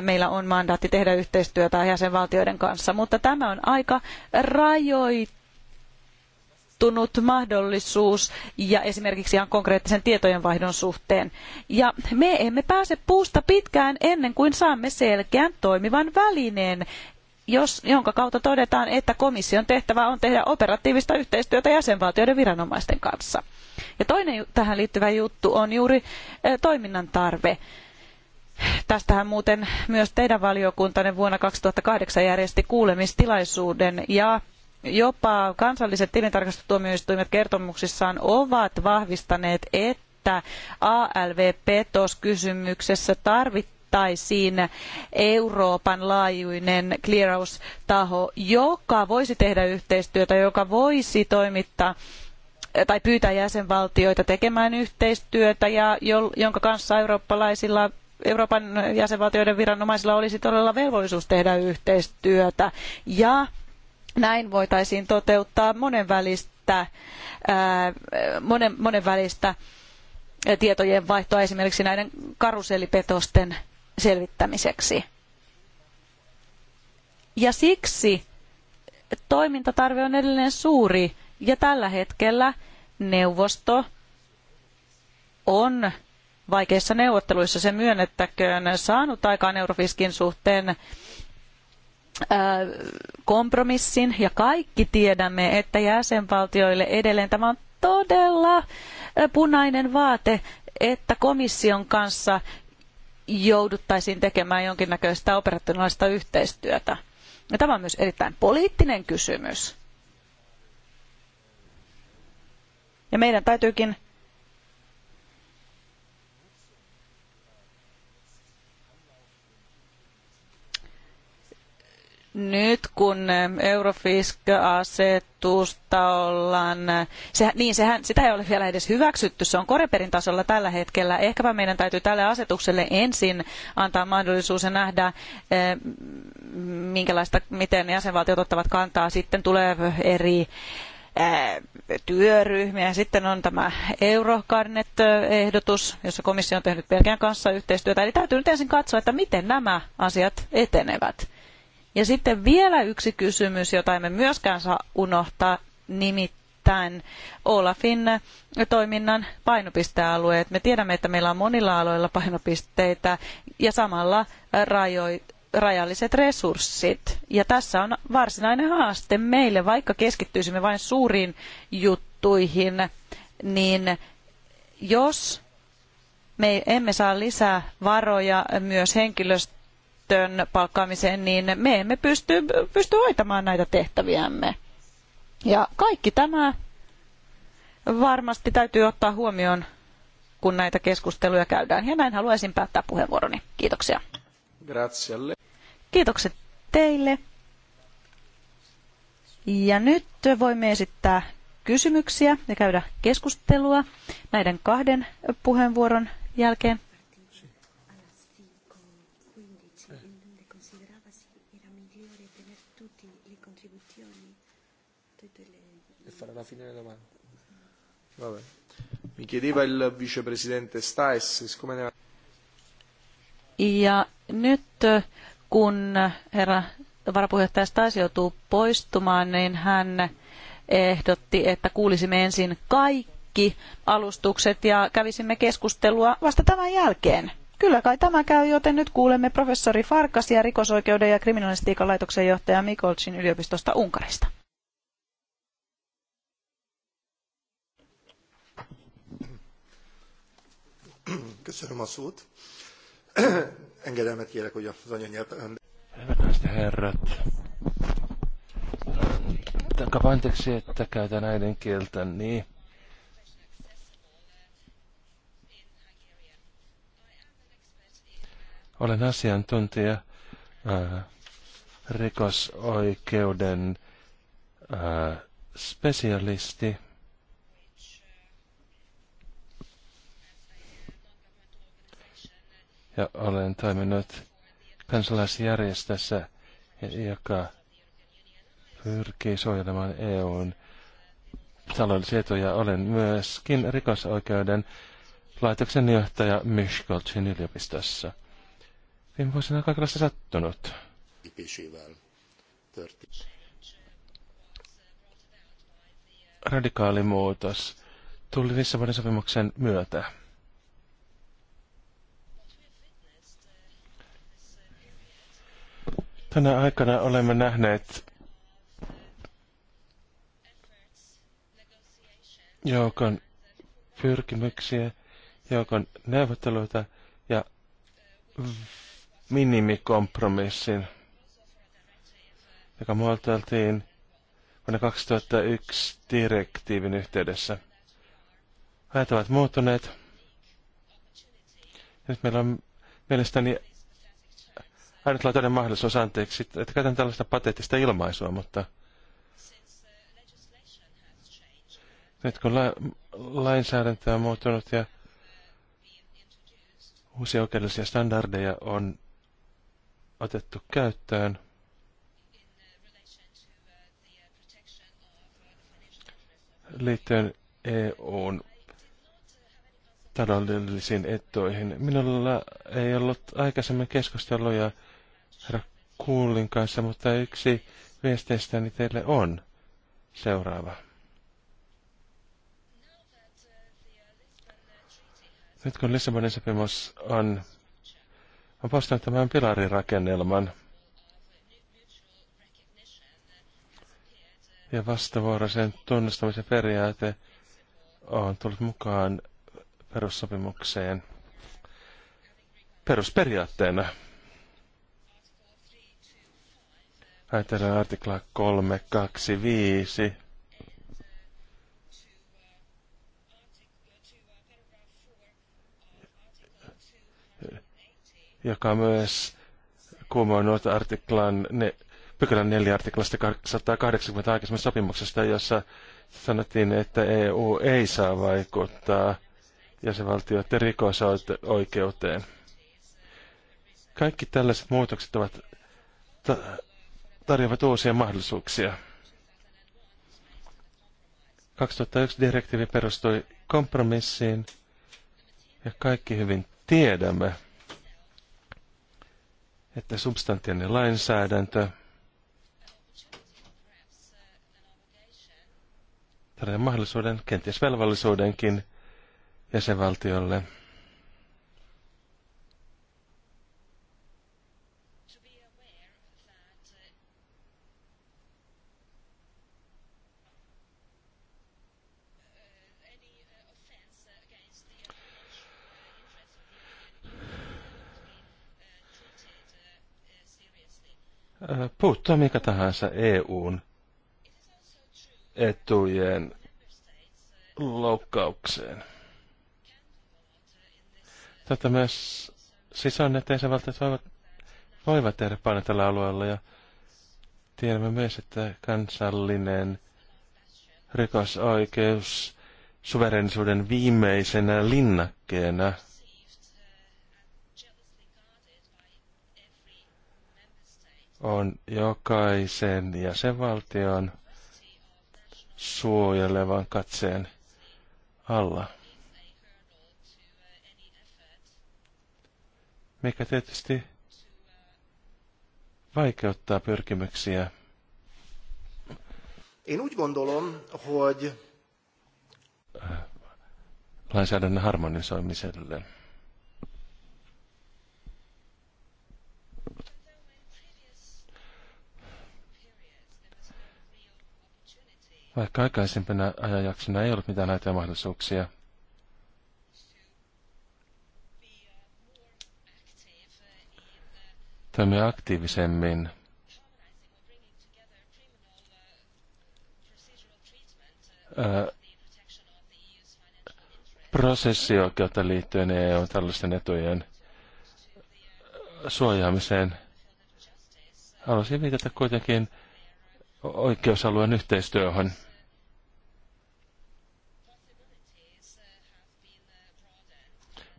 meillä on mandaatti tehdä yhteistyötä jäsenvaltioiden kanssa. Mutta tämä on aika rajoittunut mahdollisuus ja esimerkiksi ihan konkreettisen tietojenvaihdon suhteen. Ja me emme pääse puusta pitkään ennen kuin saamme selkeän toimivan välineen jos, jonka kautta todetaan, että komission tehtävä on tehdä operatiivista yhteistyötä jäsenvaltioiden viranomaisten kanssa. Ja toinen tähän liittyvä juttu on juuri eh, toiminnan tarve. Tästähän muuten myös teidän valiokuntanne vuonna 2008 järjesti kuulemistilaisuuden ja jopa kansalliset tilintarkastustuomioistuimet kertomuksissaan ovat vahvistaneet, että ALV-petoskysymyksessä tarvittaisiin tarvittaisiin Euroopan laajuinen clearaustaho, joka voisi tehdä yhteistyötä, joka voisi toimittaa tai pyytää jäsenvaltioita tekemään yhteistyötä ja jonka kanssa eurooppalaisilla Euroopan jäsenvaltioiden viranomaisilla olisi todella velvollisuus tehdä yhteistyötä ja näin voitaisiin toteuttaa monenvälistä, ää, monen, monenvälistä tietojen vaihtoa esimerkiksi näiden karuselipetosten selvittämiseksi. Ja siksi toimintatarve on edelleen suuri ja tällä hetkellä neuvosto on vaikeissa neuvotteluissa se myönnettäköön saanut aikaan Eurofiskin suhteen kompromissin ja kaikki tiedämme, että jäsenvaltioille edelleen tämä on todella punainen vaate, että komission kanssa jouduttaisiin tekemään jonkinnäköistä operationaalista yhteistyötä. Ja tämä on myös erittäin poliittinen kysymys. Ja meidän täytyykin nyt kun Eurofisk-asetusta ollaan, se, niin sehän, sitä ei ole vielä edes hyväksytty, se on Koreperin tasolla tällä hetkellä. Ehkäpä meidän täytyy tälle asetukselle ensin antaa mahdollisuus ja nähdä, eh, minkälaista, miten jäsenvaltiot ottavat kantaa. Sitten tulee eri eh, työryhmiä. Sitten on tämä Eurocarnet-ehdotus, jossa komissio on tehnyt Belgian kanssa yhteistyötä. Eli täytyy nyt ensin katsoa, että miten nämä asiat etenevät ja sitten vielä yksi kysymys, jota emme myöskään saa unohtaa, nimittäin Olafin toiminnan painopistealueet. Me tiedämme, että meillä on monilla aloilla painopisteitä ja samalla rajoit, rajalliset resurssit. Ja tässä on varsinainen haaste meille, vaikka keskittyisimme vain suuriin juttuihin, niin jos me emme saa lisää varoja myös henkilöstöä, henkilöstön palkkaamiseen, niin me emme pysty, pysty hoitamaan näitä tehtäviämme. Ja kaikki tämä varmasti täytyy ottaa huomioon, kun näitä keskusteluja käydään. Ja näin haluaisin päättää puheenvuoroni. Kiitoksia. Grazielle. Kiitokset teille. Ja nyt voimme esittää kysymyksiä ja käydä keskustelua näiden kahden puheenvuoron jälkeen. Vabbè. Mi chiedeva il vicepresidente Staes, siccome ne... Ja nyt kun herra varapuheenjohtaja Staes joutuu poistumaan, niin hän ehdotti, että kuulisimme ensin kaikki alustukset ja kävisimme keskustelua vasta tämän jälkeen. Kyllä kai tämä käy, joten nyt kuulemme professori Farkas ja rikosoikeuden ja kriminalistiikan laitoksen johtaja Mikolcin yliopistosta Unkarista. Köszönöm a szót. Engedelmet kérek, hogy az anyanyelven... Hyvät naiset ja herrat. Taka anteeksi, että käytän äidinkieltä Olen asiantuntija äh, eh, rikosoikeuden äh, eh, spesialisti – ja olen toiminut kansalaisjärjestössä, joka pyrkii suojelemaan EUn taloudellisia etuja. Olen myöskin rikosoikeuden laitoksen johtaja Miskolcin yliopistossa. Viime vuosina on kaikenlaista sattunut. Radikaali muutos tuli Lissabonin sopimuksen myötä. Tänä aikana olemme nähneet joukon pyrkimyksiä, joukon neuvotteluita ja minimikompromissin, joka muotoiltiin vuonna 2001 direktiivin yhteydessä. Ajat ovat muuttuneet. Nyt meillä on mielestäni ainutlaatuinen mahdollisuus, anteeksi, että käytän tällaista pateettista ilmaisua, mutta nyt kun la- lainsäädäntö on muuttunut ja uusia oikeudellisia standardeja on otettu käyttöön, liittyen EUn taloudellisiin etuihin. Minulla ei ollut aikaisemmin keskusteluja Kuulin kanssa, mutta yksi viesteistäni teille on seuraava. Nyt kun Lissabonin sopimus on, on postannut tämän pilarirakennelman ja vastavuoroisen tunnustamisen periaate on tullut mukaan perussopimukseen perusperiaatteena. Ajatellaan artikla 325. joka myös kuumoinut artiklan, ne, pykälän 4 artiklasta 280 aikaisemmassa sopimuksesta, jossa sanottiin, että EU ei saa vaikuttaa jäsenvaltioiden rikosoikeuteen. Kaikki tällaiset muutokset ovat ta- tarjoavat uusia mahdollisuuksia. 2001 direktiivi perustui kompromissiin ja kaikki hyvin tiedämme, että substantiaalinen lainsäädäntö tarjoaa mahdollisuuden, kenties velvollisuudenkin jäsenvaltiolle – Äh, puuttua mikä tahansa EUn etujen loukkaukseen. Tätä myös sisään että jäsenvaltiot voivat, voivat tehdä paljon tällä alueella ja tiedämme myös, että kansallinen rikosoikeus suverenisuuden viimeisenä linnakkeena – on jokaisen jäsenvaltion suojelevan katseen alla. Mikä tietysti vaikeuttaa pyrkimyksiä. En úgy gondolom, hogy lainsäädännön harmonisoimiselle. Vaikka aikaisempina ajanjaksona ei ollut mitään näitä mahdollisuuksia, toimia aktiivisemmin prosessioikeutta liittyen ole tällaisten etujen suojaamiseen. Haluaisin viitata kuitenkin oikeusalueen yhteistyöhön.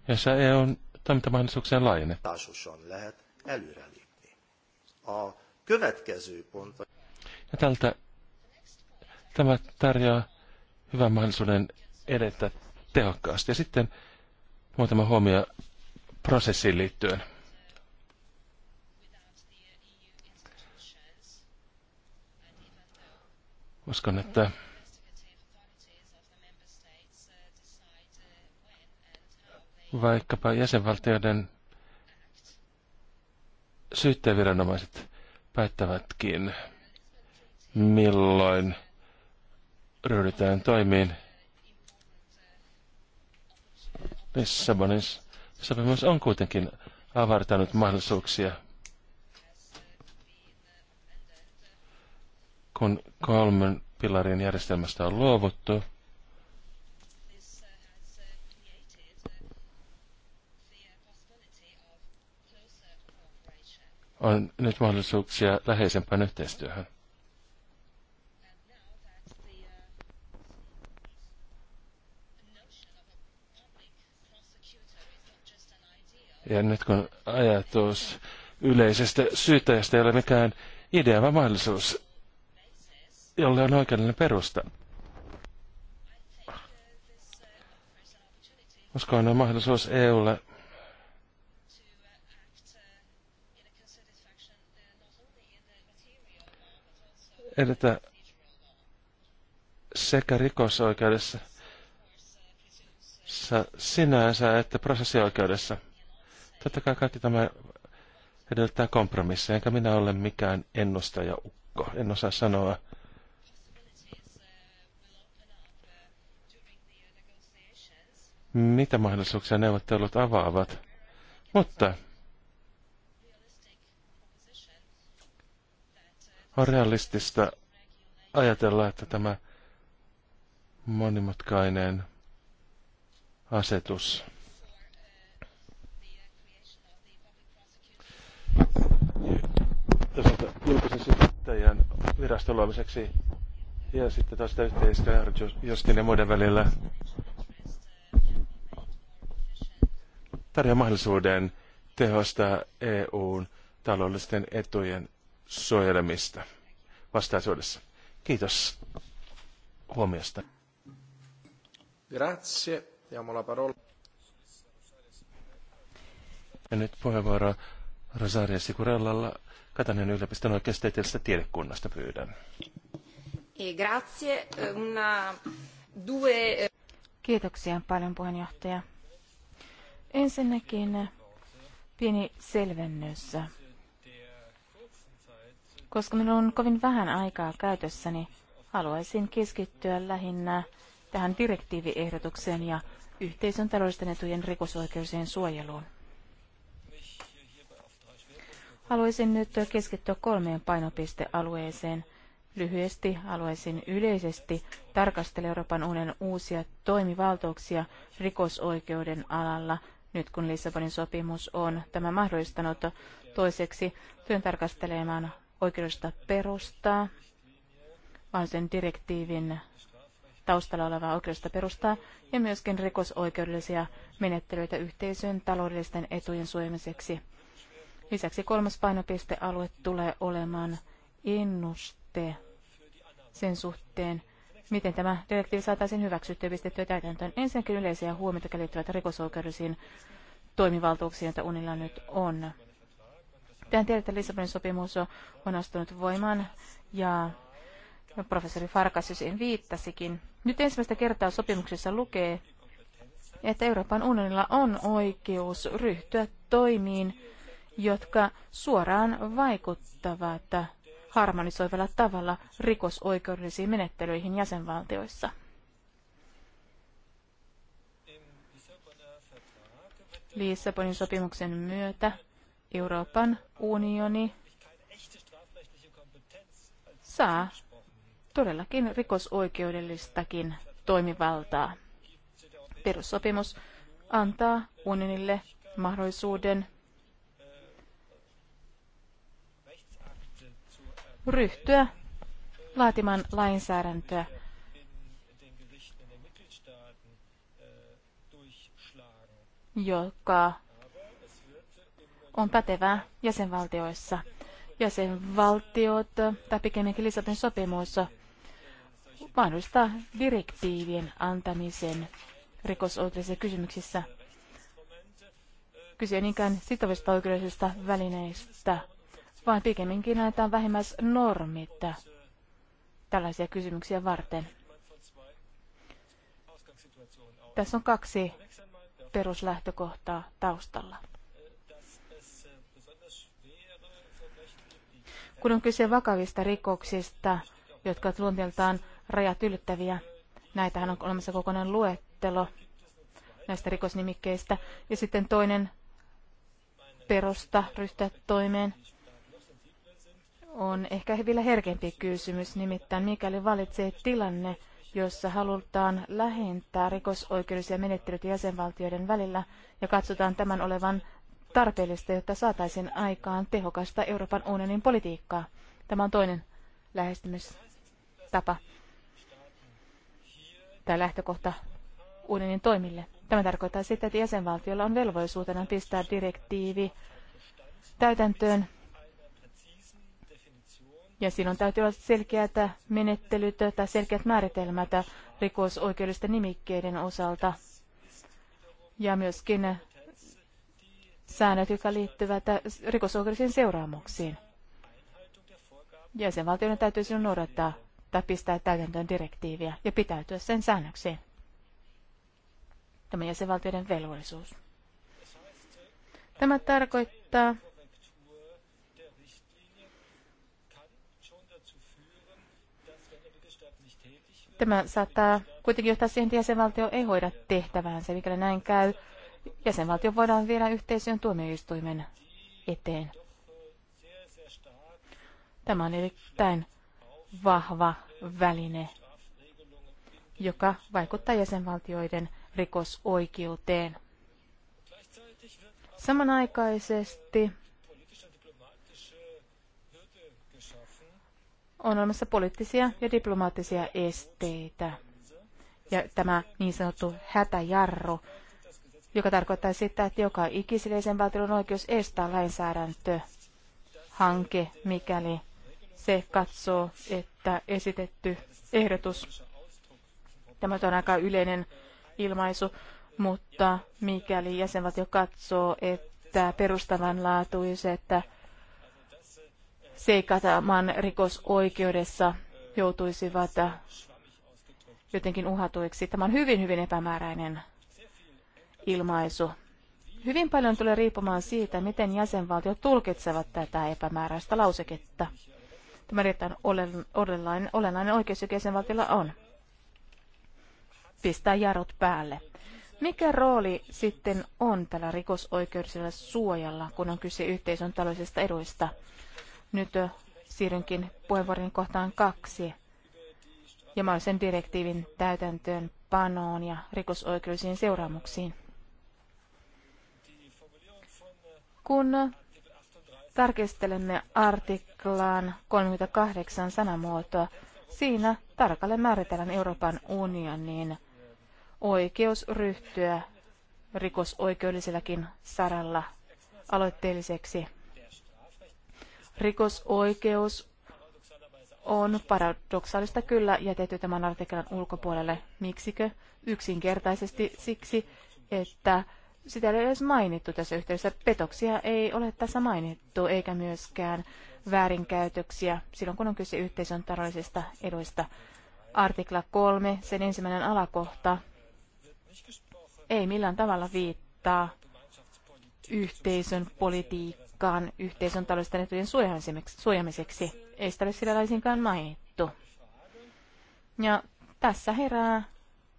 jossa se e toimintamahdollisuuksia on laajennettu. Ja tältä tämä tarjoaa hyvän mahdollisuuden edetä tehokkaasti. Ja sitten muutama huomio prosessiin liittyen. Uskon, että vaikkapa jäsenvaltioiden syyttäjäviranomaiset päättävätkin, milloin ryhdytään toimiin. Lissabonin sopimus on kuitenkin avartanut mahdollisuuksia kun kolmen pilarin järjestelmästä on luovuttu, on nyt mahdollisuuksia läheisempään yhteistyöhön. Ja nyt kun ajatus yleisestä syyttäjästä ei ole mikään idea, vaan mahdollisuus, jolle on oikeudellinen perusta. Koska on mahdollisuus EUlle edetä sekä rikosoikeudessa sinänsä että prosessioikeudessa. Totta kai kaikki tämä edellyttää kompromisseja, enkä minä ole mikään ennustajaukko. En osaa sanoa, mitä mahdollisuuksia neuvottelut avaavat. Mutta on realistista ajatella, että tämä monimutkainen asetus toisaalta julkisen syyttäjän viraston luomiseksi ja sitten taas sitä yhteistyötä Justin ja muiden välillä tarjoaa mahdollisuuden tehostaa EUn taloudellisten etujen suojelemista vastaisuudessa. Kiitos huomiosta. Grazie. Diamo la parola. Ja nyt puheenvuoro Rosaria Sikurellalla Katanen yliopiston oikeustieteellisestä tiedekunnasta pyydän. Eh, grazie. Eh, una, due... Eh. Kiitoksia paljon puheenjohtaja. Ensinnäkin pieni selvennys. Koska minulla on kovin vähän aikaa käytössäni, haluaisin keskittyä lähinnä tähän direktiiviehdotukseen ja yhteisön taloudellisten etujen rikosoikeuksien suojeluun. Haluaisin nyt keskittyä kolmeen painopistealueeseen. Lyhyesti haluaisin yleisesti tarkastella Euroopan unionin uusia toimivaltuuksia rikosoikeuden alalla nyt kun Lissabonin sopimus on tämä mahdollistanut toiseksi työn tarkastelemaan oikeudellista perustaa, sen direktiivin taustalla olevaa oikeudellista perustaa ja myöskin rikosoikeudellisia menettelyitä yhteisön taloudellisten etujen suojamiseksi. Lisäksi kolmas painopistealue tulee olemaan ennuste sen suhteen, miten tämä direktiivi saataisiin hyväksyttyä ja pistettyä täytäntöön. Ensinnäkin yleisiä huomioita, jotka liittyvät rikosoikeudellisiin toimivaltuuksiin, joita unilla nyt on. Tähän tiedetään, että Lissabonin sopimus on astunut voimaan ja professori Farkas jo siihen viittasikin. Nyt ensimmäistä kertaa sopimuksessa lukee, että Euroopan unionilla on oikeus ryhtyä toimiin, jotka suoraan vaikuttavat harmonisoivalla tavalla rikosoikeudellisiin menettelyihin jäsenvaltioissa. Lissabonin sopimuksen myötä Euroopan unioni saa todellakin rikosoikeudellistakin toimivaltaa. Perussopimus antaa unionille mahdollisuuden ryhtyä laatimaan lainsäädäntöä joka on pätevää jäsenvaltioissa. Jäsenvaltiot, tai pikemminkin Lissabonin sopimus, mahdollistaa direktiivien antamisen rikosoikeudellisissa kysymyksissä. Kyse on niinkään sitovista oikeudellisista välineistä, vaan pikemminkin annetaan vähimmäisnormit tällaisia kysymyksiä varten. Tässä on kaksi peruslähtökohtaa taustalla. Kun on kyse vakavista rikoksista, jotka ovat luonteeltaan rajat ylittäviä, näitähän on olemassa kokonainen luettelo näistä rikosnimikkeistä, ja sitten toinen perusta ryhtyä toimeen on ehkä vielä herkempi kysymys, nimittäin mikäli valitsee tilanne, jossa halutaan lähentää rikosoikeudellisia menettelyitä jäsenvaltioiden välillä ja katsotaan tämän olevan tarpeellista, jotta saataisiin aikaan tehokasta Euroopan unionin politiikkaa. Tämä on toinen lähestymistapa tai lähtökohta unionin toimille. Tämä tarkoittaa sitä, että jäsenvaltiolla on velvollisuutena pistää direktiivi täytäntöön ja silloin täytyy olla selkeät menettelyt tai selkeät määritelmät rikosoikeudellisten nimikkeiden osalta. Ja myöskin säännöt, jotka liittyvät rikosoikeudellisiin seuraamuksiin. Jäsenvaltioiden täytyy sinun noudattaa tai pistää täytäntöön direktiiviä ja pitäytyä sen säännöksiin. Tämä jäsenvaltioiden velvollisuus. Tämä tarkoittaa, Tämä saattaa kuitenkin johtaa siihen, että jäsenvaltio ei hoida tehtäväänsä. Mikäli näin käy, jäsenvaltio voidaan viedä yhteisön tuomioistuimen eteen. Tämä on erittäin vahva väline, joka vaikuttaa jäsenvaltioiden rikosoikeuteen. Samanaikaisesti on olemassa poliittisia ja diplomaattisia esteitä. Ja tämä niin sanottu hätäjarru, joka tarkoittaa sitä, että joka ikiselle jäsenvaltiolla on oikeus estää hanke, mikäli se katsoo, että esitetty ehdotus, tämä on aika yleinen ilmaisu, mutta mikäli jäsenvaltio katsoo, että perustavanlaatuiset että seikat maan rikosoikeudessa joutuisivat jotenkin uhatuiksi. Tämä on hyvin, hyvin epämääräinen ilmaisu. Hyvin paljon tulee riippumaan siitä, miten jäsenvaltiot tulkitsevat tätä epämääräistä lauseketta. Tämä erittäin olennainen, olennainen oikeus, joka jäsenvaltiolla on. Pistää jarrut päälle. Mikä rooli sitten on tällä rikosoikeudellisella suojalla, kun on kyse yhteisön taloudellisista eduista? Nyt siirrynkin puheenvuoron kohtaan kaksi ja mahdollisen direktiivin täytäntöön panoon ja rikosoikeudellisiin seuraamuksiin. Kun tarkistelemme artiklaan 38 sanamuotoa, siinä tarkalleen määritellään Euroopan unionin oikeus ryhtyä rikosoikeudellisellakin saralla aloitteelliseksi Rikosoikeus on paradoksaalista kyllä jätetty tämän artikkelin ulkopuolelle. Miksikö? Yksinkertaisesti siksi, että sitä ei ole edes mainittu tässä yhteydessä. Petoksia ei ole tässä mainittu, eikä myöskään väärinkäytöksiä silloin, kun on kyse yhteisön taloudellisista eduista. Artikla 3, sen ensimmäinen alakohta, ei millään tavalla viittaa yhteisön politiikkaan aikaan yhteisön taloudellisten etujen suojamiseksi Ei sitä ole sillä laisinkaan mainittu. Ja tässä herää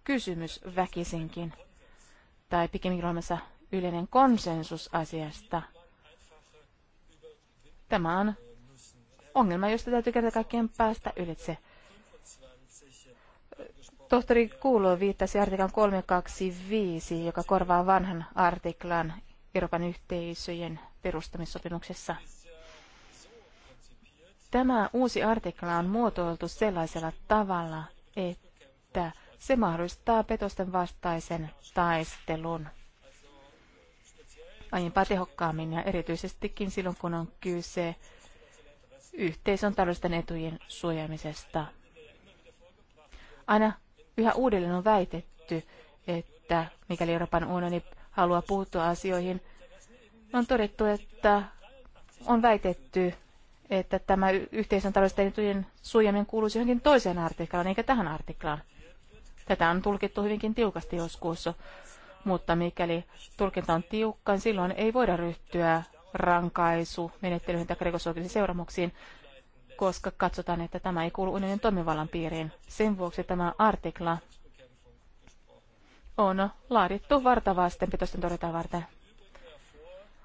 kysymys väkisinkin, tai pikemminkin olemassa yleinen konsensus asiasta. Tämä on ongelma, josta täytyy kerta kaikkien päästä ylitse. Tohtori Kuulo viittasi artiklan 325, joka korvaa vanhan artiklan Euroopan yhteisöjen perustamissopimuksessa. Tämä uusi artikla on muotoiltu sellaisella tavalla, että se mahdollistaa petosten vastaisen taistelun aiempaa tehokkaammin ja erityisestikin silloin, kun on kyse yhteisön taloudellisten etujen suojaamisesta. Aina yhä uudelleen on väitetty, että mikäli Euroopan unioni haluaa puuttua asioihin, on todettu, että on väitetty, että tämä yhteisön taloudellisten etujen suojaminen kuuluisi johonkin toiseen artiklaan, eikä tähän artiklaan. Tätä on tulkittu hyvinkin tiukasti joskus, mutta mikäli tulkinta on tiukka, niin silloin ei voida ryhtyä rankaisu menettelyihin tai rikosoikeudellisiin seuraamuksiin, koska katsotaan, että tämä ei kuulu unionin toimivallan piiriin. Sen vuoksi tämä artikla on laadittu sitten pitosten todetaan varten.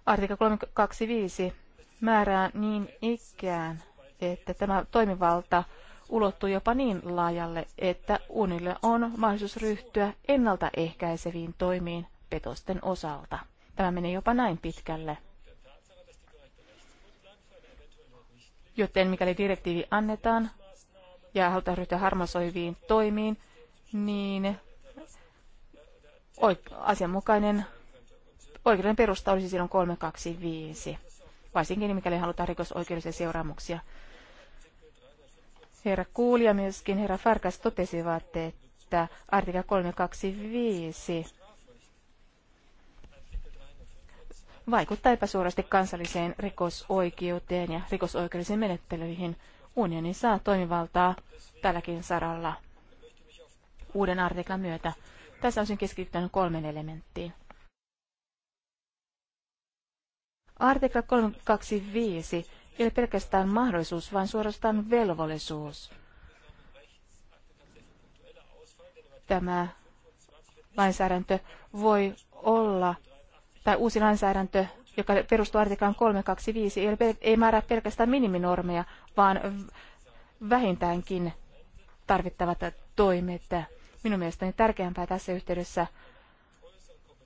Artikla 325 määrää niin ikään, että tämä toimivalta ulottuu jopa niin laajalle, että unille on mahdollisuus ryhtyä ennaltaehkäiseviin toimiin petosten osalta. Tämä menee jopa näin pitkälle. Joten mikäli direktiivi annetaan ja halutaan ryhtyä harmasoiviin toimiin, niin asianmukainen oikeuden perusta olisi silloin 325, varsinkin mikäli halutaan rikosoikeudellisia seuraamuksia. Herra Kuuli ja myöskin herra Farkas totesivat, että artikla 325 vaikuttaa epäsuorasti kansalliseen rikosoikeuteen ja rikosoikeudellisiin menettelyihin. Unioni saa toimivaltaa tälläkin saralla uuden artiklan myötä. Tässä olisin keskittynyt kolmeen elementtiin. Artikla 325 ei ole pelkästään mahdollisuus, vaan suorastaan velvollisuus. Tämä lainsäädäntö voi olla, tai uusi lainsäädäntö, joka perustuu artiklaan 325, ei, ei määrää pelkästään miniminormeja, vaan vähintäänkin tarvittavat toimet. Minun mielestäni tärkeämpää tässä yhteydessä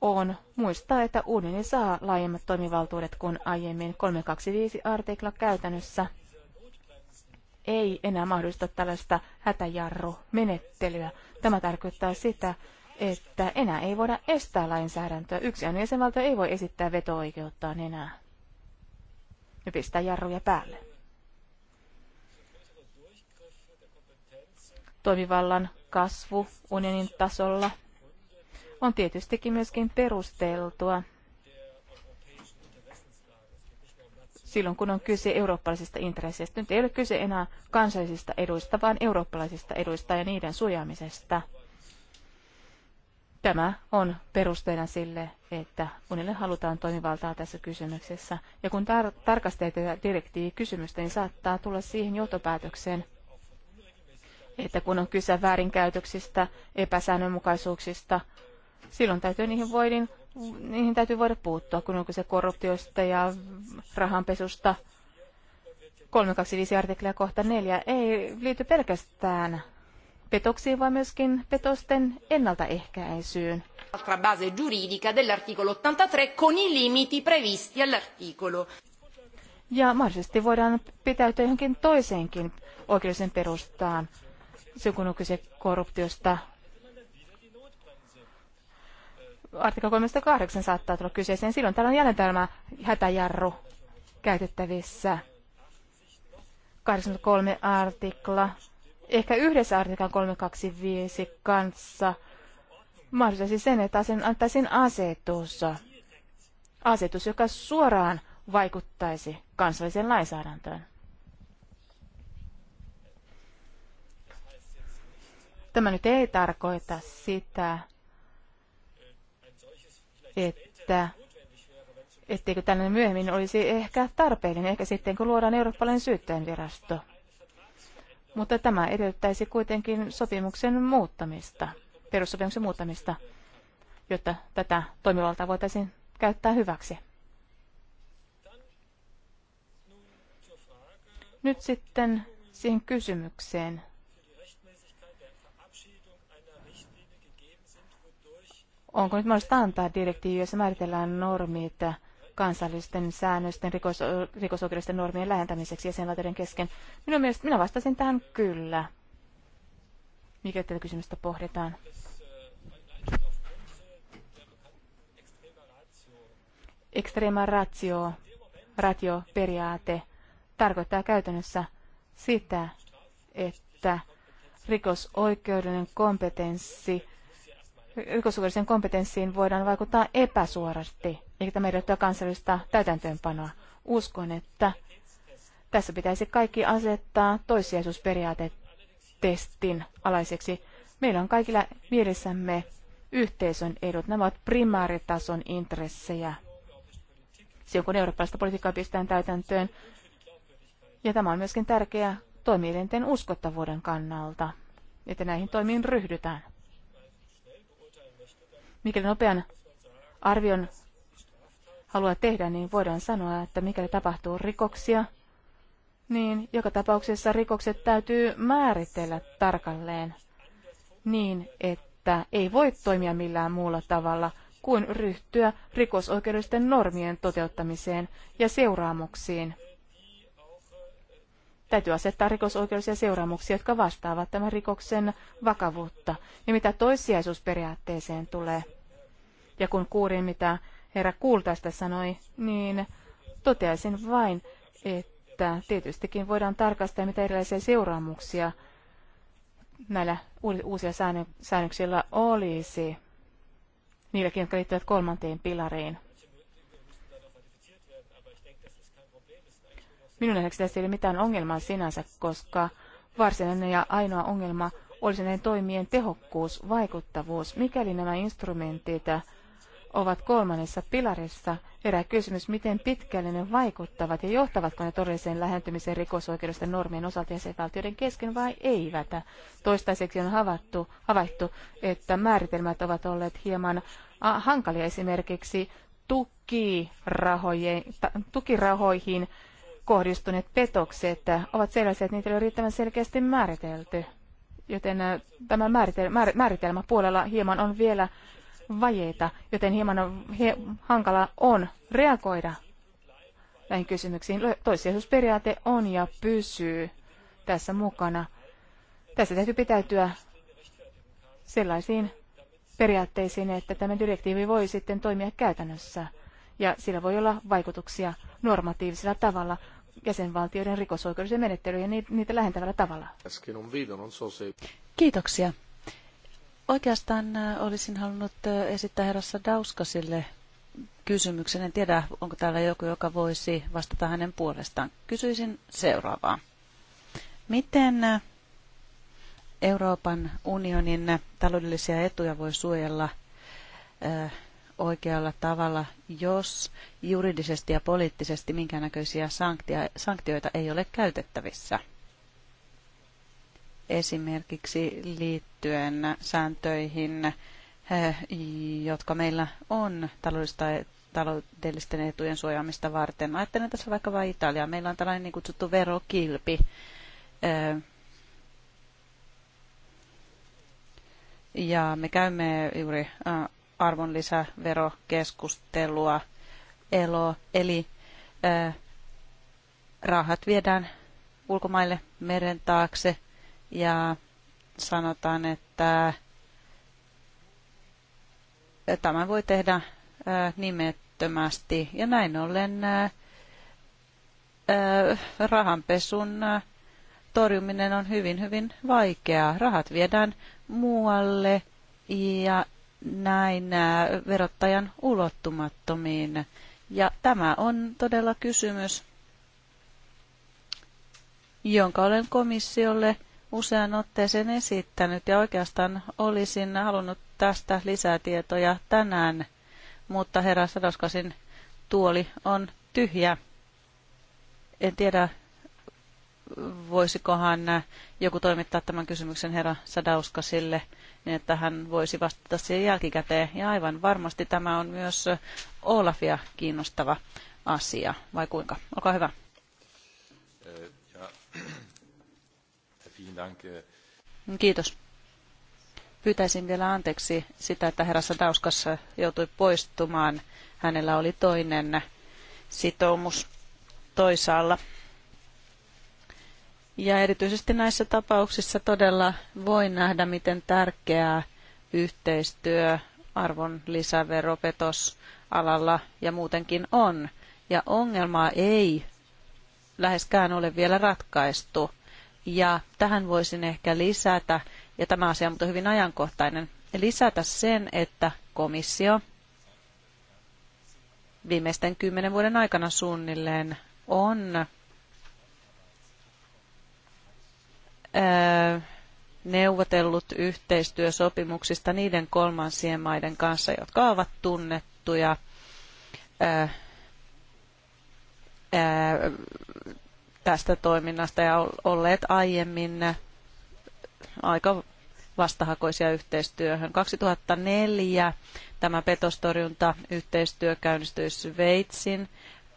on muistaa, että unioni saa laajemmat toimivaltuudet kuin aiemmin. 325 artikla käytännössä ei enää mahdollista tällaista hätäjarrumenettelyä. Tämä tarkoittaa sitä, että enää ei voida estää lainsäädäntöä. Yksi jäsenvaltio ei voi esittää veto-oikeuttaan enää. Ja pistää jarruja päälle. Toimivallan kasvu unionin tasolla – on tietystikin myöskin perusteltua silloin, kun on kyse eurooppalaisista intresseistä. Nyt ei ole kyse enää kansallisista eduista, vaan eurooppalaisista eduista ja niiden suojaamisesta. Tämä on perusteena sille, että unille halutaan toimivaltaa tässä kysymyksessä. Ja kun tar- tarkastelee tätä kysymystä, niin saattaa tulla siihen johtopäätökseen, että kun on kyse väärinkäytöksistä, epäsäännönmukaisuuksista, silloin täytyy niihin, voidin, niihin täytyy voida puuttua, kun on kyse korruptiosta ja rahanpesusta. 325 artiklia kohta 4 ei liity pelkästään petoksiin, vaan myöskin petosten ennaltaehkäisyyn. Altra base giuridica dell'articolo 83 con i limiti previsti all'articolo. Ja mahdollisesti voidaan pitäytyä johonkin toiseenkin oikeudellisen perustaan, kun on kyse korruptiosta artikla 38 saattaa tulla kyseeseen. Silloin täällä on jälleen tämä hätäjarru käytettävissä. 83 artikla, ehkä yhdessä artiklan 325 kanssa mahdollisesti sen, että antaisin asetus, asetus, joka suoraan vaikuttaisi kansalliseen lainsäädäntöön. Tämä nyt ei tarkoita sitä, että etteikö tällainen myöhemmin olisi ehkä tarpeellinen, ehkä sitten kun luodaan eurooppalainen syyttäjänvirasto. Mutta tämä edellyttäisi kuitenkin sopimuksen muuttamista, perussopimuksen muuttamista, jotta tätä toimivaltaa voitaisiin käyttää hyväksi. Nyt sitten siihen kysymykseen, Onko nyt mahdollista antaa direktiivi, jossa määritellään normit kansallisten säännösten rikos, rikosoikeudellisten normien lähentämiseksi jäsenvaltioiden kesken? Minun mielestä minä vastasin tähän kyllä. Mikä tätä kysymystä pohditaan? Extrema ratio, ratio periaate tarkoittaa käytännössä sitä, että rikosoikeudellinen kompetenssi rikosoikeudellisen kompetenssiin voidaan vaikuttaa epäsuorasti, eikä tämä edellyttää kansallista täytäntöönpanoa. Uskon, että tässä pitäisi kaikki asettaa toissijaisuusperiaatetestin alaiseksi. Meillä on kaikilla mielessämme yhteisön edut. Nämä ovat primaaritason intressejä. Silloin kun eurooppalaista politiikkaa pistetään täytäntöön, ja tämä on myöskin tärkeää toimielinten uskottavuuden kannalta, että näihin toimiin ryhdytään mikäli nopean arvion haluaa tehdä, niin voidaan sanoa, että mikäli tapahtuu rikoksia, niin joka tapauksessa rikokset täytyy määritellä tarkalleen niin, että ei voi toimia millään muulla tavalla kuin ryhtyä rikosoikeudellisten normien toteuttamiseen ja seuraamuksiin Täytyy asettaa rikosoikeudellisia seuraamuksia, jotka vastaavat tämän rikoksen vakavuutta. Ja mitä toissijaisuusperiaatteeseen tulee, ja kun kuulin, mitä herra Kultaista sanoi, niin toteaisin vain, että tietystikin voidaan tarkastaa, mitä erilaisia seuraamuksia näillä uusia säännöksillä olisi niilläkin, jotka liittyvät kolmanteen pilariin. Minun nähdäkseni tässä ei ole mitään ongelmaa sinänsä, koska varsinainen ja ainoa ongelma olisi näiden toimien tehokkuus, vaikuttavuus. Mikäli nämä instrumentit ovat kolmannessa pilarissa, herää kysymys, miten pitkälle ne vaikuttavat ja johtavatko ne todelliseen lähentymiseen rikosoikeudesta normien osalta jäsenvaltioiden kesken vai eivät. Toistaiseksi on havaittu, havaittu että määritelmät ovat olleet hieman hankalia esimerkiksi tukirahojen, tukirahoihin kohdistuneet petokset ovat sellaisia, että niitä ei ole riittävän selkeästi määritelty. Joten äh, tämä määritelmä puolella hieman on vielä vajeita, joten hieman on, he, hankala on reagoida näihin kysymyksiin. Toissijaisuusperiaate on ja pysyy tässä mukana. Tässä täytyy pitäytyä sellaisiin periaatteisiin, että tämä direktiivi voi sitten toimia käytännössä ja sillä voi olla vaikutuksia normatiivisella tavalla jäsenvaltioiden rikosoikeudellisen menettelyjen ja niitä lähentävällä tavalla. Kiitoksia. Oikeastaan äh, olisin halunnut äh, esittää herrassa Dauskasille kysymyksen. En tiedä, onko täällä joku, joka voisi vastata hänen puolestaan. Kysyisin seuraavaa. Miten äh, Euroopan unionin taloudellisia etuja voi suojella oikealla tavalla, jos juridisesti ja poliittisesti minkäännäköisiä sanktioita ei ole käytettävissä. Esimerkiksi liittyen sääntöihin, eh, jotka meillä on taloudellista e-, taloudellisten etujen suojaamista varten. Ajattelen tässä vaikka vain Italiaa. Meillä on tällainen niin kutsuttu verokilpi, eh, ja me käymme juuri eh, arvonlisäverokeskustelua. Elo, eli rahat viedään ulkomaille meren taakse ja sanotaan, että tämän voi tehdä nimettömästi. Ja näin ollen rahanpesun torjuminen on hyvin, hyvin vaikeaa. Rahat viedään muualle ja näin äh, verottajan ulottumattomiin. Ja tämä on todella kysymys, jonka olen komissiolle usean otteeseen esittänyt ja oikeastaan olisin halunnut tästä lisätietoja tänään, mutta herra Sadoskasin tuoli on tyhjä. En tiedä, voisikohan joku toimittaa tämän kysymyksen herra Sadauskasille, niin että hän voisi vastata siihen jälkikäteen. Ja aivan varmasti tämä on myös Olafia kiinnostava asia, vai kuinka? Olkaa hyvä. Kiitos. Pyytäisin vielä anteeksi sitä, että herra Sadauskas joutui poistumaan. Hänellä oli toinen sitoumus toisaalla. Ja erityisesti näissä tapauksissa todella voi nähdä, miten tärkeää yhteistyö arvon lisäveropetos alalla ja muutenkin on. Ja ongelmaa ei läheskään ole vielä ratkaistu. Ja tähän voisin ehkä lisätä, ja tämä asia on hyvin ajankohtainen, lisätä sen, että komissio viimeisten kymmenen vuoden aikana suunnilleen on Äh, neuvotellut yhteistyösopimuksista niiden kolmansien maiden kanssa, jotka ovat tunnettuja äh, äh, tästä toiminnasta ja olleet aiemmin aika vastahakoisia yhteistyöhön. 2004 tämä petostorjunta yhteistyö käynnistyi Sveitsin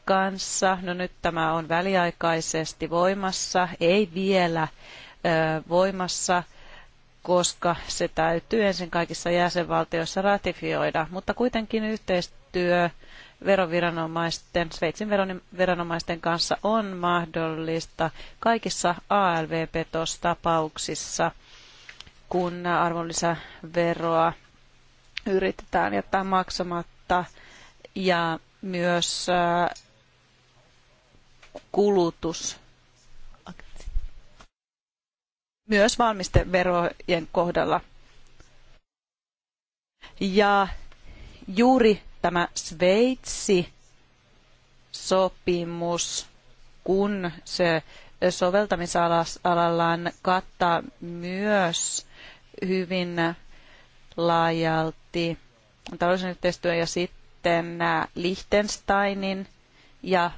kanssa. No nyt tämä on väliaikaisesti voimassa, ei vielä voimassa, koska se täytyy ensin kaikissa jäsenvaltioissa ratifioida. Mutta kuitenkin yhteistyö veroviranomaisten, Sveitsin veroviranomaisten kanssa on mahdollista kaikissa ALV-petostapauksissa, kun arvonlisäveroa yritetään jättää maksamatta ja myös kulutus myös valmisteverojen kohdalla. Ja juuri tämä Sveitsi-sopimus, kun se soveltamisalallaan kattaa myös hyvin laajalti taloudellisen yhteistyön ja sitten Liechtensteinin ja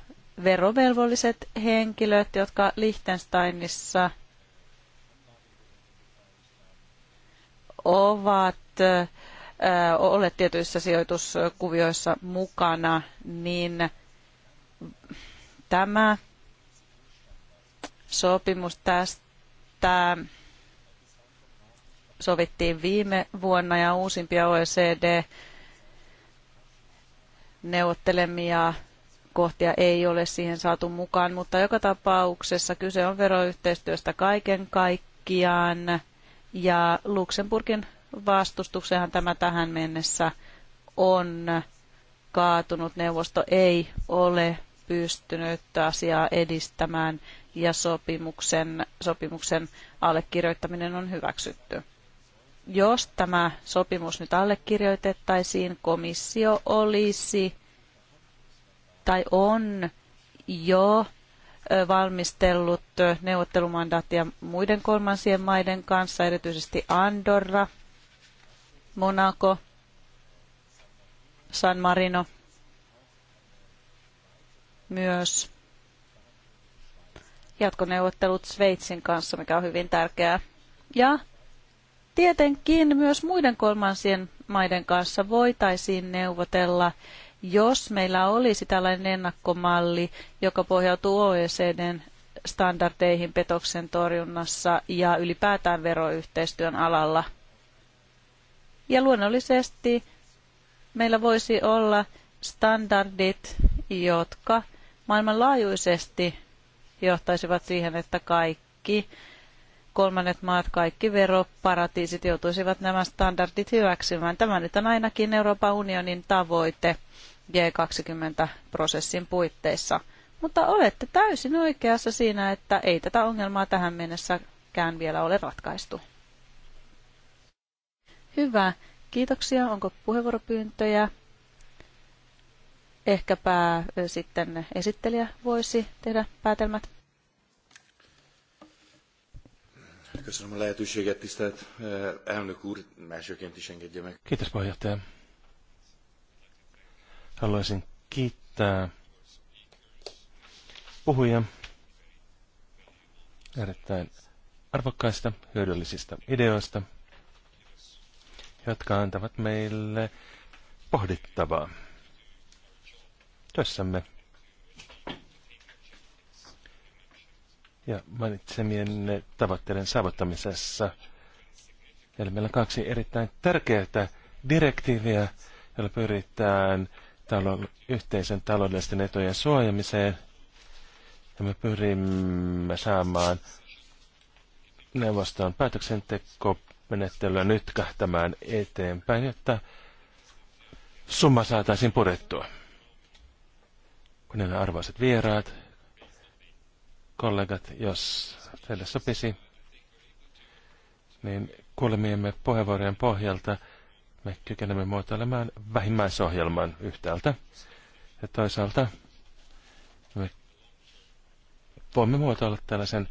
verovelvolliset henkilöt, jotka Liechtensteinissa – ovat olleet tietyissä sijoituskuvioissa mukana, niin tämä sopimus tästä sovittiin viime vuonna ja uusimpia OECD neuvottelemia kohtia ei ole siihen saatu mukaan, mutta joka tapauksessa kyse on veroyhteistyöstä kaiken kaikkiaan. Ja Luxemburgin vastustuksenhan tämä tähän mennessä on kaatunut. Neuvosto ei ole pystynyt asiaa edistämään ja sopimuksen, sopimuksen allekirjoittaminen on hyväksytty. Jos tämä sopimus nyt allekirjoitettaisiin, komissio olisi tai on jo valmistellut neuvottelumandaattia muiden kolmansien maiden kanssa, erityisesti Andorra, Monaco, San Marino myös. Jatkoneuvottelut Sveitsin kanssa, mikä on hyvin tärkeää. Ja tietenkin myös muiden kolmansien maiden kanssa voitaisiin neuvotella jos meillä olisi tällainen ennakkomalli, joka pohjautuu OECDn standardeihin petoksen torjunnassa ja ylipäätään veroyhteistyön alalla. Ja luonnollisesti meillä voisi olla standardit, jotka maailmanlaajuisesti johtaisivat siihen, että kaikki kolmannet maat, kaikki veroparatiisit joutuisivat nämä standardit hyväksymään. Tämä nyt on ainakin Euroopan unionin tavoite G20-prosessin puitteissa. Mutta olette täysin oikeassa siinä, että ei tätä ongelmaa tähän mennessäkään vielä ole ratkaistu. Hyvä. Kiitoksia. Onko puheenvuoropyyntöjä? Ehkäpä sitten esittelijä voisi tehdä päätelmät. Köszönöm a lehetőséget, tisztelt elnök úr. Elsőként is engedje meg. Kiitos puheenjohtaja. Haluaisin kiittää puhuja erittäin arvokkaista, hyödyllisistä ideoista, jotka antavat meille pohdittavaa työssämme. ja mainitsemien tavoitteiden saavuttamisessa. Eli meillä on kaksi erittäin tärkeää direktiiviä, joilla pyritään talon, yhteisen taloudellisten etujen suojamiseen. Ja me pyrimme saamaan neuvoston päätöksentekomenettelyä nyt kahtamaan eteenpäin, jotta summa saataisiin purettua. Kun ne arvoiset vieraat, kollegat, jos teille sopisi, niin kuulemiemme puheenvuorojen pohjalta me kykenemme muotoilemaan vähimmäisohjelman yhtäältä ja toisaalta me voimme muotoilla tällaisen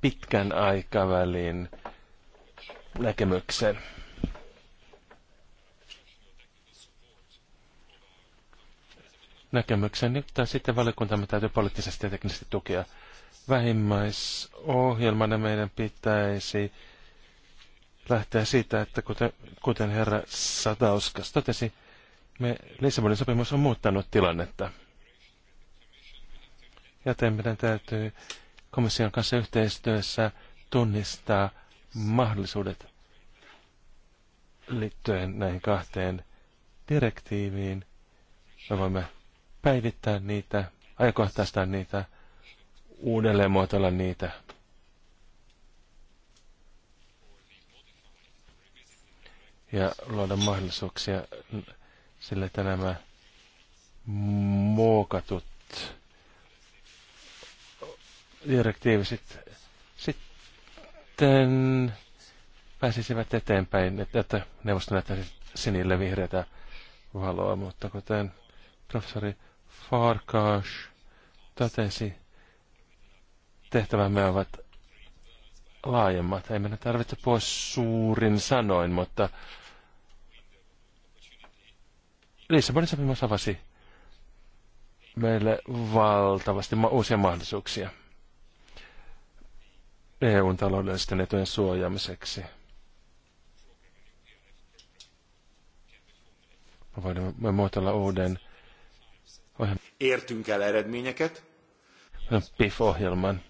pitkän aikavälin näkemyksen. Näkemyksen, tai sitten valiokuntamme täytyy poliittisesti ja teknisesti tukea vähimmäisohjelmana meidän pitäisi lähteä siitä, että kuten, kuten herra Satauskas totesi, me Lissabonin sopimus on muuttanut tilannetta. Joten meidän täytyy komission kanssa yhteistyössä tunnistaa mahdollisuudet liittyen näihin kahteen direktiiviin. Me voimme päivittää niitä, ajankohtaistaa niitä uudelleen muotoilla niitä. Ja luoda mahdollisuuksia sille, että nämä muokatut direktiiviset sitten pääsisivät eteenpäin, että, neuvosto näyttäisi sinille vihreätä valoa, mutta kuten professori Farkash totesi, tehtävämme ovat laajemmat. Ei meidän tarvitse puhua suurin sanoin, mutta Lissabonin sopimus avasi meille valtavasti uusia mahdollisuuksia EUn taloudellisten etujen suojaamiseksi. Me voimme muotoilla uuden ohjelman. Értünk el eredményeket. PIF-ohjelman.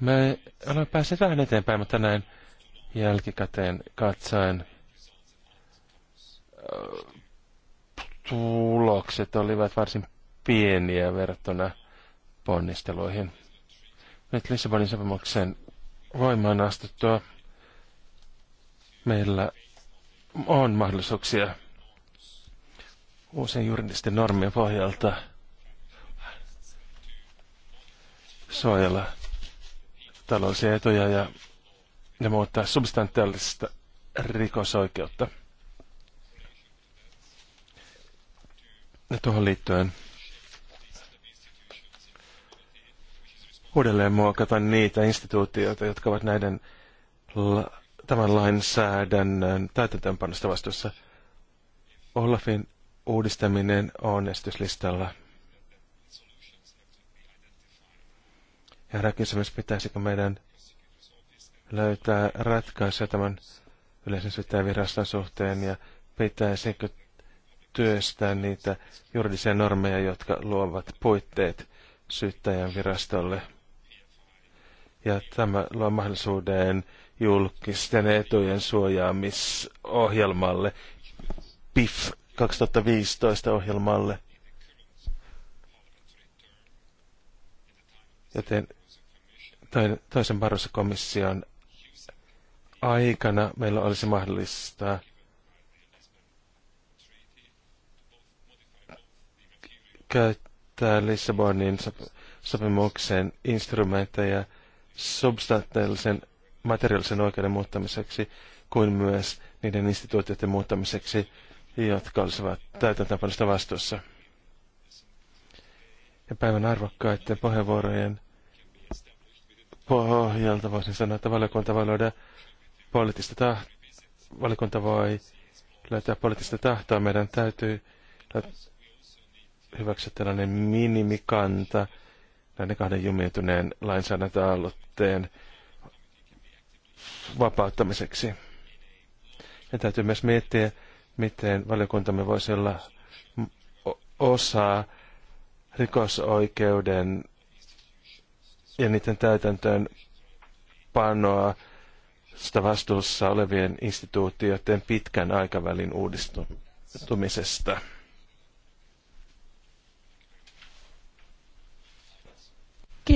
Me olemme päässeet vähän eteenpäin, mutta näin jälkikäteen katsoen tulokset olivat varsin pieniä verrattuna ponnisteluihin. Nyt Lissabonin sopimuksen voimaan astuttua meillä on mahdollisuuksia uusien juridisten normien pohjalta suojella taloudellisia etuja ja, ja muuttaa substantiaalista rikosoikeutta. Ja tuohon liittyen uudelleen muokata niitä instituutioita, jotka ovat näiden tämän lainsäädännön täytäntöönpanosta vastuussa. Olafin uudistaminen on esityslistalla. Herra kysymys, pitäisikö meidän löytää ratkaisuja tämän yleisen syyttäjäviraston suhteen ja pitäisikö työstää niitä juridisia normeja, jotka luovat puitteet syyttäjän virastolle. Ja tämä luo mahdollisuuden julkisten etujen suojaamisohjelmalle, PIF 2015 ohjelmalle. Joten toisen Barroso-komission aikana meillä olisi mahdollista käyttää Lissabonin sopimuksen instrumentteja substantiaalisen materiaalisen oikeuden muuttamiseksi kuin myös niiden instituutioiden muuttamiseksi, jotka olisivat täytäntöönpanosta vastuussa. Ja päivän arvokkaiden puheenvuorojen pohjalta voisin sanoa, että valiokunta voi löydä poliittista tahtoa, valiokunta voi löytää poliittista tahtoa. Meidän täytyy hyväksyä tällainen minimikanta näiden kahden jumiutuneen lainsäädäntöaloitteen vapauttamiseksi. Ja täytyy myös miettiä, miten valiokuntamme voisi olla osa rikosoikeuden ja niiden täytäntöön panoa sitä vastuussa olevien instituutioiden pitkän aikavälin uudistumisesta.